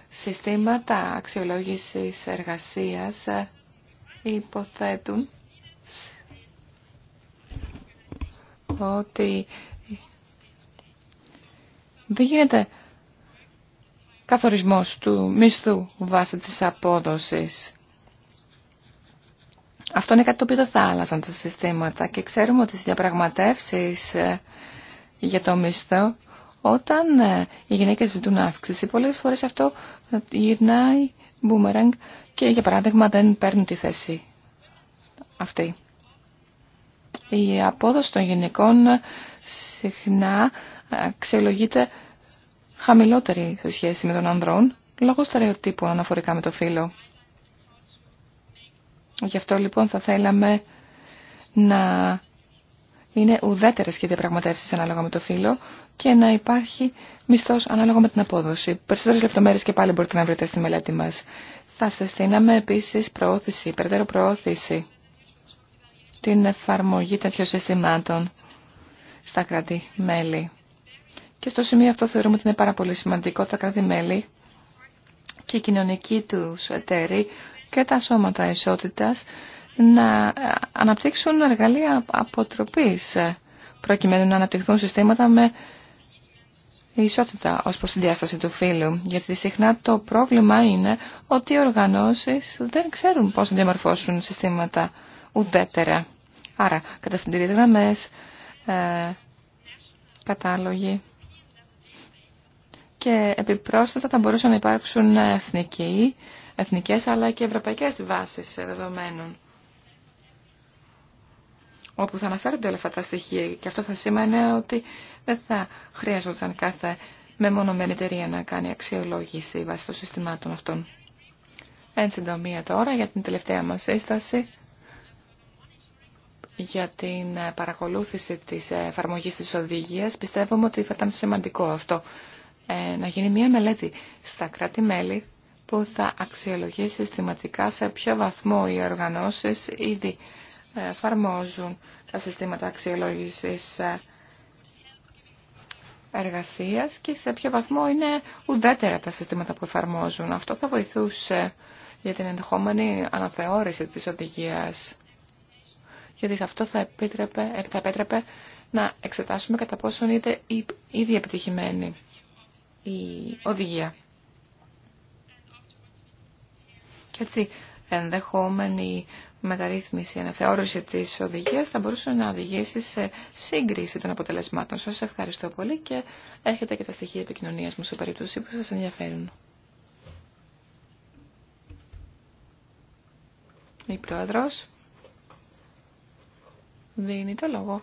συστήματα αξιολόγησης εργασίας υποθέτουν ότι δεν γίνεται καθορισμός του μισθού βάσει της απόδοσης. Αυτό είναι κάτι το οποίο δεν θα άλλαζαν τα συστήματα και ξέρουμε ότι στις διαπραγματεύσεις ε, για το μισθό όταν ε, οι γυναίκες ζητούν αύξηση πολλές φορές αυτό ε, γυρνάει μπούμεραγκ και για παράδειγμα δεν παίρνουν τη θέση αυτή. Η απόδοση των γυναικών συχνά αξιολογείται χαμηλότερη σε σχέση με τον ανδρών λόγω στερεοτύπων αναφορικά με το φύλλο. Γι' αυτό λοιπόν θα θέλαμε να είναι ουδέτερες και διαπραγματεύσεις ανάλογα με το φύλλο και να υπάρχει μισθός ανάλογα με την απόδοση. Περισσότερες λεπτομέρειες και πάλι μπορείτε να βρείτε στη μελέτη μας. Θα σας στείναμε επίσης προώθηση, περαιτέρω προώθηση την εφαρμογή τέτοιων συστημάτων στα κράτη-μέλη. Και στο σημείο αυτό θεωρούμε ότι είναι πάρα πολύ σημαντικό τα κράτη-μέλη και η κοινωνική τους εταίροι και τα σώματα ισότητας να αναπτύξουν εργαλεία αποτροπής προκειμένου να αναπτυχθούν συστήματα με ισότητα ως προς την διάσταση του φύλου. Γιατί συχνά το πρόβλημα είναι ότι οι οργανώσεις δεν ξέρουν πώς να διαμορφώσουν συστήματα ουδέτερα. Άρα, κατευθυντήριες γραμμές, ε, κατάλογοι και επιπρόσθετα θα μπορούσαν να υπάρξουν εθνικοί εθνικές αλλά και ευρωπαϊκές βάσεις δεδομένων όπου θα αναφέρονται όλα αυτά τα στοιχεία και αυτό θα σημαίνει ότι δεν θα χρειαζόταν κάθε μεμονωμένη εταιρεία να κάνει αξιολόγηση βάσει των συστημάτων αυτών. Εν συντομία τώρα για την τελευταία μας σύσταση για την παρακολούθηση της εφαρμογής της οδηγίας πιστεύουμε ότι θα ήταν σημαντικό αυτό ε, να γίνει μια μελέτη στα κράτη-μέλη που θα αξιολογεί συστηματικά σε ποιο βαθμό οι οργανώσεις ήδη εφαρμόζουν τα συστήματα αξιολόγησης ε, εργασίας και σε ποιο βαθμό είναι ουδέτερα τα συστήματα που εφαρμόζουν. Αυτό θα βοηθούσε για την ενδεχόμενη αναθεώρηση της οδηγίας. Γιατί αυτό θα ε, επέτρεπε, θα να εξετάσουμε κατά πόσον είτε ήδη επιτυχημένη η οδηγία. Έτσι, ενδεχόμενη μεταρρύθμιση, αναθεώρηση της οδηγίας θα μπορούσε να οδηγήσει σε σύγκριση των αποτελεσμάτων. Σας ευχαριστώ πολύ και έρχεται και τα στοιχεία επικοινωνίας μου σε περίπτωση που σας ενδιαφέρουν. Η Πρόεδρος δίνει το λόγο.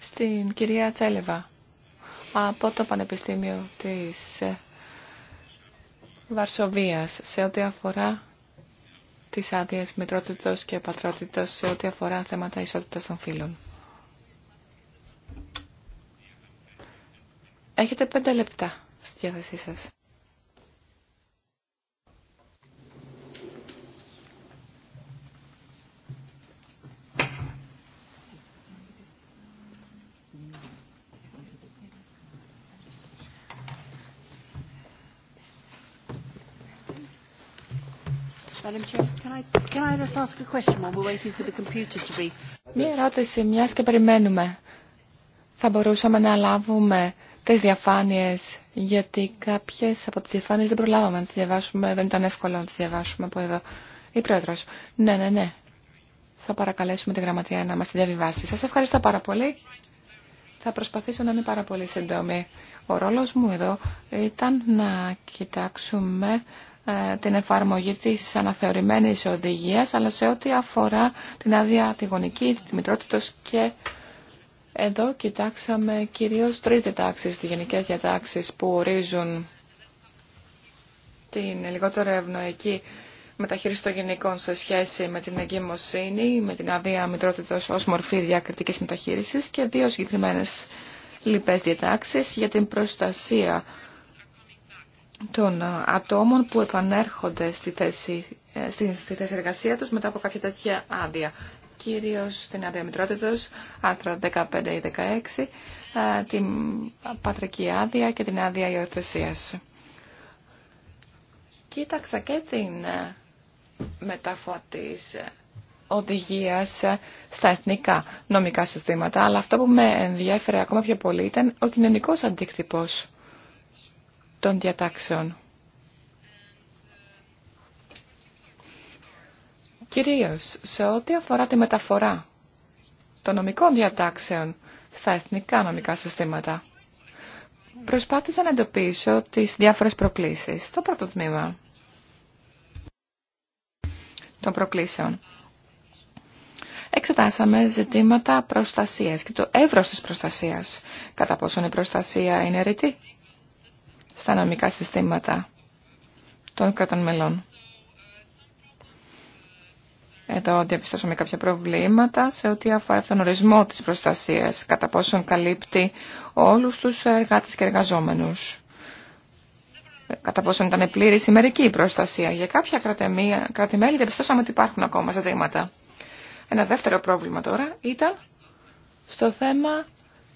Στην κυρία Τσέλεβα από το Πανεπιστήμιο της Βαρσοβίας σε ό,τι αφορά τις άδειες μητρότητος και πατρότητος σε ό,τι αφορά θέματα ισότητας των φύλων. Έχετε πέντε λεπτά στη διάθεσή σας. Μία ερώτηση, μια και περιμένουμε. Θα μπορούσαμε να λάβουμε τις διαφάνειες, γιατί κάποιες από τις διαφάνειες δεν προλάβαμε να τις διαβάσουμε, δεν ήταν εύκολο να τις διαβάσουμε από εδώ. Η πρόεδρο. Ναι, ναι, ναι. Θα παρακαλέσουμε τη Γραμματεία να μας τη διαβιβάσει. Σα ευχαριστώ πάρα πολύ. Θα προσπαθήσω να είμαι πάρα πολύ σύντομη. Ο ρόλο μου εδώ ήταν να κοιτάξουμε ε, την εφαρμογή της αναθεωρημένης οδηγίας, αλλά σε ό,τι αφορά την άδεια τη γονική, τη μητρότητος και εδώ κοιτάξαμε κυρίως τρεις διατάξεις, τις γενικές διατάξεις που ορίζουν την λιγότερο ευνοϊκή μεταχείριση των γενικών σε σχέση με την εγκυμοσύνη, με την αδεία μητρότητος ως μορφή διακριτικής μεταχείρισης και δύο συγκεκριμένες λοιπές διατάξεις για την προστασία των ε, ατόμων που επανέρχονται στη θέση, ε, στη, στη εργασία τους μετά από κάποια τέτοια άδεια. Κυρίως την άδεια μητρότητος, άρθρα 15 ή 16, ε, την πατρική άδεια και την άδεια υιοθεσίας. Κοίταξα και την μεταφορά της οδηγίας στα εθνικά νομικά συστήματα, αλλά αυτό που με ενδιέφερε ακόμα πιο πολύ ήταν ο κοινωνικός αντίκτυπος των διατάξεων. Κυρίως σε ό,τι αφορά τη μεταφορά των νομικών διατάξεων στα εθνικά νομικά συστήματα. Προσπάθησα να εντοπίσω τις διάφορες προκλήσεις. Το πρώτο τμήμα των προκλήσεων. Εξετάσαμε ζητήματα προστασίας και το εύρος της προστασίας. Κατά πόσον η προστασία είναι ρητή στα νομικά συστήματα των κρατών μελών. Εδώ διαπιστώσαμε κάποια προβλήματα σε ό,τι αφορά τον ορισμό της προστασίας, κατά πόσον καλύπτει όλους τους εργάτες και εργαζόμενους. Κατά πόσον ήταν πλήρη η μερική προστασία. Για κάποια κράτη-μέλη διαπιστώσαμε ότι υπάρχουν ακόμα ζητήματα. Ένα δεύτερο πρόβλημα τώρα ήταν στο θέμα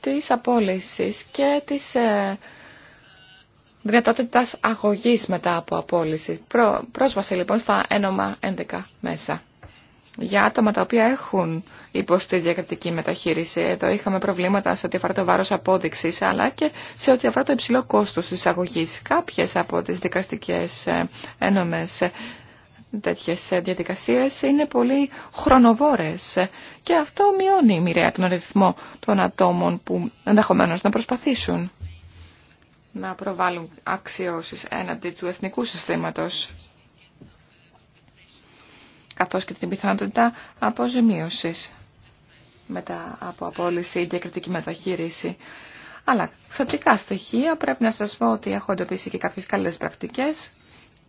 της απόλυσης και της ε, δυνατότητας αγωγής μετά από απόλυση. Πρό, πρόσβαση λοιπόν στα ένομα 11 μέσα. Για άτομα τα οποία έχουν υποστεί διακριτική μεταχείριση, εδώ είχαμε προβλήματα σε ό,τι αφορά το βάρος απόδειξης, αλλά και σε ό,τι αφορά το υψηλό κόστος της αγωγής. Κάποιες από τις δικαστικές ε, ένομες ε, τέτοιες ε, διαδικασίες είναι πολύ χρονοβόρες και αυτό μειώνει μοιραία τον ρυθμό των ατόμων που ενδεχομένως να προσπαθήσουν να προβάλλουν αξιώσεις έναντι του εθνικού συστήματος καθώς και την πιθανότητα αποζημίωσης μετά από απόλυση ή διακριτική μεταχείριση. Αλλά θετικά στοιχεία πρέπει να σας πω ότι έχω εντοπίσει και κάποιες καλές πρακτικές,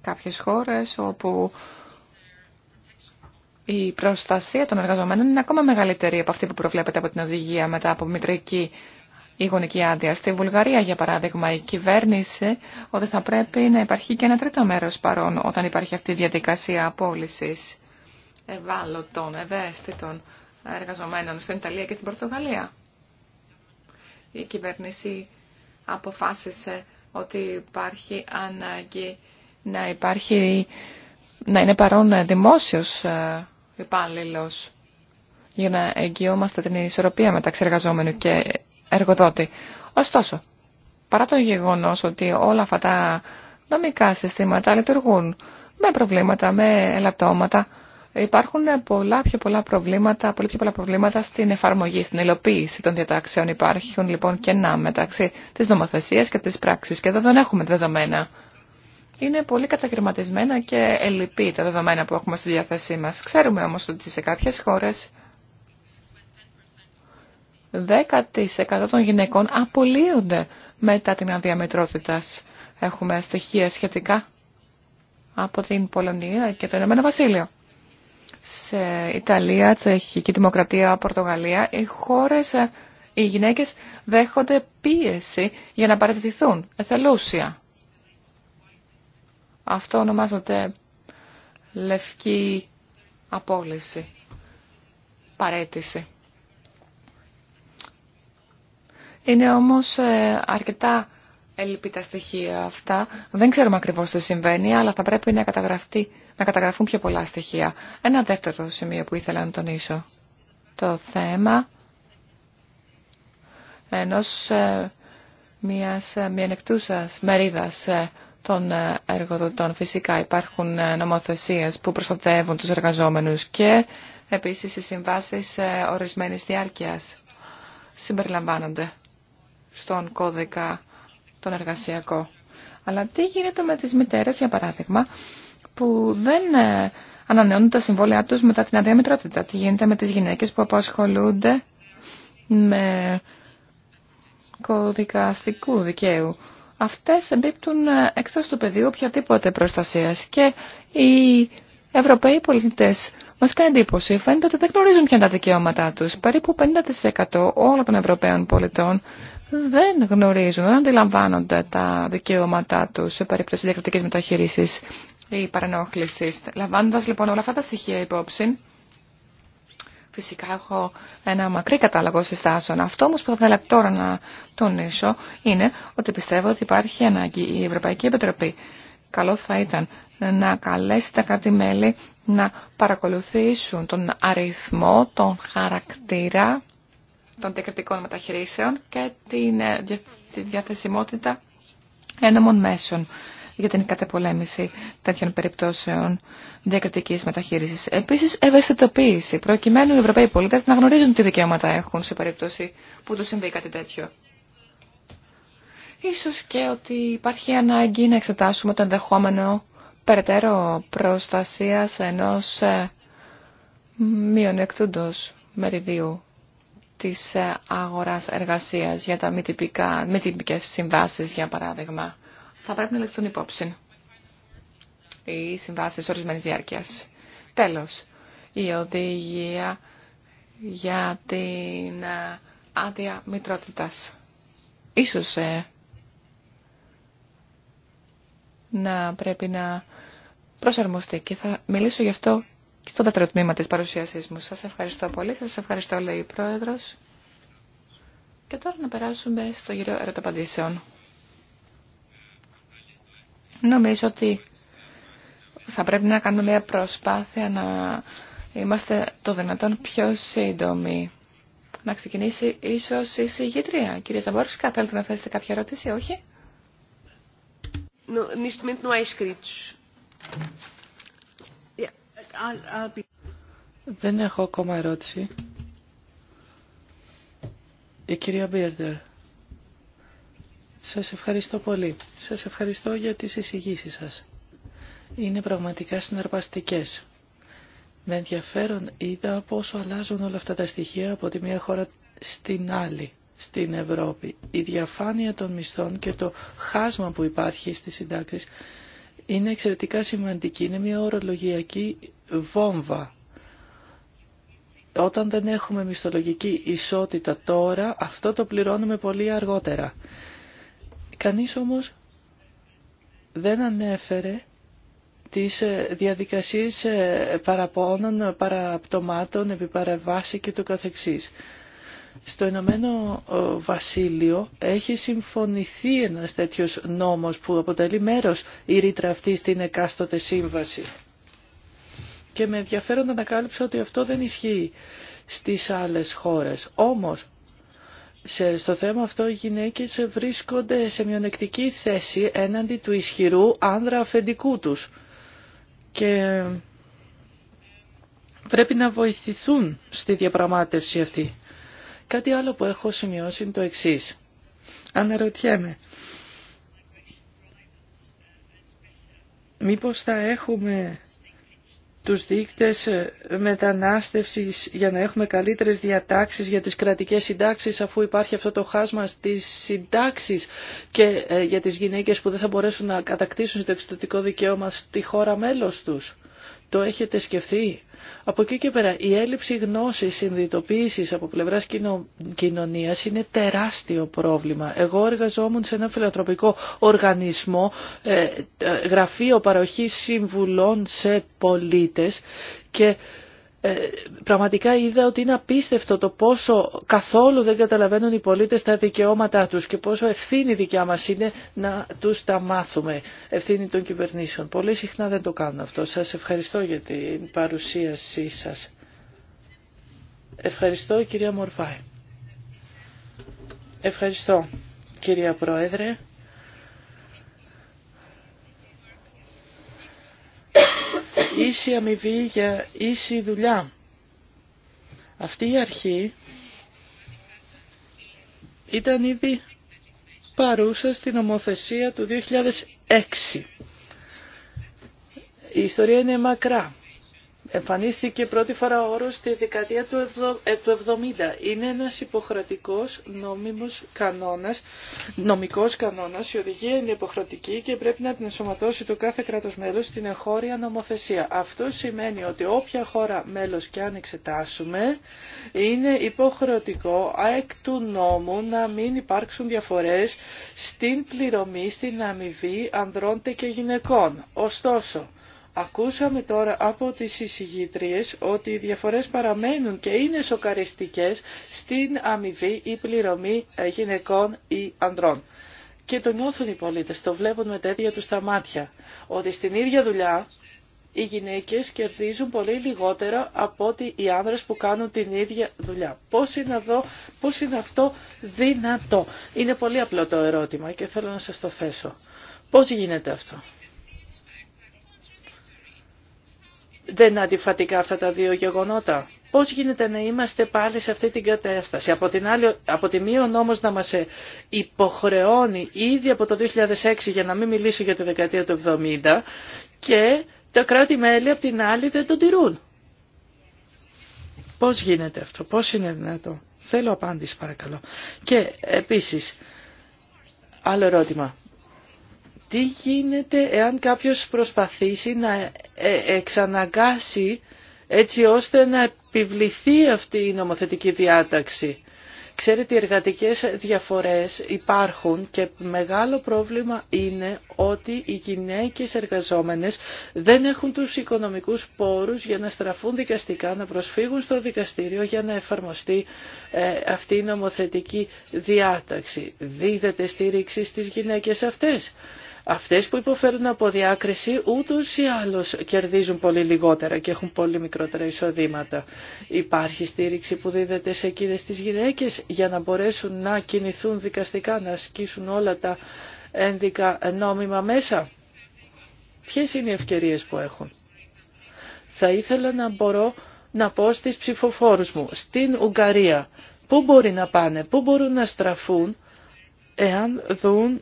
κάποιες χώρες όπου η προστασία των εργαζομένων είναι ακόμα μεγαλύτερη από αυτή που προβλέπεται από την οδηγία μετά από μητρική η γονική άδεια. Στη Βουλγαρία, για παράδειγμα, η κυβέρνηση ότι θα πρέπει να υπάρχει και ένα τρίτο μέρος παρόν όταν υπάρχει αυτή η διαδικασία απόλυσης ευάλωτων, ευαίσθητων εργαζομένων στην Ιταλία και στην Πορτογαλία. Η κυβέρνηση αποφάσισε ότι υπάρχει ανάγκη να υπάρχει, να είναι παρόν δημόσιος ε, υπάλληλο για να εγγυόμαστε την ισορροπία μεταξύ εργαζόμενου και εργοδότη. Ωστόσο, παρά το γεγονός ότι όλα αυτά τα νομικά συστήματα λειτουργούν με προβλήματα, με ελαττώματα, υπάρχουν πολλά πιο πολλά προβλήματα, πολύ πιο πολλά προβλήματα στην εφαρμογή, στην υλοποίηση των διατάξεων. Υπάρχουν λοιπόν κενά μεταξύ της νομοθεσίας και της πράξης και εδώ δεν έχουμε δεδομένα. Είναι πολύ κατακριματισμένα και ελλειπή τα δεδομένα που έχουμε στη διάθεσή μας. Ξέρουμε όμως ότι σε κάποιες χώρες 10% των γυναικών απολύονται μετά την αδιαμετρότητα. Έχουμε στοιχεία σχετικά από την Πολωνία και το Ηνωμένο Βασίλειο. Σε Ιταλία, Τσεχική Δημοκρατία, Πορτογαλία, οι χώρες, οι γυναίκες δέχονται πίεση για να παρατηθούν, εθελούσια. Αυτό ονομάζεται λευκή απόλυση, παρέτηση. Είναι όμως ε, αρκετά ελλειπή τα στοιχεία αυτά. Δεν ξέρουμε ακριβώς τι συμβαίνει, αλλά θα πρέπει να, να καταγραφούν πιο πολλά στοιχεία. Ένα δεύτερο σημείο που ήθελα να τονίσω. Το θέμα ενός ε, μιας ε, μιανεκτούσας μερίδας των εργοδοτών. Φυσικά υπάρχουν νομοθεσίες που προστατεύουν τους εργαζόμενους και επίσης οι συμβάσεις ορισμένης διάρκειας συμπεριλαμβάνονται στον κώδικα τον εργασιακό. Αλλά τι γίνεται με τις μητέρες, για παράδειγμα, που δεν ε, ανανεώνουν τα συμβόλαιά τους μετά την αδιαμητρότητα. Τι γίνεται με τις γυναίκες που απασχολούνται με κώδικα αστικού δικαίου. Αυτές εμπίπτουν ε, εκτός του πεδίου οποιαδήποτε προστασίας και οι Ευρωπαίοι πολίτες μας κάνει εντύπωση. Φαίνεται ότι δεν γνωρίζουν ποια τα δικαιώματά τους. Περίπου 50% όλων των Ευρωπαίων πολιτών δεν γνωρίζουν, δεν αντιλαμβάνονται τα δικαιώματά του σε περίπτωση διακριτική μεταχείριση ή παρενόχληση. Λαμβάνοντα λοιπόν όλα αυτά τα στοιχεία υπόψη, Φυσικά έχω ένα μακρύ κατάλογο συστάσεων. Αυτό όμω που θα ήθελα τώρα να τονίσω είναι ότι πιστεύω ότι υπάρχει ανάγκη η Ευρωπαϊκή Επιτροπή. Καλό θα ήταν να καλέσει τα κράτη-μέλη να παρακολουθήσουν τον αριθμό, τον χαρακτήρα των διακριτικών μεταχειρήσεων και την, ε, τη διαθεσιμότητα ένομων μέσων για την κατεπολέμηση τέτοιων περιπτώσεων διακριτική μεταχείριση. Επίση, ευαισθητοποίηση, προκειμένου οι Ευρωπαίοι πολίτε να γνωρίζουν τι δικαιώματα έχουν σε περίπτωση που του συμβεί κάτι τέτοιο. Ίσως και ότι υπάρχει ανάγκη να εξετάσουμε το ενδεχόμενο περαιτέρω προστασίας ενός ε, μειονεκτούντος μεριδίου της ε, αγοράς εργασίας για τα μη, τυπικά, τυπικές συμβάσεις, για παράδειγμα, θα πρέπει να λεφθούν υπόψη οι συμβάσεις ορισμένης διάρκειας. Τέλος, η οδηγία για την ε, άδεια μητρότητας. Ίσως ε, να πρέπει να προσαρμοστεί και θα μιλήσω γι' αυτό και στο δεύτερο τμήμα της παρουσίασής μου. Σας ευχαριστώ πολύ, σας ευχαριστώ λέει η Πρόεδρος. Και τώρα να περάσουμε στο γύρο ερωταπαντήσεων. Νομίζω ότι θα πρέπει να κάνουμε μια προσπάθεια να είμαστε το δυνατόν πιο σύντομοι. Να ξεκινήσει ίσως η συγγήτρια. Κυρία Ζαμπόρφσκα, θέλετε να θέσετε κάποια ερώτηση, όχι? Δεν δεν έχω ακόμα ερώτηση. Η κυρία Μπίρντερ. Σας ευχαριστώ πολύ. Σας ευχαριστώ για τις εισηγήσεις σας. Είναι πραγματικά συναρπαστικές. Με ενδιαφέρον είδα πόσο αλλάζουν όλα αυτά τα στοιχεία από τη μία χώρα στην άλλη στην Ευρώπη. Η διαφάνεια των μισθών και το χάσμα που υπάρχει στις συντάξεις είναι εξαιρετικά σημαντική. Είναι μια ορολογιακή βόμβα. Όταν δεν έχουμε μισθολογική ισότητα τώρα, αυτό το πληρώνουμε πολύ αργότερα. Κανείς όμως δεν ανέφερε τις ε, διαδικασίες ε, παραπώνων, παραπτωμάτων, επιπαραβάση και το καθεξής. Στο Ηνωμένο ε, Βασίλειο έχει συμφωνηθεί ένας τέτοιος νόμος που αποτελεί μέρος η ρήτρα αυτή στην εκάστοτε σύμβαση. Και με ενδιαφέρον ανακάλυψα ότι αυτό δεν ισχύει στις άλλες χώρες. Όμως, σε, στο θέμα αυτό οι γυναίκες βρίσκονται σε μειονεκτική θέση έναντι του ισχυρού άνδρα αφεντικού τους. Και πρέπει να βοηθηθούν στη διαπραγμάτευση αυτή. Κάτι άλλο που έχω σημειώσει είναι το εξή. Αναρωτιέμαι. Μήπως θα έχουμε τους δείκτες μετανάστευσης για να έχουμε καλύτερες διατάξεις για τις κρατικές συντάξεις αφού υπάρχει αυτό το χάσμα στις συντάξεις και ε, για τις γυναίκες που δεν θα μπορέσουν να κατακτήσουν το εξωτερικό δικαίωμα στη χώρα μέλος τους. Το έχετε σκεφτεί. Από εκεί και πέρα, η έλλειψη γνώσης, συνειδητοποίηση από πλευράς κοινο... κοινωνίας είναι τεράστιο πρόβλημα. Εγώ εργαζόμουν σε ένα φιλανθρωπικό οργανισμό, ε, ε, γραφείο παροχής συμβουλών σε πολίτες και ε, πραγματικά είδα ότι είναι απίστευτο το πόσο καθόλου δεν καταλαβαίνουν οι πολίτες τα δικαιώματά τους και πόσο ευθύνη δικιά μας είναι να τους τα μάθουμε, ευθύνη των κυβερνήσεων. Πολύ συχνά δεν το κάνουν αυτό. Σας ευχαριστώ για την παρουσίασή σας. Ευχαριστώ κυρία Μορφάη. Ευχαριστώ κυρία Πρόεδρε. ίση αμοιβή για ίση δουλειά. Αυτή η αρχή ήταν ήδη παρούσα στην ομοθεσία του 2006. Η ιστορία είναι μακρά. Εμφανίστηκε πρώτη φορά ο όρος στη δεκαετία του 70. Ε, είναι ένας υποχρεωτικός νόμιμος κανόνας, νομικός κανόνας. Η οδηγία είναι υποχρεωτική και πρέπει να την εσωματώσει το κάθε κράτος μέλος στην εγχώρια νομοθεσία. Αυτό σημαίνει ότι όποια χώρα μέλος και αν εξετάσουμε είναι υποχρεωτικό εκ του νόμου να μην υπάρξουν διαφορές στην πληρωμή, στην αμοιβή ανδρών και γυναικών. Ωστόσο, Ακούσαμε τώρα από τις εισηγήτριες ότι οι διαφορές παραμένουν και είναι σοκαριστικές στην αμοιβή ή πληρωμή ε, γυναικών ή ανδρών. Και το νιώθουν οι πολίτες, το βλέπουν με τέτοια τους τα μάτια, ότι στην ίδια δουλειά οι γυναίκες κερδίζουν πολύ λιγότερα από ότι οι άνδρες που κάνουν την ίδια δουλειά. Πώς είναι, εδώ, πώς είναι αυτό δυνατό. Είναι πολύ απλό το ερώτημα και θέλω να σας το θέσω. Πώς γίνεται αυτό. Δεν αντιφατικά αυτά τα δύο γεγονότα. Πώς γίνεται να είμαστε πάλι σε αυτή την κατάσταση. Από, την άλλη, από τη μία νόμος να μας υποχρεώνει ήδη από το 2006 για να μην μιλήσω για τη δεκαετία του 70 και τα κράτη-μέλη από την άλλη δεν τον τηρούν. Πώς γίνεται αυτό, πώς είναι δυνατό. Θέλω απάντηση παρακαλώ. Και επίσης, άλλο ερώτημα. Τι γίνεται εάν κάποιος προσπαθήσει να ε, εξαναγκάσει έτσι ώστε να επιβληθεί αυτή η νομοθετική διάταξη. Ξέρετε, οι εργατικές διαφορές υπάρχουν και μεγάλο πρόβλημα είναι ότι οι γυναίκες εργαζόμενες δεν έχουν τους οικονομικούς πόρους για να στραφούν δικαστικά, να προσφύγουν στο δικαστήριο για να εφαρμοστεί ε, αυτή η νομοθετική διάταξη. Δίδεται στήριξη στις γυναίκες αυτές. Αυτές που υποφέρουν από διάκριση ούτως ή άλλως κερδίζουν πολύ λιγότερα και έχουν πολύ μικρότερα εισοδήματα. Υπάρχει στήριξη που δίδεται σε εκείνες τις γυναίκες για να μπορέσουν να κινηθούν δικαστικά, να ασκήσουν όλα τα ένδικα νόμιμα μέσα. Ποιες είναι οι ευκαιρίες που έχουν. Θα ήθελα να μπορώ να πω στις ψηφοφόρους μου, στην Ουγγαρία, πού μπορεί να πάνε, πού μπορούν να στραφούν, εάν δουν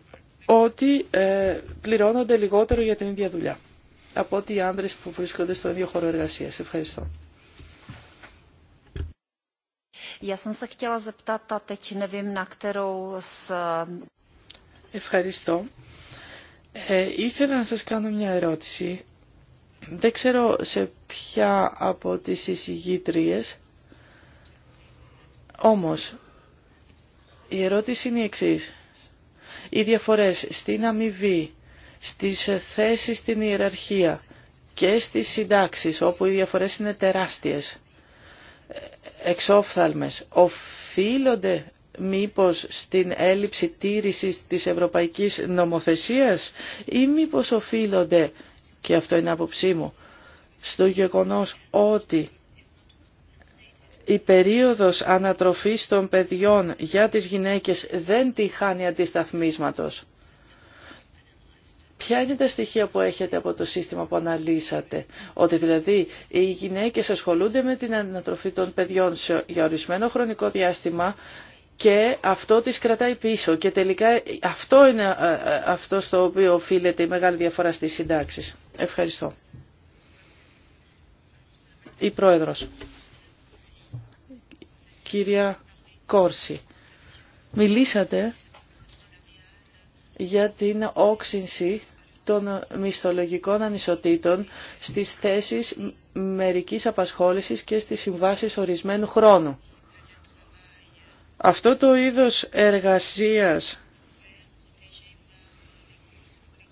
ότι ε, πληρώνονται λιγότερο για την ίδια δουλειά από ότι οι άνδρες που βρίσκονται στον ίδιο χώρο εργασίας. Ευχαριστώ. Eh, Ευχαριστώ. Ε, ήθελα να σας κάνω μια ερώτηση. Δεν ξέρω σε ποια από τις εισηγήτριες, όμως η ερώτηση είναι η εξής. Οι διαφορές στην αμοιβή, στις θέσεις στην ιεραρχία και στις συντάξεις, όπου οι διαφορές είναι τεράστιες, εξόφθαλμες, οφείλονται μήπως στην έλλειψη τήρησης της ευρωπαϊκής νομοθεσίας ή μήπως οφείλονται, και αυτό είναι άποψή μου, στο γεγονός ότι η περίοδος ανατροφής των παιδιών για τις γυναίκες δεν τη χάνει αντισταθμίσματος. Ποια είναι τα στοιχεία που έχετε από το σύστημα που αναλύσατε, ότι δηλαδή οι γυναίκες ασχολούνται με την ανατροφή των παιδιών για ορισμένο χρονικό διάστημα και αυτό τις κρατάει πίσω και τελικά αυτό είναι ε, ε, αυτό στο οποίο οφείλεται η μεγάλη διαφορά στις συντάξεις. Ευχαριστώ. Η Πρόεδρος. Κύρια Κόρση, μιλήσατε για την όξυνση των μισθολογικών ανισοτήτων στις θέσεις μερικής απασχόλησης και στις συμβάσεις ορισμένου χρόνου. Αυτό το είδος εργασίας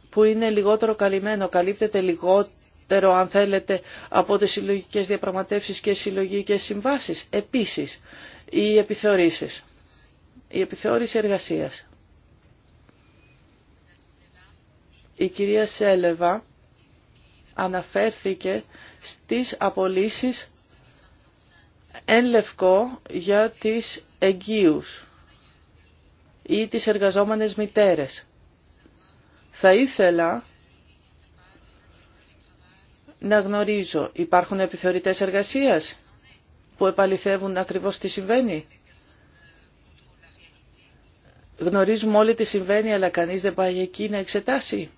που είναι λιγότερο καλυμμένο, καλύπτεται λιγότερο αν θέλετε από τις συλλογικέ διαπραγματεύσεις και συλλογικέ συμβάσεις. Επίσης, οι επιθεωρήσεις, η επιθεώρηση εργασίας. Η κυρία Σέλεβα αναφέρθηκε στις απολύσεις εν λευκό για τις εγγύους ή τις εργαζόμενες μητέρες. Θα ήθελα να γνωρίζω, υπάρχουν επιθεωρητές εργασίας που επαληθεύουν ακριβώς τι συμβαίνει. Γνωρίζουμε όλοι τι συμβαίνει, αλλά κανείς δεν πάει εκεί να εξετάσει.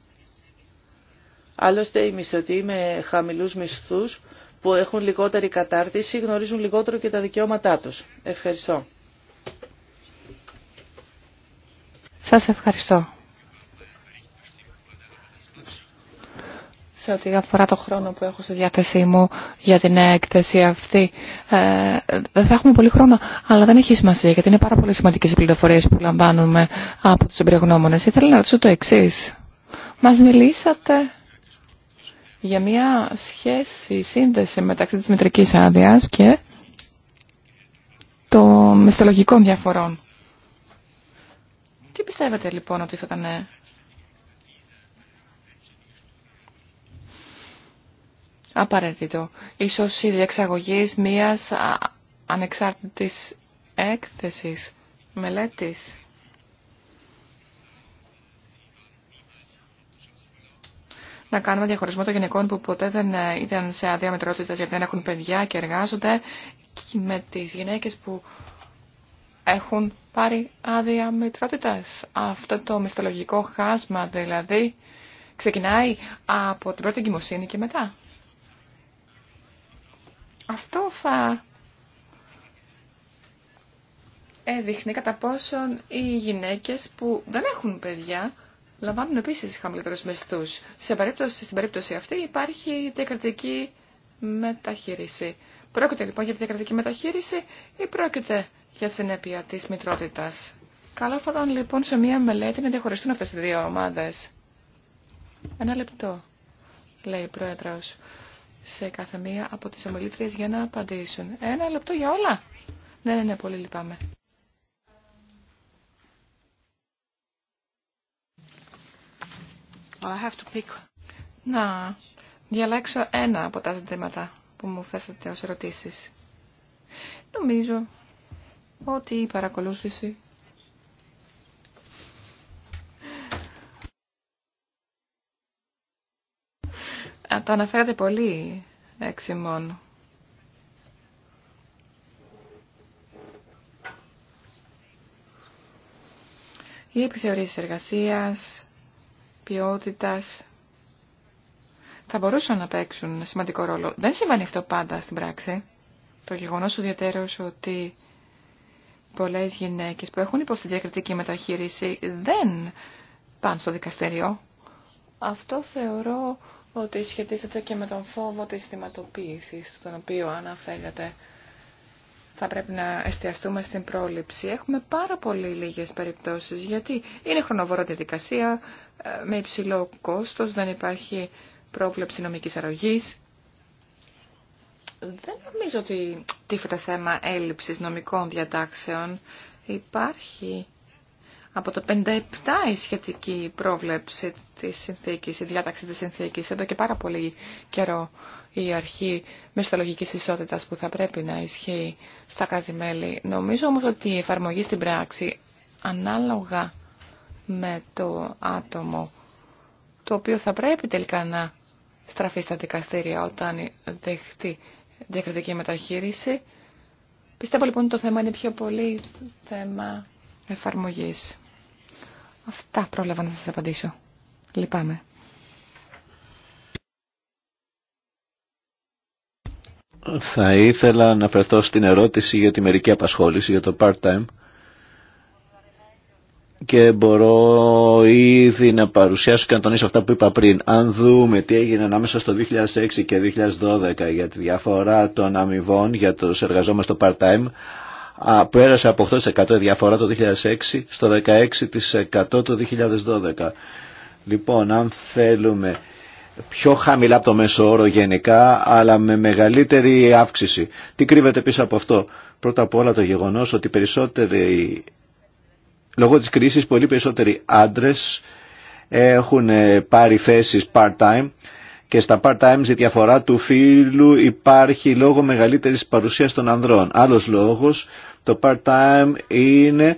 Άλλωστε οι μισθωτοί με χαμηλούς μισθούς που έχουν λιγότερη κατάρτιση γνωρίζουν λιγότερο και τα δικαιώματά τους. Ευχαριστώ. Σας ευχαριστώ. σε ό,τι αφορά το χρόνο που έχω στη διάθεσή μου για την έκθεση αυτή. Ε, δεν θα έχουμε πολύ χρόνο, αλλά δεν έχει σημασία, γιατί είναι πάρα πολύ σημαντικέ οι πληροφορίε που λαμβάνουμε από του εμπειρογνώμονε. Ήθελα να ρωτήσω το εξή. Μα μιλήσατε για μια σχέση, σύνδεση μεταξύ της μητρική άδεια και των μισθολογικών διαφορών. Τι πιστεύετε λοιπόν ότι θα ήταν απαραίτητο. Ίσως η διεξαγωγή μιας ανεξάρτητης έκθεσης, μελέτης. Να κάνουμε διαχωρισμό των γυναικών που ποτέ δεν ε, ήταν σε άδεια μετρότητα γιατί δεν έχουν παιδιά και εργάζονται και με τις γυναίκες που έχουν πάρει άδεια Αυτό το μυστολογικό χάσμα δηλαδή ξεκινάει από την πρώτη εγκυμοσύνη και μετά. Αυτό θα έδειχνει κατά πόσον οι γυναίκες που δεν έχουν παιδιά λαμβάνουν επίσης χαμηλότερους μισθούς. Σε περίπτωση, στην περίπτωση αυτή υπάρχει διακρατική μεταχείριση. Πρόκειται λοιπόν για τη διακρατική μεταχείριση ή πρόκειται για συνέπεια της μητρότητας. Καλό θα ήταν λοιπόν σε μία μελέτη να διαχωριστούν αυτές οι δύο ομάδες. Ένα λεπτό, λέει η Πρόεδρος σε κάθε μία από τις ομιλήτριες για να απαντήσουν. Ένα λεπτό για όλα. Ναι, ναι, ναι, πολύ λυπάμαι. Να διαλέξω ένα από τα ζητήματα που μου θέσατε ως ερωτήσεις. Νομίζω ότι η παρακολούθηση τα αναφέρατε πολύ μόνο. Οι επιθεωρήσεις εργασίας, ποιότητας, θα μπορούσαν να παίξουν σημαντικό ρόλο. Δεν συμβαίνει αυτό πάντα στην πράξη. Το γεγονός ιδιαίτερος ότι πολλές γυναίκες που έχουν υποστεί διακριτική μεταχείριση δεν πάνε στο δικαστήριο. Αυτό θεωρώ ότι σχετίζεται και με τον φόβο της θυματοποίησης, τον οποίο αν θέλετε, Θα πρέπει να εστιαστούμε στην πρόληψη. Έχουμε πάρα πολύ λίγες περιπτώσεις, γιατί είναι χρονοβόρα διαδικασία, ε, με υψηλό κόστος, δεν υπάρχει πρόβλεψη νομικής αρρωγής. Δεν νομίζω ότι τίθεται θέμα έλλειψης νομικών διατάξεων. Υπάρχει από το 57 η σχετική πρόβλεψη της συνθήκης, η διάταξη της συνθήκης. Εδώ και πάρα πολύ καιρό η αρχή μισθολογικής ισότητας που θα πρέπει να ισχύει στα κράτη-μέλη. Νομίζω όμως ότι η εφαρμογή στην πράξη ανάλογα με το άτομο το οποίο θα πρέπει τελικά να στραφεί στα δικαστήρια όταν δεχτεί διακριτική μεταχείριση. Πιστεύω λοιπόν ότι το θέμα είναι πιο πολύ θέμα εφαρμογής. Αυτά πρόλαβα να σας απαντήσω. Λυπάμαι. Θα ήθελα να φερθώ στην ερώτηση για τη μερική απασχόληση, για το part-time και μπορώ ήδη να παρουσιάσω και να τονίσω αυτά που είπα πριν. Αν δούμε τι έγινε ανάμεσα στο 2006 και 2012 για τη διαφορά των αμοιβών για τους εργαζόμενους στο part-time, πέρασε από 8% διαφορά το 2006 στο 16% το 2012. Λοιπόν, αν θέλουμε πιο χαμηλά από το μέσο όρο γενικά, αλλά με μεγαλύτερη αύξηση. Τι κρύβεται πίσω από αυτό. Πρώτα απ' όλα το γεγονός ότι περισσότεροι, λόγω της κρίσης, πολύ περισσότεροι άντρες έχουν ε, πάρει θέσεις part-time και στα part time η διαφορά του φίλου υπάρχει λόγω μεγαλύτερης παρουσίας των ανδρών. Άλλος λόγος, το part-time είναι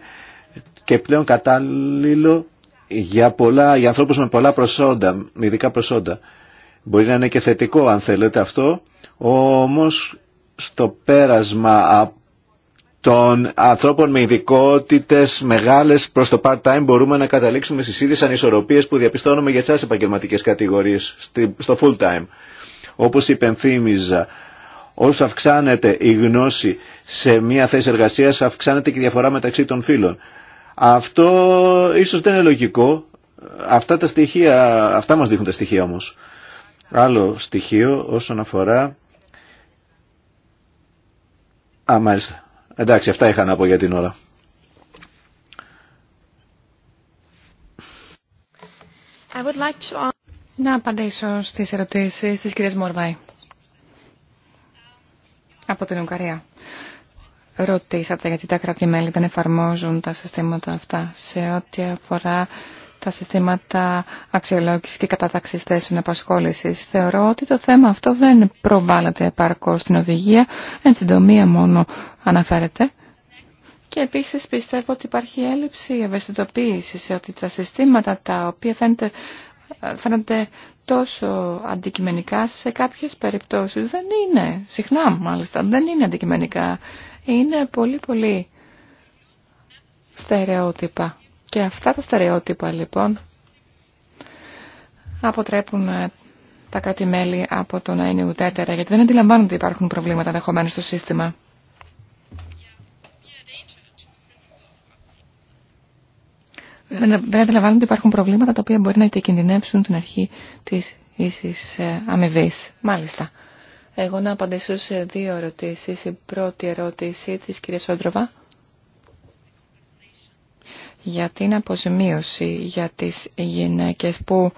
και πλέον κατάλληλο για, πολλά, για ανθρώπους με πολλά προσόντα, ειδικά προσόντα. Μπορεί να είναι και θετικό αν θέλετε αυτό, όμως στο πέρασμα από των ανθρώπων με ειδικότητε μεγάλε προ το part-time μπορούμε να καταλήξουμε στι ίδιε ανισορροπίε που διαπιστώνουμε για τι άλλε επαγγελματικέ κατηγορίε στο full-time. Όπω υπενθύμιζα, όσο αυξάνεται η γνώση σε μια θέση εργασία, αυξάνεται και η διαφορά μεταξύ των φίλων. Αυτό ίσω δεν είναι λογικό. Αυτά τα στοιχεία, αυτά μα δείχνουν τα στοιχεία όμω. Άλλο στοιχείο όσον αφορά. Α, μάλιστα Εντάξει, αυτά είχα να πω για την ώρα. I would like to... Να απαντήσω στις ερωτήσεις της κυρίας Μορβάη από την Ουγγαρία. Ρωτήσατε γιατί τα κράτη-μέλη δεν εφαρμόζουν τα συστήματα αυτά σε ό,τι αφορά τα συστήματα αξιολόγηση και κατάταξης θέσεων απασχόληση. Θεωρώ ότι το θέμα αυτό δεν προβάλλεται επαρκώς στην οδηγία, εν συντομία μόνο αναφέρεται. Και επίσης πιστεύω ότι υπάρχει έλλειψη σε ότι τα συστήματα τα οποία φαίνονται τόσο αντικειμενικά σε κάποιες περιπτώσεις. Δεν είναι, συχνά μάλιστα, δεν είναι αντικειμενικά. Είναι πολύ πολύ στερεότυπα. Και αυτά τα στερεότυπα λοιπόν αποτρέπουν ε, τα κράτη-μέλη από το να είναι ουδέτερα, γιατί δεν αντιλαμβάνονται ότι υπάρχουν προβλήματα ενδεχομένω στο σύστημα. Δεν αντιλαμβάνονται ότι υπάρχουν προβλήματα τα οποία μπορεί να διακινδυνεύσουν την αρχή της ίσης ε, αμοιβή. Μάλιστα. Εγώ να απαντήσω σε δύο ερωτήσεις. Η πρώτη ερώτηση της κυρία Σόντροβα για την αποζημίωση για τις γυναίκες που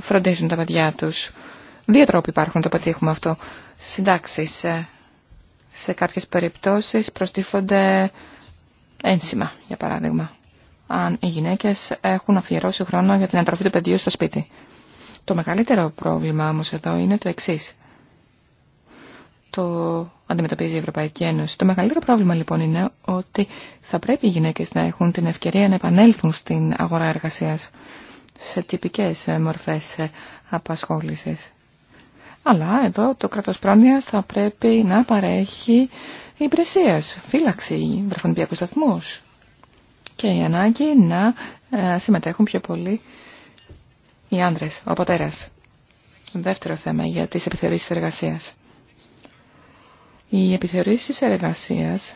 φροντίζουν τα παιδιά τους. Δύο τρόποι υπάρχουν να το πετύχουμε αυτό. Συντάξεις ε, σε κάποιες περιπτώσεις προστίφονται ένσημα, για παράδειγμα. Αν οι γυναίκες έχουν αφιερώσει χρόνο για την αντροφή του παιδιού στο σπίτι. Το μεγαλύτερο πρόβλημα όμως εδώ είναι το εξής το αντιμετωπίζει η Ευρωπαϊκή Ένωση. Το μεγαλύτερο πρόβλημα λοιπόν είναι ότι θα πρέπει οι γυναίκες να έχουν την ευκαιρία να επανέλθουν στην αγορά εργασίας σε τυπικές ε, μορφές ε, απασχόλησης. Αλλά εδώ το κράτος πρόνοιας θα πρέπει να παρέχει υπηρεσία, φύλαξη, βρεφονιπιακού σταθμού και η ανάγκη να ε, συμμετέχουν πιο πολύ οι άντρες, ο πατέρας. Δεύτερο θέμα για τις επιθεωρήσεις εργασίας. Οι επιθεωρήσεις εργασίας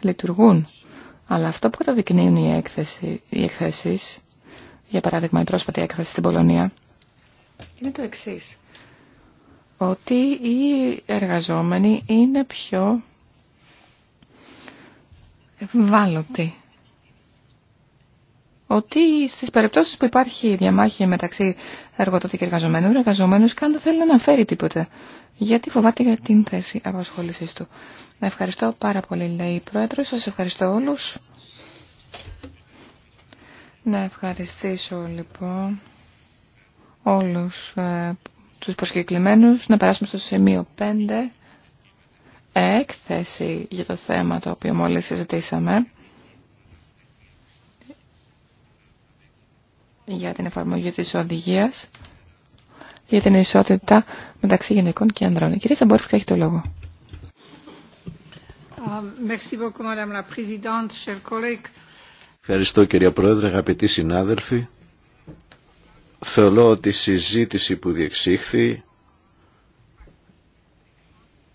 λειτουργούν, αλλά αυτό που καταδεικνύουν οι, έκθεση, οι εκθέσεις, για παράδειγμα η πρόσφατη έκθεση στην Πολωνία, είναι το εξής. Ότι οι εργαζόμενοι είναι πιο ευάλωτοι ότι στις περιπτώσεις που υπάρχει διαμάχη μεταξύ εργοδότη και εργαζομένου, ο εργαζομένος καν δεν θέλει να αναφέρει τίποτε, γιατί φοβάται για την θέση απασχόλησή του. Ευχαριστώ πάρα πολύ, λέει η Πρόεδρο. Σας ευχαριστώ όλου. Να ευχαριστήσω, λοιπόν, όλους ε, τους προσκεκλημένους. Να περάσουμε στο σημείο 5, έκθεση για το θέμα το οποίο μόλις συζητήσαμε. για την εφαρμογή της οδηγίας για την ισότητα μεταξύ γυναικών και ανδρών. Η κυρία Σαμπόρφικα έχει το λόγο. Ah, Ευχαριστώ κυρία Πρόεδρε, αγαπητοί συνάδελφοι. Θεωρώ ότι η συζήτηση που διεξήχθη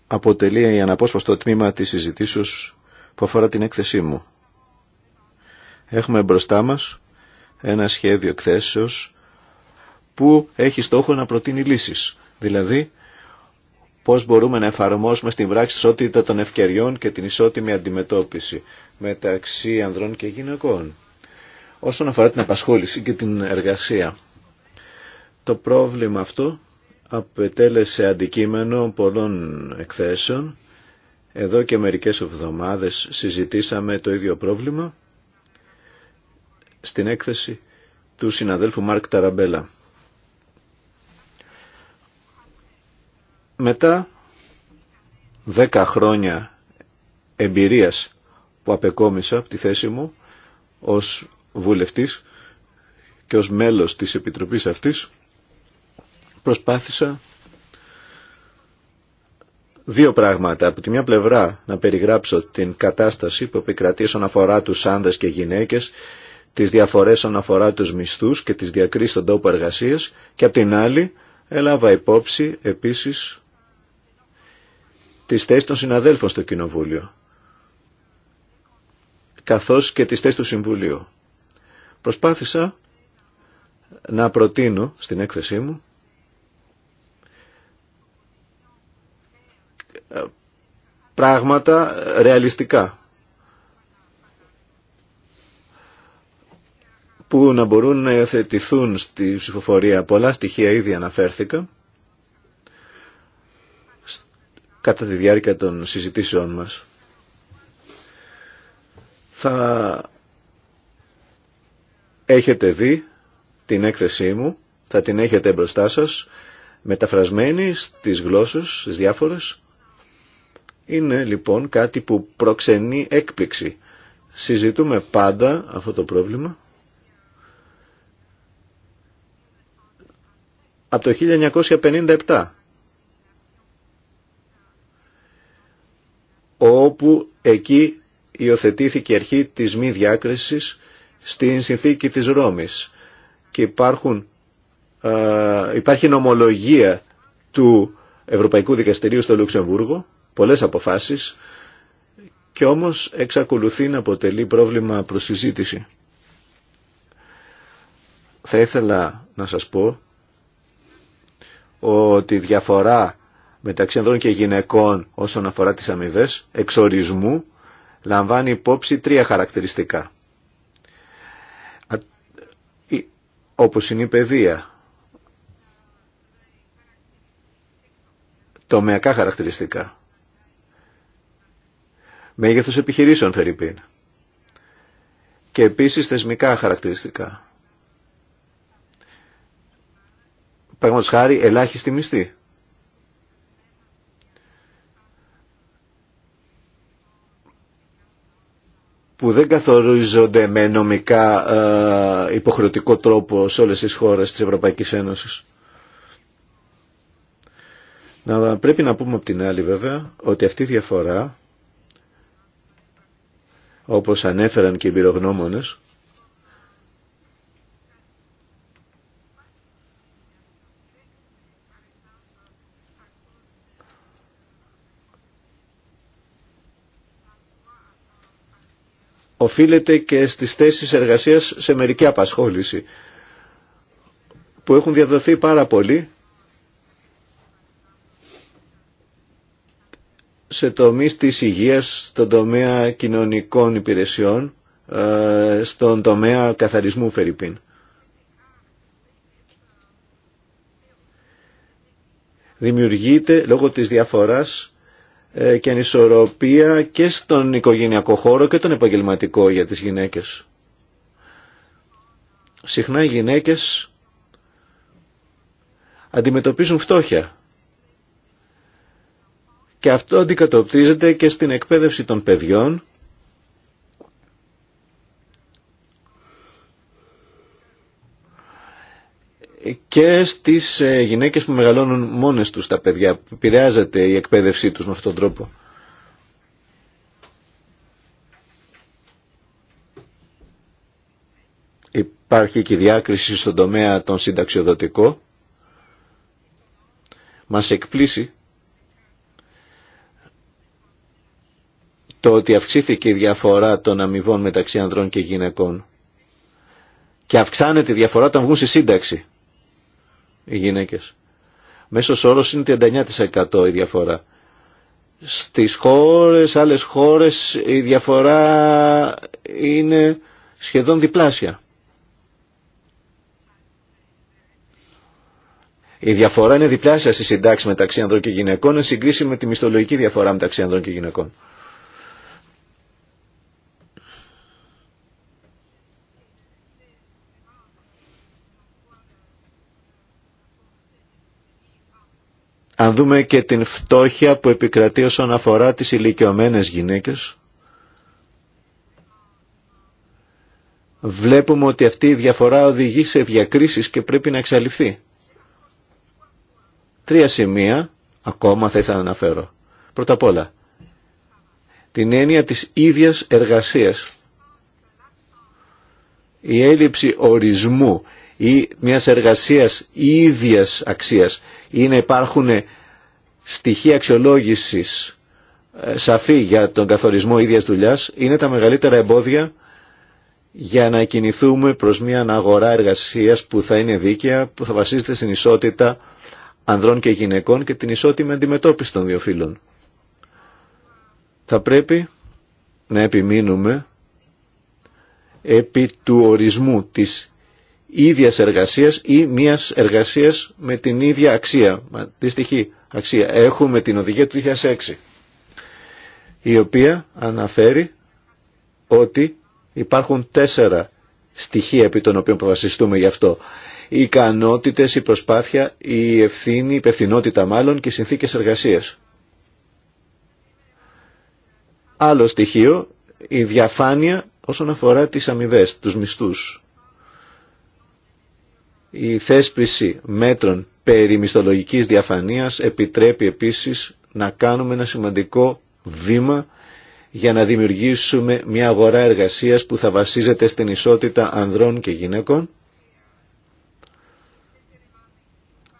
αποτελεί η αναπόσπαστο τμήμα της συζητήσεως που αφορά την έκθεσή μου. Έχουμε μπροστά μας ένα σχέδιο εκθέσεως που έχει στόχο να προτείνει λύσεις. Δηλαδή, πώς μπορούμε να εφαρμόσουμε στην πράξη ισότητα των ευκαιριών και την ισότιμη αντιμετώπιση μεταξύ ανδρών και γυναικών. Όσον αφορά την απασχόληση και την εργασία, το πρόβλημα αυτό απετέλεσε αντικείμενο πολλών εκθέσεων. Εδώ και μερικές εβδομάδες συζητήσαμε το ίδιο πρόβλημα στην έκθεση του συναδέλφου Μάρκ Ταραμπέλα. Μετά δέκα χρόνια εμπειρίας που απεκόμισα από τη θέση μου ως βουλευτής και ως μέλος της Επιτροπής αυτής προσπάθησα δύο πράγματα. Από τη μια πλευρά να περιγράψω την κατάσταση που επικρατεί όσον αφορά τους άνδρες και γυναίκες τις διαφορές όσον αφορά τους μισθούς και τις διακρίσεις στον τόπο εργασίας και απ' την άλλη έλαβα υπόψη επίσης τις θέσεις των συναδέλφων στο Κοινοβούλιο καθώς και τις θέσεις του Συμβουλίου. Προσπάθησα να προτείνω στην έκθεσή μου πράγματα ρεαλιστικά που να μπορούν να υιοθετηθούν στη ψηφοφορία. Πολλά στοιχεία ήδη αναφέρθηκα κατά τη διάρκεια των συζητήσεών μας. Θα έχετε δει την έκθεσή μου, θα την έχετε μπροστά σας, μεταφρασμένη στις γλώσσες, στις διάφορες. Είναι λοιπόν κάτι που προξενεί έκπληξη. Συζητούμε πάντα αυτό το πρόβλημα από το 1957 όπου εκεί υιοθετήθηκε η αρχή της μη διάκρισης στην συνθήκη της Ρώμης και υπάρχουν, υπάρχει νομολογία του Ευρωπαϊκού Δικαστηρίου στο Λουξεμβούργο, πολλές αποφάσεις και όμως εξακολουθεί να αποτελεί πρόβλημα προσυζήτηση. Θα ήθελα να σας πω ότι η διαφορά μεταξύ ανδρών και γυναικών όσον αφορά τις αμοιβέ εξορισμού λαμβάνει υπόψη τρία χαρακτηριστικά. Όπως είναι η παιδεία, τομεακά χαρακτηριστικά, μέγεθος επιχειρήσεων Φερρυπίν και επίσης θεσμικά χαρακτηριστικά παραδείγματος χάρη ελάχιστη μισθή. που δεν καθορίζονται με νομικά ε, υποχρεωτικό τρόπο σε όλες τις χώρες της Ευρωπαϊκής Ένωσης. Να, πρέπει να πούμε από την άλλη βέβαια ότι αυτή η διαφορά, όπως ανέφεραν και οι πυρογνώμονες, οφείλεται και στις θέσεις εργασίας σε μερική απασχόληση που έχουν διαδοθεί πάρα πολύ σε τομείς της υγείας, στον τομέα κοινωνικών υπηρεσιών, ε, στον τομέα καθαρισμού Φερρυπίν. Δημιουργείται λόγω της διαφοράς ε, και ανισορροπία και στον οικογενειακό χώρο και τον επαγγελματικό για τις γυναίκες. Συχνά οι γυναίκες αντιμετωπίζουν φτώχεια και αυτό αντικατοπτρίζεται και στην εκπαίδευση των παιδιών και στις ε, γυναίκες που μεγαλώνουν μόνες τους τα παιδιά. Επηρεάζεται η εκπαίδευσή τους με αυτόν τον τρόπο. Υπάρχει και διάκριση στον τομέα των συνταξιοδοτικών. Μας εκπλήσει το ότι αυξήθηκε η διαφορά των αμοιβών μεταξύ ανδρών και γυναικών. Και αυξάνεται η διαφορά όταν βγουν στη σύνταξη οι γυναίκες. Μέσος όρο είναι 39% η διαφορά. Στις χώρες, άλλες χώρες η διαφορά είναι σχεδόν διπλάσια. Η διαφορά είναι διπλάσια στη συντάξη μεταξύ ανδρών και γυναικών, εν συγκρίση με τη μισθολογική διαφορά μεταξύ ανδρών και γυναικών. Αν δούμε και την φτώχεια που επικρατεί όσον αφορά τις ηλικιωμένε γυναίκες, βλέπουμε ότι αυτή η διαφορά οδηγεί σε διακρίσεις και πρέπει να εξαλειφθεί. Τρία σημεία ακόμα θα ήθελα να αναφέρω. Πρώτα απ' όλα, την έννοια της ίδιας εργασίας. Η έλλειψη ορισμού ή μιας εργασίας ίδιας αξίας ή να υπάρχουν στοιχεία αξιολόγησης ε, σαφή για τον καθορισμό ίδιας δουλειάς είναι τα μεγαλύτερα εμπόδια για να κινηθούμε προς μια αγορά εργασίας που θα είναι δίκαια, που θα βασίζεται στην ισότητα ανδρών και γυναικών και την ισότιμη αντιμετώπιση των δύο φύλων. Θα πρέπει να επιμείνουμε επί του ορισμού της ίδιας εργασίας ή μιας εργασίας με την ίδια αξία, αντίστοιχη αξία. Έχουμε την οδηγία του 2006, η οποία αναφέρει ότι υπάρχουν τέσσερα στοιχεία επί των οποίων προβασιστούμε γι' αυτό. Οι ικανότητες, η προσπάθεια, η ευθύνη, η υπευθυνότητα μάλλον και οι συνθήκες εργασίας. Άλλο στοιχείο, η διαφάνεια όσον αφορά τις αμοιβέ, τους μισθούς. Η θέσπιση μέτρων περί μισθολογικής διαφανείας επιτρέπει επίσης να κάνουμε ένα σημαντικό βήμα για να δημιουργήσουμε μια αγορά εργασίας που θα βασίζεται στην ισότητα ανδρών και γυναίκων.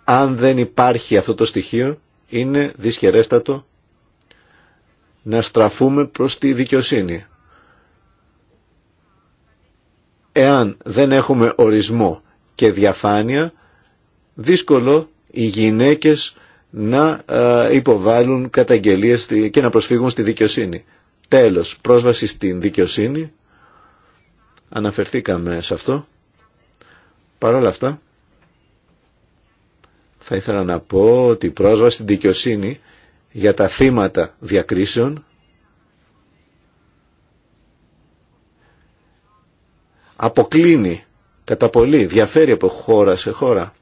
Αν δεν υπάρχει αυτό το στοιχείο, είναι δυσχερέστατο να στραφούμε προς τη δικαιοσύνη. Εάν δεν έχουμε ορισμό και διαφάνεια, δύσκολο οι γυναίκες να ε, υποβάλουν καταγγελίες και να προσφύγουν στη δικαιοσύνη. Τέλος, πρόσβαση στην δικαιοσύνη. Αναφερθήκαμε σε αυτό. Παρ' όλα αυτά, θα ήθελα να πω ότι η πρόσβαση στην δικαιοσύνη για τα θύματα διακρίσεων αποκλίνει κατά πολύ, διαφέρει από χώρα σε χώρα.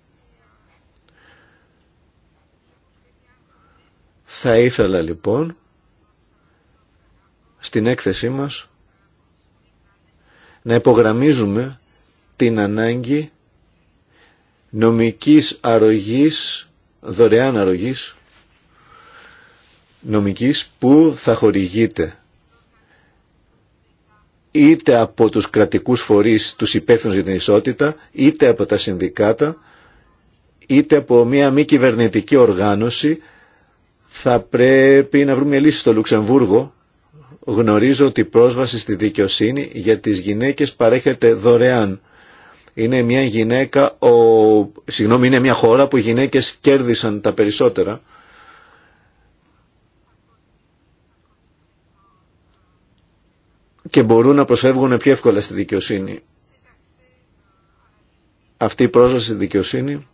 Θα ήθελα λοιπόν στην έκθεσή μας να υπογραμμίζουμε την ανάγκη νομικής αρρωγής, δωρεάν αρρωγής, νομικής που θα χορηγείται είτε από τους κρατικούς φορείς, τους υπεύθυνους για την ισότητα, είτε από τα συνδικάτα, είτε από μια μη κυβερνητική οργάνωση, θα πρέπει να βρούμε λύση στο Λουξεμβούργο. Γνωρίζω ότι η πρόσβαση στη δικαιοσύνη για τις γυναίκες παρέχεται δωρεάν. Είναι μια γυναίκα, ο... συγγνώμη, είναι μια χώρα που οι γυναίκες κέρδισαν τα περισσότερα και μπορούν να προσφεύγουν πιο εύκολα στη δικαιοσύνη. Αυτή η πρόσβαση στη δικαιοσύνη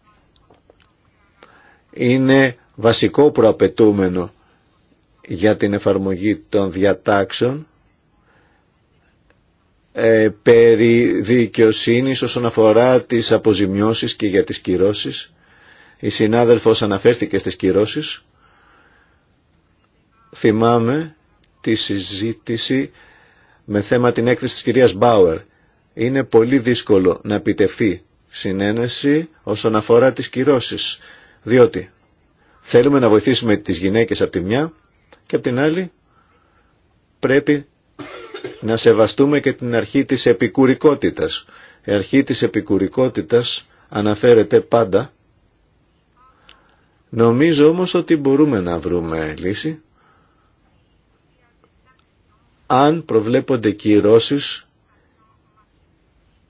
είναι βασικό προαπαιτούμενο για την εφαρμογή των διατάξεων ε, περί δικαιοσύνης όσον αφορά τις αποζημιώσεις και για τις κυρώσεις. Η συνάδελφος αναφέρθηκε στις κυρώσεις. Θυμάμαι τη συζήτηση με θέμα την έκθεση της κυρίας Μπάουερ. Είναι πολύ δύσκολο να επιτευθεί συνένεση όσον αφορά τις κυρώσεις, διότι θέλουμε να βοηθήσουμε τις γυναίκες από τη μια και από την άλλη πρέπει να σεβαστούμε και την αρχή της επικουρικότητας. Η αρχή της επικουρικότητας αναφέρεται πάντα. Νομίζω όμως ότι μπορούμε να βρούμε λύση αν προβλέπονται κυρώσεις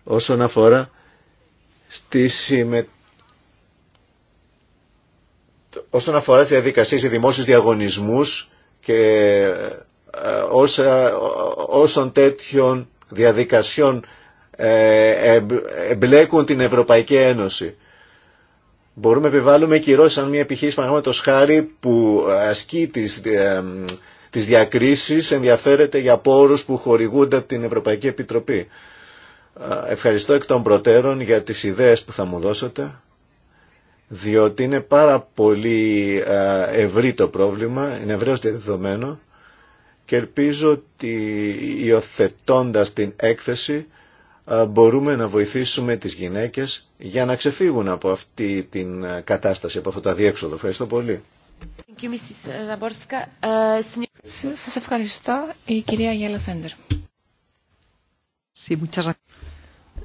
όσον αφορά στη συμμε... όσον αφορά τις διαδικασίες σε δημόσιους διαγωνισμούς και ε, όσα, όσων τέτοιων διαδικασιών ε, εμπλέκουν την Ευρωπαϊκή Ένωση. Μπορούμε να επιβάλλουμε κυρώσεις σαν μια επιχείρηση το χάρη που ασκεί τις ε, τις διακρίσεις ενδιαφέρεται για πόρους που χορηγούνται από την Ευρωπαϊκή Επιτροπή. Ευχαριστώ εκ των προτέρων για τις ιδέες που θα μου δώσετε, διότι είναι πάρα πολύ ευρύ το πρόβλημα, είναι ευρέως διαδεδομένο και ελπίζω ότι υιοθετώντα την έκθεση μπορούμε να βοηθήσουμε τις γυναίκες για να ξεφύγουν από αυτή την κατάσταση, από αυτό το αδιέξοδο. Ευχαριστώ πολύ. Σας ευχαριστώ η κυρία Γιέλα Σέντερ.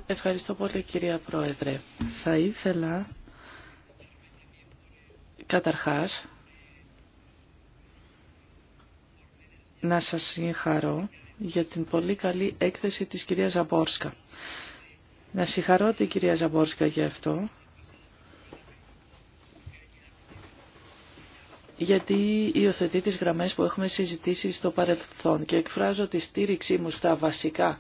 Ευχαριστώ πολύ κυρία Πρόεδρε. Θα ήθελα καταρχάς να σας συγχαρώ για την πολύ καλή έκθεση της κυρίας Ζαμπόρσκα. Να συγχαρώ την κυρία Ζαμπόρσκα για αυτό γιατί υιοθετεί τις γραμμές που έχουμε συζητήσει στο παρελθόν και εκφράζω τη στήριξή μου στα βασικά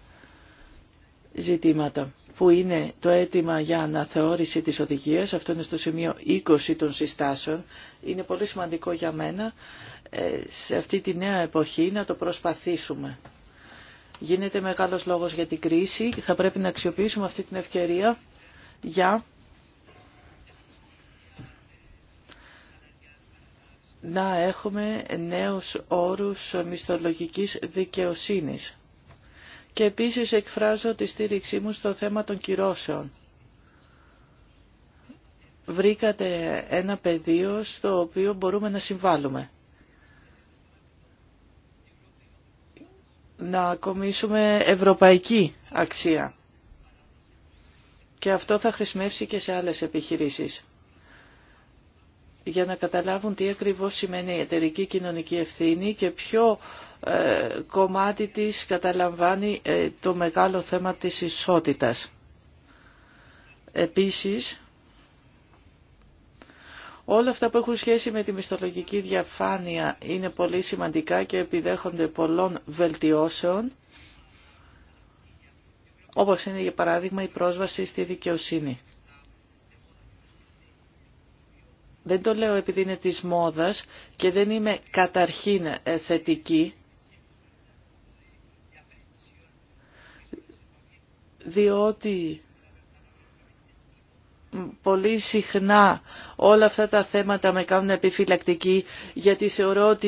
ζητήματα που είναι το αίτημα για αναθεώρηση της οδηγίας, αυτό είναι στο σημείο 20 των συστάσεων, είναι πολύ σημαντικό για μένα ε, σε αυτή τη νέα εποχή να το προσπαθήσουμε. Γίνεται μεγάλος λόγος για την κρίση, θα πρέπει να αξιοποιήσουμε αυτή την ευκαιρία για να έχουμε νέους όρους μισθολογικής δικαιοσύνης. Και επίσης εκφράζω τη στήριξή μου στο θέμα των κυρώσεων. Βρήκατε ένα πεδίο στο οποίο μπορούμε να συμβάλλουμε. Να ακομίσουμε ευρωπαϊκή αξία. Και αυτό θα χρησιμεύσει και σε άλλες επιχειρήσεις για να καταλάβουν τι ακριβώς σημαίνει η εταιρική κοινωνική ευθύνη και ποιο ε, κομμάτι της καταλαμβάνει ε, το μεγάλο θέμα της ισότητας. Επίσης, όλα αυτά που έχουν σχέση με τη μισθολογική διαφάνεια είναι πολύ σημαντικά και επιδέχονται πολλών βελτιώσεων, όπως είναι για παράδειγμα η πρόσβαση στη δικαιοσύνη. Δεν το λέω επειδή είναι της μόδας και δεν είμαι καταρχήν ε, θετική, διότι πολύ συχνά όλα αυτά τα θέματα με κάνουν επιφυλακτική γιατί θεωρώ ότι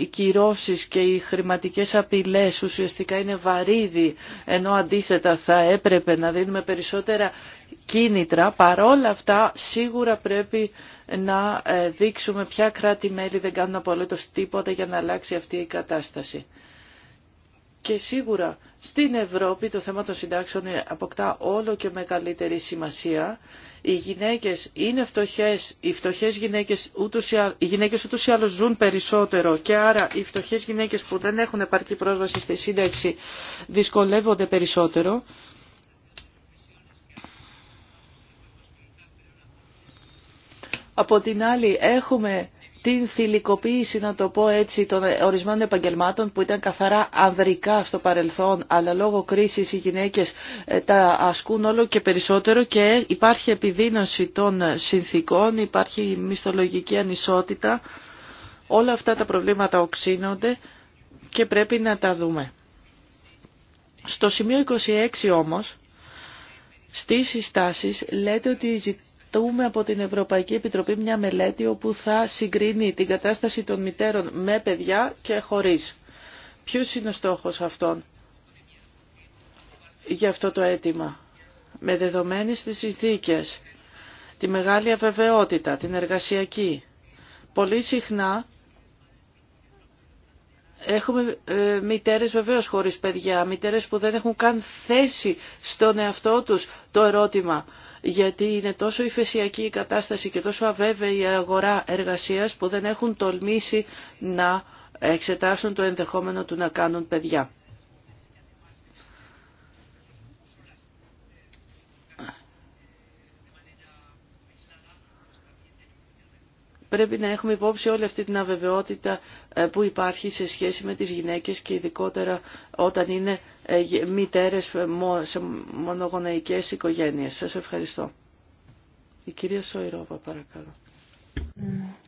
οι κυρώσεις και οι χρηματικές απειλές ουσιαστικά είναι βαρύδι ενώ αντίθετα θα έπρεπε να δίνουμε περισσότερα κίνητρα. Παρόλα αυτά σίγουρα πρέπει να ε, δείξουμε ποια κράτη-μέλη δεν κάνουν απολύτως τίποτα για να αλλάξει αυτή η κατάσταση. Και σίγουρα στην Ευρώπη το θέμα των συντάξεων αποκτά όλο και μεγαλύτερη σημασία. Οι γυναίκες είναι φτωχές, οι φτωχές γυναίκες ούτως ή, οι γυναίκες ούτως άλλως ζουν περισσότερο και άρα οι φτωχές γυναίκες που δεν έχουν επαρκή πρόσβαση στη σύνταξη δυσκολεύονται περισσότερο. Από την άλλη έχουμε την θηλυκοποίηση, να το πω έτσι, των ορισμένων επαγγελμάτων που ήταν καθαρά ανδρικά στο παρελθόν, αλλά λόγω κρίσης οι γυναίκες ε, τα ασκούν όλο και περισσότερο και υπάρχει επιδείνωση των συνθήκων, υπάρχει μισθολογική ανισότητα. Όλα αυτά τα προβλήματα οξύνονται και πρέπει να τα δούμε. Στο σημείο 26 όμως, στις συστάσεις λέτε ότι ζητούμε από την Ευρωπαϊκή Επιτροπή μια μελέτη όπου θα συγκρίνει την κατάσταση των μητέρων με παιδιά και χωρίς. Ποιος είναι ο στόχος αυτών για αυτό το αίτημα. Με δεδομένη στις συνθήκες, τη μεγάλη αβεβαιότητα, την εργασιακή. Πολύ συχνά Έχουμε ε, μητέρες βεβαίως χωρίς παιδιά, μητέρες που δεν έχουν καν θέση στον εαυτό τους το ερώτημα γιατί είναι τόσο ηφαισιακή η κατάσταση και τόσο αβέβαιη η αγορά εργασίας που δεν έχουν τολμήσει να εξετάσουν το ενδεχόμενο του να κάνουν παιδιά. Πρέπει να έχουμε υπόψη όλη αυτή την αβεβαιότητα ε, που υπάρχει σε σχέση με τις γυναίκες και ειδικότερα όταν είναι ε, μητέρες ε, σε μονογονεϊκές οικογένειες. Σας ευχαριστώ. Η κυρία Σοϊρόβα, παρακαλώ.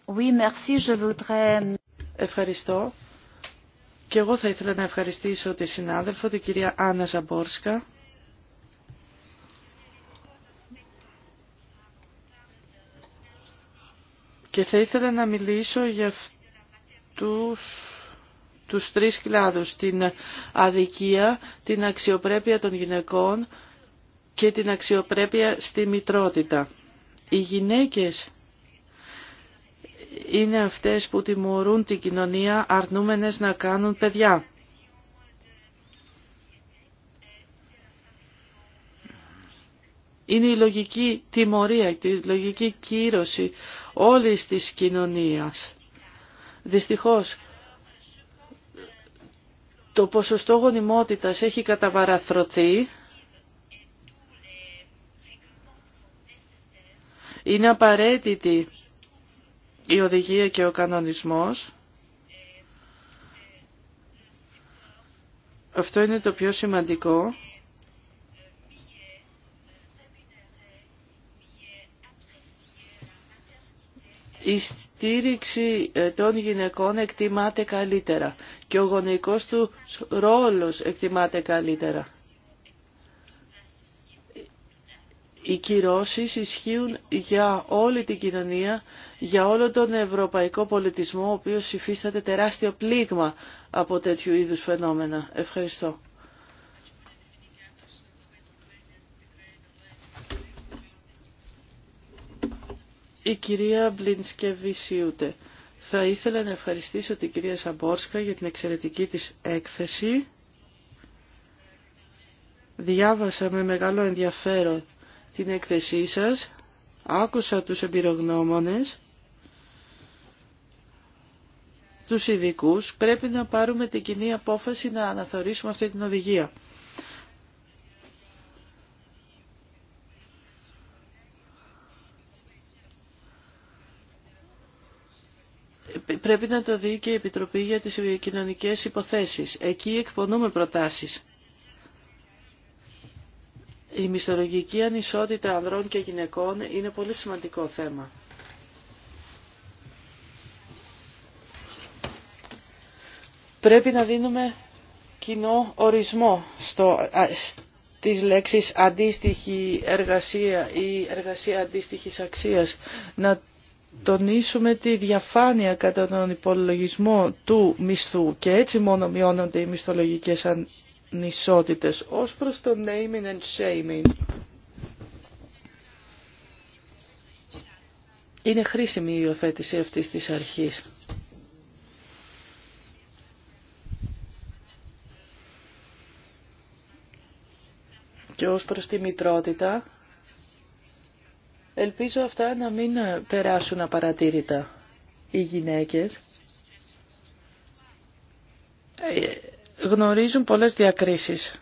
Oui, merci. Je voudrais... Ευχαριστώ. Και εγώ θα ήθελα να ευχαριστήσω τη συνάδελφο, την κυρία Άννα Ζαμπόρσκα, Και θα ήθελα να μιλήσω για αυτούς τους τρεις κλάδους, την αδικία, την αξιοπρέπεια των γυναικών και την αξιοπρέπεια στη μητρότητα. Οι γυναίκες είναι αυτές που τιμωρούν την κοινωνία αρνούμενες να κάνουν παιδιά. είναι η λογική τιμωρία, η λογική κύρωση όλης της κοινωνίας. Δυστυχώς, το ποσοστό γονιμότητας έχει καταβαραθρωθεί. Είναι απαραίτητη η οδηγία και ο κανονισμός. Αυτό είναι το πιο σημαντικό. η στήριξη ε, των γυναικών εκτιμάται καλύτερα και ο γονεϊκός του ρόλος εκτιμάται καλύτερα. Οι κυρώσεις ισχύουν για όλη την κοινωνία, για όλο τον ευρωπαϊκό πολιτισμό, ο οποίος υφίσταται τεράστιο πλήγμα από τέτοιου είδους φαινόμενα. Ευχαριστώ. Η κυρία Σιούτε. Θα ήθελα να ευχαριστήσω την κυρία Σαμπόρσκα για την εξαιρετική της έκθεση. Διάβασα με μεγάλο ενδιαφέρον την έκθεσή σας, άκουσα τους εμπειρογνώμονες, τους ειδικού. Πρέπει να πάρουμε την κοινή απόφαση να αναθεωρήσουμε αυτή την οδηγία. πρέπει να το δει και η Επιτροπή για τις κοινωνικές υποθέσεις. Εκεί εκπονούμε προτάσεις. Η μισθολογική ανισότητα ανδρών και γυναικών είναι πολύ σημαντικό θέμα. Πρέπει να δίνουμε κοινό ορισμό στο, τις λέξεις αντίστοιχη εργασία ή εργασία αντίστοιχης αξίας. Να τονίσουμε τη διαφάνεια κατά τον υπολογισμό του μισθού και έτσι μόνο μειώνονται οι μισθολογικές ανισότητες ως προς το naming and shaming. Είναι χρήσιμη η υιοθέτηση αυτής της αρχής. Και ως προς τη μητρότητα Ελπίζω αυτά να μην περάσουν απαρατήρητα οι γυναίκες. Ε, γνωρίζουν πολλές διακρίσεις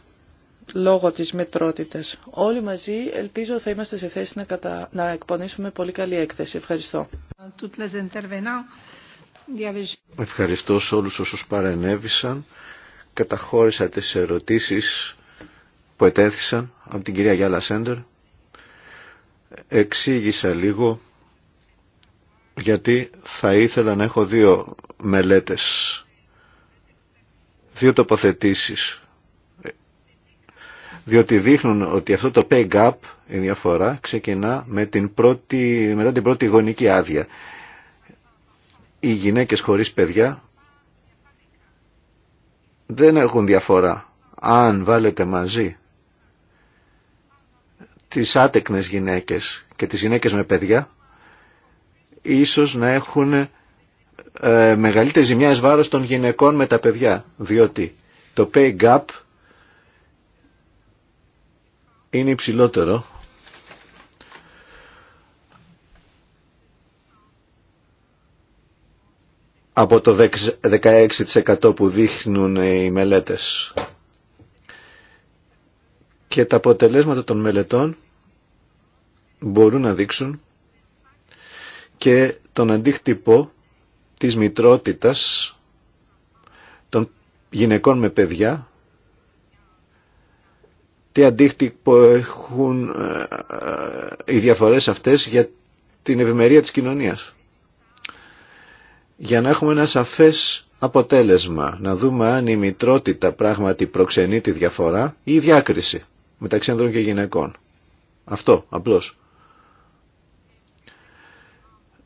λόγω της μετρότητας. Όλοι μαζί ελπίζω θα είμαστε σε θέση να, κατα... εκπονήσουμε πολύ καλή έκθεση. Ευχαριστώ. Ευχαριστώ σε όλους όσους παρενέβησαν. Καταχώρησα τις ερωτήσεις που ετέθησαν από την κυρία Γιάλα Σέντερ εξήγησα λίγο γιατί θα ήθελα να έχω δύο μελέτες, δύο τοποθετήσεις, διότι δείχνουν ότι αυτό το pay gap, η διαφορά, ξεκινά με την πρώτη, μετά την πρώτη γονική άδεια. Οι γυναίκες χωρίς παιδιά δεν έχουν διαφορά. Αν βάλετε μαζί τις άτεκνες γυναίκες και τις γυναίκες με παιδιά ίσως να έχουν ε, μεγαλύτερη ζημιά εις βάρος των γυναικών με τα παιδιά διότι το pay gap είναι υψηλότερο από το 16% που δείχνουν οι μελέτες και τα αποτελέσματα των μελετών μπορούν να δείξουν και τον αντίχτυπο της μητρότητας των γυναικών με παιδιά τι αντίκτυπο έχουν ε, οι διαφορές αυτές για την ευημερία της κοινωνίας. Για να έχουμε ένα σαφές αποτέλεσμα, να δούμε αν η μητρότητα πράγματι προξενεί τη διαφορά ή η διάκριση μεταξύ ανδρών και γυναικών. Αυτό, απλώς.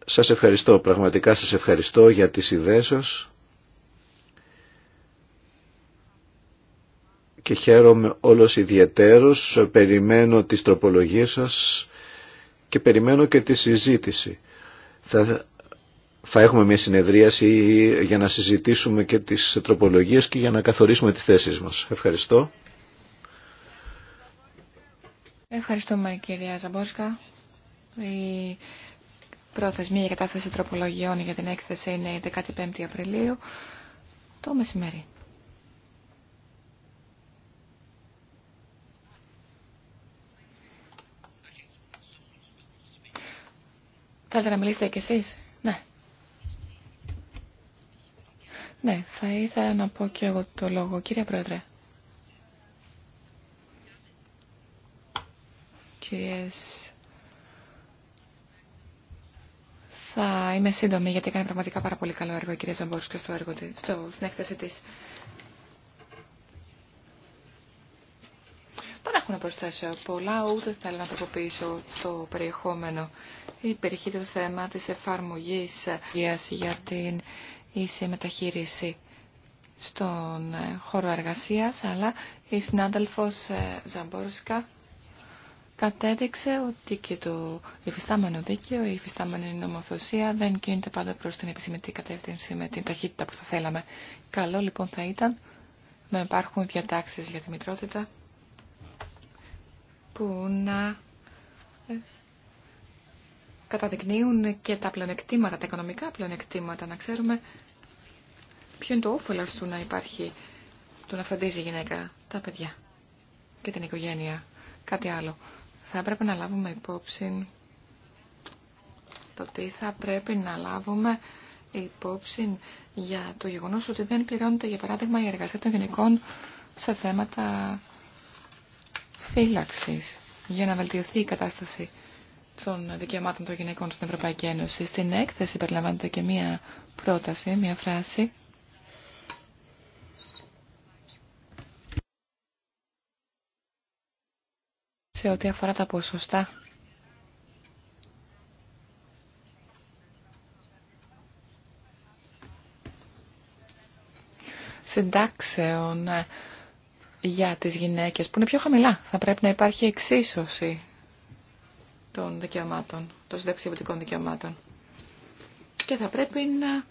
Σας ευχαριστώ, πραγματικά σας ευχαριστώ για τις ιδέες σας και χαίρομαι όλος ιδιαιτέρως, περιμένω τις τροπολογίες σας και περιμένω και τη συζήτηση. Θα, θα έχουμε μια συνεδρίαση για να συζητήσουμε και τις τροπολογίες και για να καθορίσουμε τις θέσεις μας. Ευχαριστώ. Ευχαριστούμε κυρία Ζαμπόρσκα. Η προθεσμία για κατάθεση τροπολογιών για την έκθεση είναι 15η Απριλίου το μεσημέρι. Θέλετε να μιλήσετε κι εσείς. Ναι. Ναι, θα ήθελα να πω κι εγώ το λόγο. Κύριε Πρόεδρε. κυρίες. Θα είμαι σύντομη γιατί έκανε πραγματικά πάρα πολύ καλό έργο η κυρία Ζαμπόρσκα στο έργο της, στο, στην έκθεση της. Δεν έχω να προσθέσω πολλά, ούτε θέλω να τοποποιήσω το περιεχόμενο. Υπήρχε το θέμα της εφαρμογής για την ίση μεταχείριση στον χώρο εργασίας, αλλά η συνάδελφος ε, Ζαμπόρσκα κατέδειξε ότι και το υφιστάμενο δίκαιο, η υφιστάμενη νομοθεσία δεν κινείται πάντα προς την επιθυμητή κατεύθυνση με την ταχύτητα που θα θέλαμε. Καλό λοιπόν θα ήταν να υπάρχουν διατάξει για τη μητρότητα που να ε, καταδεικνύουν και τα πλανεκτήματα, τα οικονομικά πλεονεκτήματα, να ξέρουμε ποιο είναι το όφελο του να υπάρχει, του να φροντίζει η γυναίκα, τα παιδιά και την οικογένεια. Κάτι άλλο θα πρέπει να λάβουμε υπόψη το τι θα πρέπει να λάβουμε υπόψη για το γεγονός ότι δεν πληρώνεται για παράδειγμα η εργασία των γυναικών σε θέματα φύλαξης για να βελτιωθεί η κατάσταση των δικαιωμάτων των γυναικών στην Ευρωπαϊκή Ένωση. Στην έκθεση περιλαμβάνεται και μία πρόταση, μία φράση ό,τι αφορά τα ποσοστά συντάξεων ε, για τις γυναίκες που είναι πιο χαμηλά. Θα πρέπει να υπάρχει εξίσωση των δικαιωμάτων, των συνταξιωτικών δικαιωμάτων. Και θα πρέπει να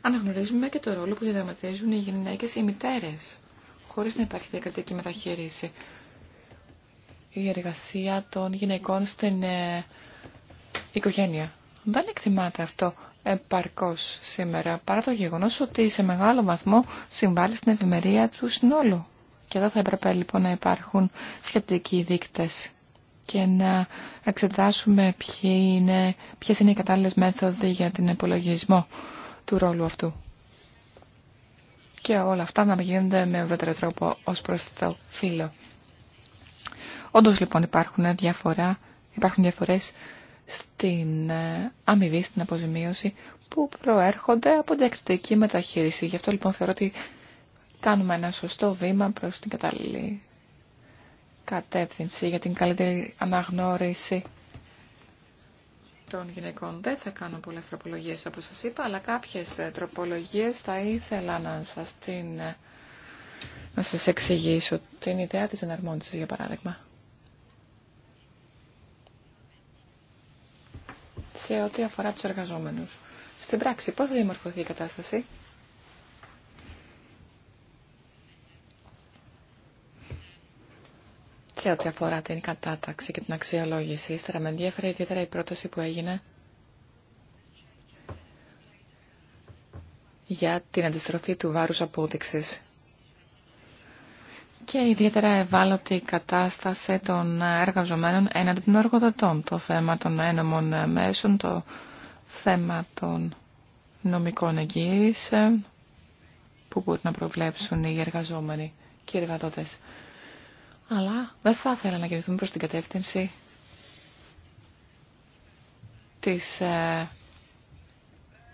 αναγνωρίζουμε και το ρόλο που διαδραματίζουν οι γυναίκες οι μητέρες, χωρίς να υπάρχει διακριτική μεταχείριση η εργασία των γυναικών στην ε, οικογένεια. Δεν εκτιμάται αυτό επαρκώς σήμερα, παρά το γεγονός ότι σε μεγάλο βαθμό συμβάλλει στην ευημερία του συνόλου. Και εδώ θα έπρεπε λοιπόν να υπάρχουν σχετικοί δείκτες και να εξετάσουμε ποιοι είναι, ποιες είναι οι κατάλληλες μέθοδοι για την υπολογισμό του ρόλου αυτού. Και όλα αυτά να γίνονται με ουδέτερο τρόπο ως προς το φύλλο. Όντω λοιπόν υπάρχουν, διαφορά, υπάρχουν διαφορές στην ε, αμοιβή, στην αποζημίωση που προέρχονται από διακριτική μεταχείριση. Γι' αυτό λοιπόν θεωρώ ότι κάνουμε ένα σωστό βήμα προς την κατάλληλη κατεύθυνση για την καλύτερη αναγνώριση των γυναικών. Δεν θα κάνω πολλές τροπολογίες όπως σας είπα, αλλά κάποιες ε, τροπολογίες θα ήθελα να σας, την... Ε, να σας εξηγήσω την ιδέα της εναρμόνισης για παράδειγμα. σε ό,τι αφορά τους εργαζόμενους. Στην πράξη, πώς θα διαμορφωθεί η κατάσταση. Σε ό,τι αφορά την κατάταξη και την αξιολόγηση, ύστερα με ενδιαφέρει ιδιαίτερα η πρόταση που έγινε για την αντιστροφή του βάρους απόδειξης και ιδιαίτερα ευάλωτη κατάσταση των εργαζομένων έναντι των εργοδοτών. Το θέμα των ένωμων μέσων, το θέμα των νομικών εγγύησεων που μπορούν να προβλέψουν οι εργαζόμενοι και οι εργαδότες. Αλλά δεν θα ήθελα να κινηθούμε προς την κατεύθυνση της ε,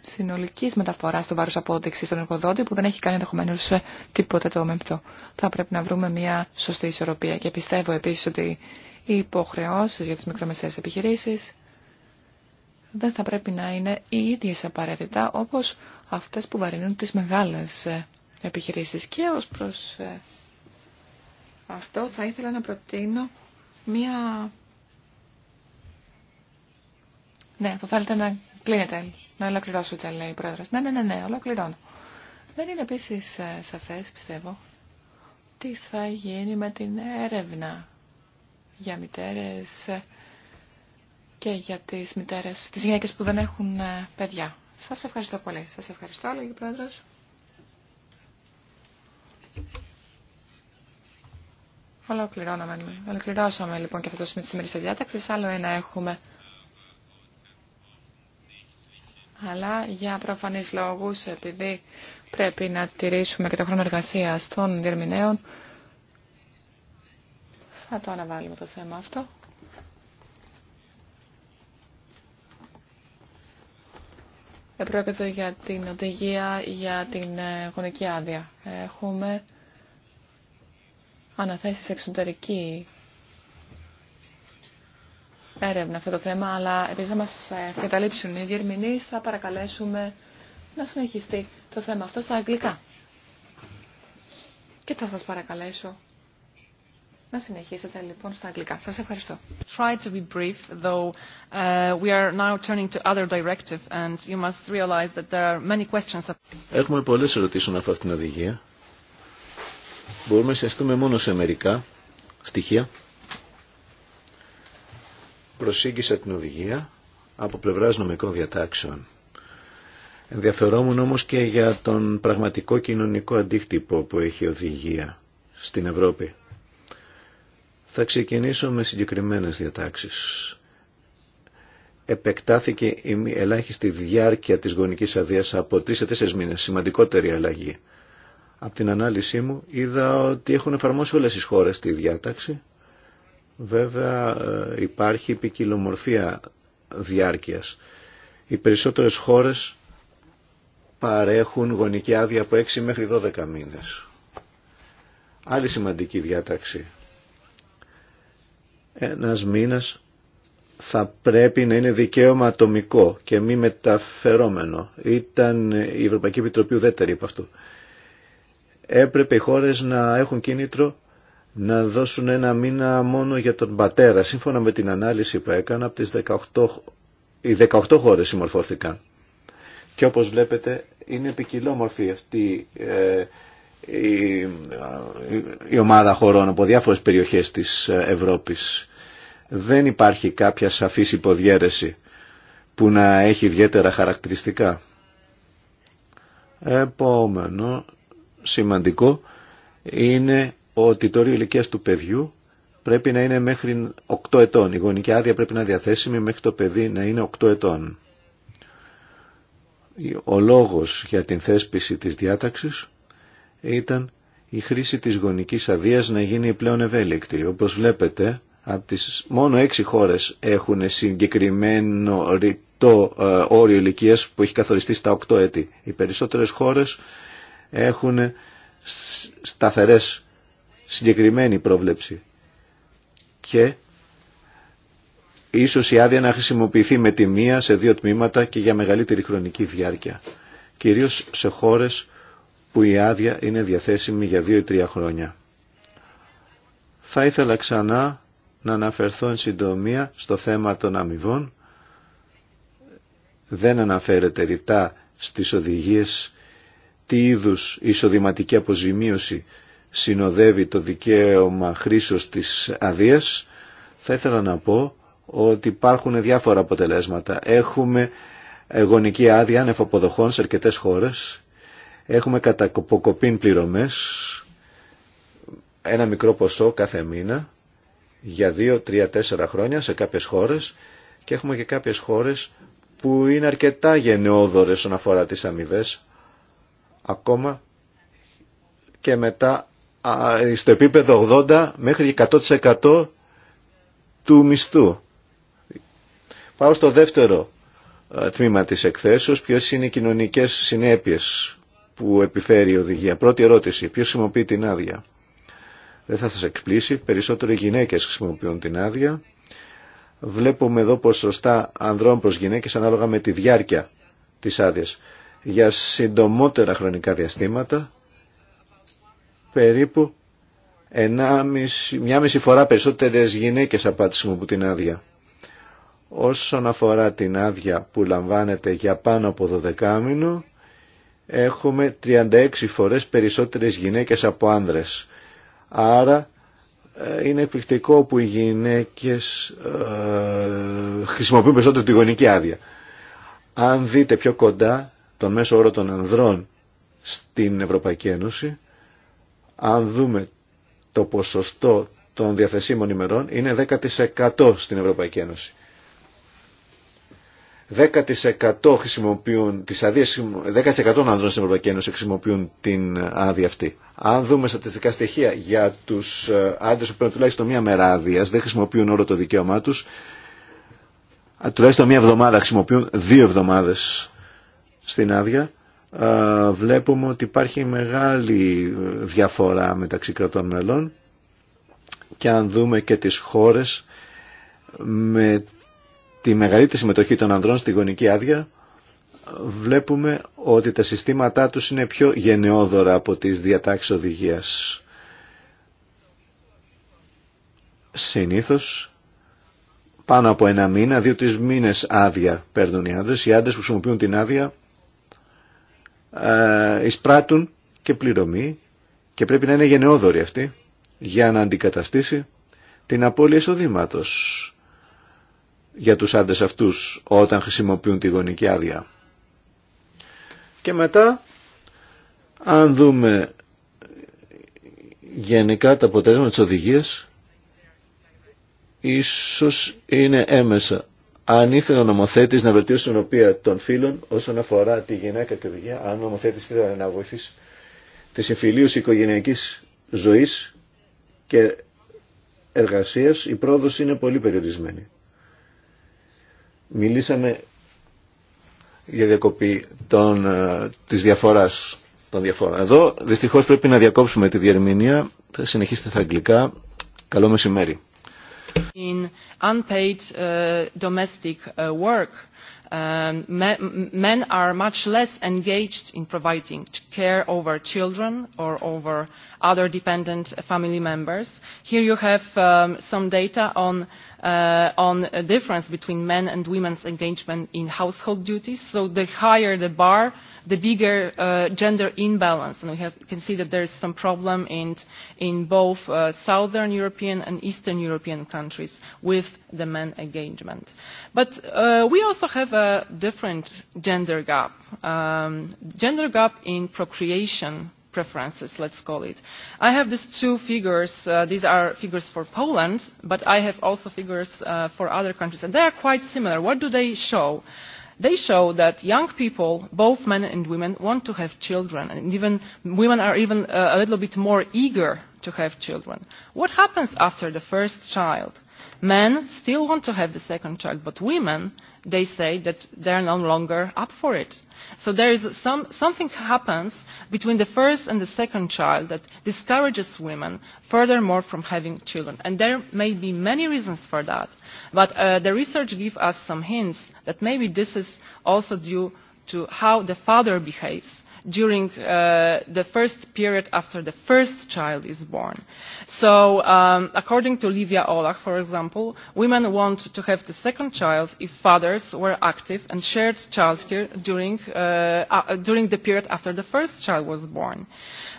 συνολική μεταφορά του βάρου απόδειξη στον εργοδότη που δεν έχει κάνει ενδεχομένω ε, τίποτα το μεμπτό. Θα πρέπει να βρούμε μια σωστή ισορροπία και πιστεύω επίση ότι οι υποχρεώσει για τι μικρομεσαίε επιχειρήσει δεν θα πρέπει να είναι οι ίδιε απαραίτητα όπω αυτέ που βαρύνουν τι μεγάλε επιχειρήσει. Και ω προ ε, αυτό θα ήθελα να προτείνω μια. Ναι, θα θέλετε να Κλείνετε. Να ολοκληρώσετε, λέει η πρόεδρο. Ναι, ναι, ναι, ναι, ολοκληρώνω. Δεν είναι επίση ε, σαφέ, πιστεύω, τι θα γίνει με την έρευνα για μητέρε ε, και για τι μητέρε, τι γυναίκε που δεν έχουν ε, παιδιά. Σα ευχαριστώ πολύ. Σα ευχαριστώ, λέει η πρόεδρο. Ολοκληρώσαμε λοιπόν και αυτό το σημείο τη σημερινή διάταξη. Άλλο ένα έχουμε αλλά για προφανείς λόγους, επειδή πρέπει να τηρήσουμε και το χρόνο εργασίας των διερμηνέων, θα το αναβάλουμε το θέμα αυτό. Επρόκειτο για την οδηγία για την ε, γονική άδεια. Έχουμε αναθέσεις εξωτερική έρευνα αυτό το θέμα, αλλά επειδή θα μας ε, καταλήψουν οι διερμηνείς, θα παρακαλέσουμε να συνεχιστεί το θέμα αυτό στα αγγλικά. Και θα σας παρακαλέσω να συνεχίσετε λοιπόν στα αγγλικά. Σας ευχαριστώ. Try to be brief, though uh, we are now turning to other directive and you must realize that there are many questions. Έχουμε πολλές ερωτήσεις από αυτήν την οδηγία. Μπορούμε να μόνο σε μερικά στοιχεία προσήγησα την οδηγία από πλευράς νομικών διατάξεων. Ενδιαφερόμουν όμως και για τον πραγματικό κοινωνικό αντίκτυπο που έχει η οδηγία στην Ευρώπη. Θα ξεκινήσω με συγκεκριμένες διατάξεις. Επεκτάθηκε η ελάχιστη διάρκεια της γονικής αδείας από τρει σε τέσσερι μήνες, σημαντικότερη αλλαγή. Από την ανάλυση μου είδα ότι έχουν εφαρμόσει όλες τις χώρες τη διάταξη Βέβαια ε, υπάρχει ποικιλομορφία διάρκειας. Οι περισσότερες χώρες παρέχουν γονική άδεια από 6 μέχρι 12 μήνες. Άλλη σημαντική διάταξη. Ένας μήνας θα πρέπει να είναι δικαίωμα ατομικό και μη μεταφερόμενο. Ήταν η Ευρωπαϊκή Επιτροπή ουδέτερη από αυτού. Έπρεπε οι χώρες να έχουν κίνητρο να δώσουν ένα μήνα μόνο για τον πατέρα. Σύμφωνα με την ανάλυση που έκανα, από τις 18, οι 18 χώρες συμμορφώθηκαν. Και όπως βλέπετε είναι επικοινόμορφη αυτή ε, η, η ομάδα χωρών από διάφορες περιοχές της Ευρώπης. Δεν υπάρχει κάποια σαφής υποδιέρεση που να έχει ιδιαίτερα χαρακτηριστικά. Επόμενο σημαντικό είναι ότι το όριο ηλικία του παιδιού πρέπει να είναι μέχρι 8 ετών. Η γονική άδεια πρέπει να είναι διαθέσιμη μέχρι το παιδί να είναι 8 ετών. Ο λόγος για την θέσπιση της διάταξης ήταν η χρήση της γονικής αδείας να γίνει πλέον ευέλικτη. Όπως βλέπετε, από τις μόνο 6 χώρες έχουν συγκεκριμένο ρητό ε, όριο ηλικία που έχει καθοριστεί στα 8 έτη. Οι περισσότερες χώρες έχουν σταθερές συγκεκριμένη πρόβλεψη. Και ίσως η άδεια να χρησιμοποιηθεί με τη μία σε δύο τμήματα και για μεγαλύτερη χρονική διάρκεια. Κυρίως σε χώρες που η άδεια είναι διαθέσιμη για δύο ή τρία χρόνια. Θα ήθελα ξανά να αναφερθώ εν συντομία στο θέμα των αμοιβών. Δεν αναφέρεται ρητά στις οδηγίες τι είδους εισοδηματική αποζημίωση συνοδεύει το δικαίωμα χρήσεως της αδείας, θα ήθελα να πω ότι υπάρχουν διάφορα αποτελέσματα. Έχουμε γονική άδεια ανεφοποδοχών σε αρκετές χώρες, έχουμε κατακοποκοπήν πληρωμές, ένα μικρό ποσό κάθε μήνα, για 2, 3, 4 χρόνια σε κάποιες χώρες και έχουμε και κάποιες χώρες που είναι αρκετά γενναιόδορες όσον αφορά τις αμοιβέ, ακόμα και μετά στο επίπεδο 80 μέχρι 100% του μισθού. Πάω στο δεύτερο τμήμα της εκθέσεως, ποιες είναι οι κοινωνικές συνέπειες που επιφέρει η οδηγία. Πρώτη ερώτηση, ποιος χρησιμοποιεί την άδεια. Δεν θα σας εκπλήσει, περισσότερο οι γυναίκες χρησιμοποιούν την άδεια. Βλέπουμε εδώ ποσοστά ανδρών προς γυναίκες ανάλογα με τη διάρκεια της άδεια. Για συντομότερα χρονικά διαστήματα, περίπου μια μισή φορά περισσότερες γυναίκες μου από την άδεια. Όσον αφορά την άδεια που λαμβάνεται για πάνω από 12 μήνο, έχουμε 36 φορές περισσότερες γυναίκες από άνδρες. Άρα ε, είναι εκπληκτικό που οι γυναίκες ε, χρησιμοποιούν περισσότερο τη γονική άδεια. Αν δείτε πιο κοντά τον μέσο όρο των ανδρών στην Ευρωπαϊκή Ένωση, αν δούμε το ποσοστό των διαθεσίμων ημερών είναι 10% στην Ευρωπαϊκή Ένωση. 10% χρησιμοποιούν τις αδείες, 10% άνδρων στην Ευρωπαϊκή Ένωση χρησιμοποιούν την άδεια αυτή. Αν δούμε στατιστικά στοιχεία για τους ε, άντρες που πρέπει τουλάχιστον μία μέρα άδεια, δεν χρησιμοποιούν όλο το δικαίωμά τους, τουλάχιστον μία εβδομάδα χρησιμοποιούν δύο εβδομάδες στην άδεια, βλέπουμε ότι υπάρχει μεγάλη διαφορά μεταξύ κρατών μελών και αν δούμε και τις χώρες με τη μεγαλύτερη συμμετοχή των ανδρών στη γονική άδεια βλέπουμε ότι τα συστήματά τους είναι πιο γενναιόδωρα από τις διατάξεις οδηγίας. Συνήθως πάνω από ένα μήνα, δύο-τρεις μήνες άδεια παίρνουν οι άνδρες. Οι που χρησιμοποιούν την άδεια ε, εισπράττουν και πληρωμή και πρέπει να είναι γενναιόδοροι αυτοί για να αντικαταστήσει την απώλεια εισοδήματο για τους άντρες αυτούς όταν χρησιμοποιούν τη γονική άδεια. Και μετά, αν δούμε γενικά τα αποτέλεσμα της οδηγίας, ίσως είναι έμεσα αν ήθελε ο νομοθέτη να βελτιώσει την ονοπία των φίλων όσον αφορά τη γυναίκα και οδηγία, αν ο νομοθέτη ήθελε να βοηθήσει τη συμφιλίωση οικογενειακή ζωή και εργασία, η πρόοδο είναι πολύ περιορισμένη. Μιλήσαμε για διακοπή των, ε, της διαφοράς, των διαφορών. Εδώ δυστυχώς πρέπει να διακόψουμε τη διερμηνία. Θα συνεχίσετε στα αγγλικά. Καλό μεσημέρι. In unpaid domestic work, men are much less engaged in providing care over children or over other dependent family members. Here you have some data on a difference between men and women's engagement in household duties. So the higher the bar, the bigger gender imbalance. And we can see that there is some problem in both southern European and eastern European countries with the men engagement. But we also have a different gender gap. Gender gap in procreation preferences, let's call it. I have these two figures. These are figures for Poland, but I have also figures for other countries, and they are quite similar. What do they show? They show that young people, both men and women, want to have children, and even women are even a little bit more eager to have children. What happens after the first child? men still want to have the second child but women they say that they are no longer up for it so there is something happens between the first and the second child that discourages women furthermore from having children and there may be many reasons for that but the research gives us some hints that maybe this is also due to how the father behaves during the first period after the first child is born. So according to Livia Olah, for example, women want to have the second child if fathers were active and shared childcare during during the period after the first child was born.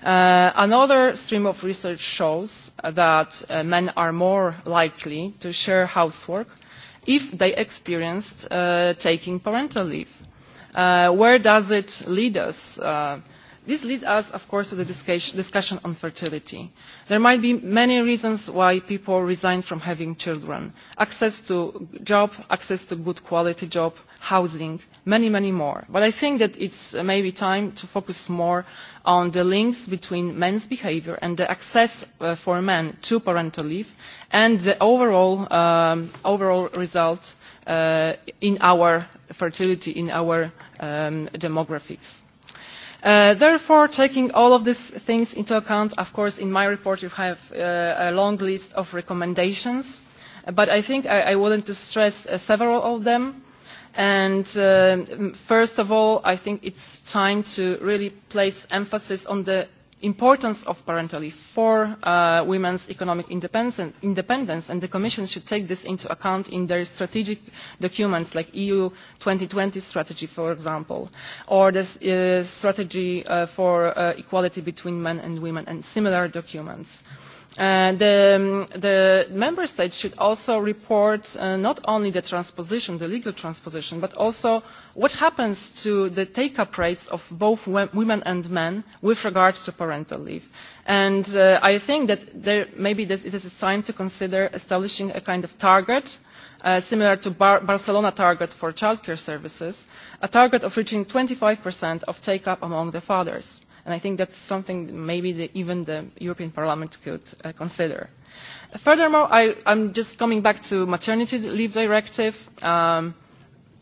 Another stream of research shows that men are more likely to share housework if they experienced taking parental leave. Where does it lead us? This leads us, of course, to the discussion on fertility. There might be many reasons why people resign from having children. Access to job, access to good quality job, housing, many, many more. But I think that it's maybe time to focus more on the links between men's behavior and the access for men to parental leave and the overall result in our fertility, in our demographics. Therefore, taking all of these things into account, of course, in my report you have a long list of recommendations, but I think I wanted to stress several of them. And first of all, I think it's time to really place emphasis on the importance of parental leave for women's economic independence and the commission should take this into account in their strategic documents like eu 2020 strategy for example or the strategy for equality between men and women and similar documents The member states should also report not only the transposition, the legal transposition, but also what happens to the take-up rates of both women and men with regard to parental leave. And I think that there maybe it is a time to consider establishing a kind of target similar to the Barcelona target for childcare services, a target of reaching twenty 25% of take-up among the fathers. And I think that's something maybe even the European Parliament could consider. Furthermore, I, I'm just coming back to maternity leave directive.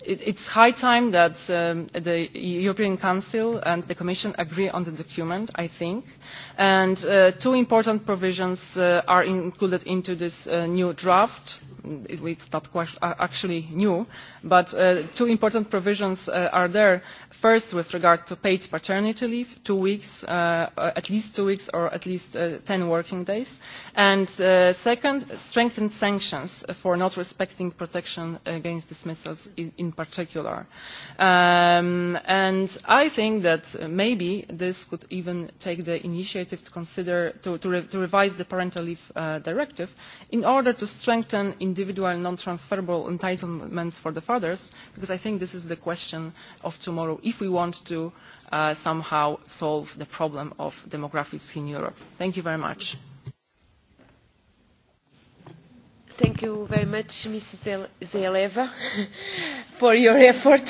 It's high time that the European Council and the Commission agree on the document, I think. And two important provisions are included into this new draft. It's not actually new, but two important provisions are there. First, with regard to paid paternity leave, two weeks, at least two weeks or at least 10 working days. And second, strengthened sanctions for not respecting protection against dismissals in in particular. And I think that maybe this could even take the initiative to consider to revise the parental leave directive in order to strengthen individual non-transferable entitlements for the fathers, because I think this is the question of tomorrow if we want to somehow solve the problem of demographics in Europe. Thank you very much. Thank you very much, Ms Zeleva, for your effort.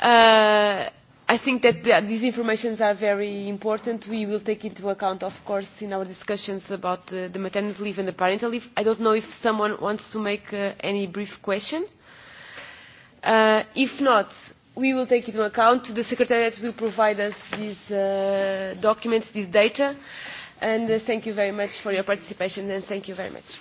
I think that these informations are very important. We will take into account, of course, in our discussions about the maternity leave and the parental leave. I don't know if someone wants to make any brief question. If not, we will take into account. The Secretariat will provide us these documents, these data. And thank you very much for your participation, and thank you very much.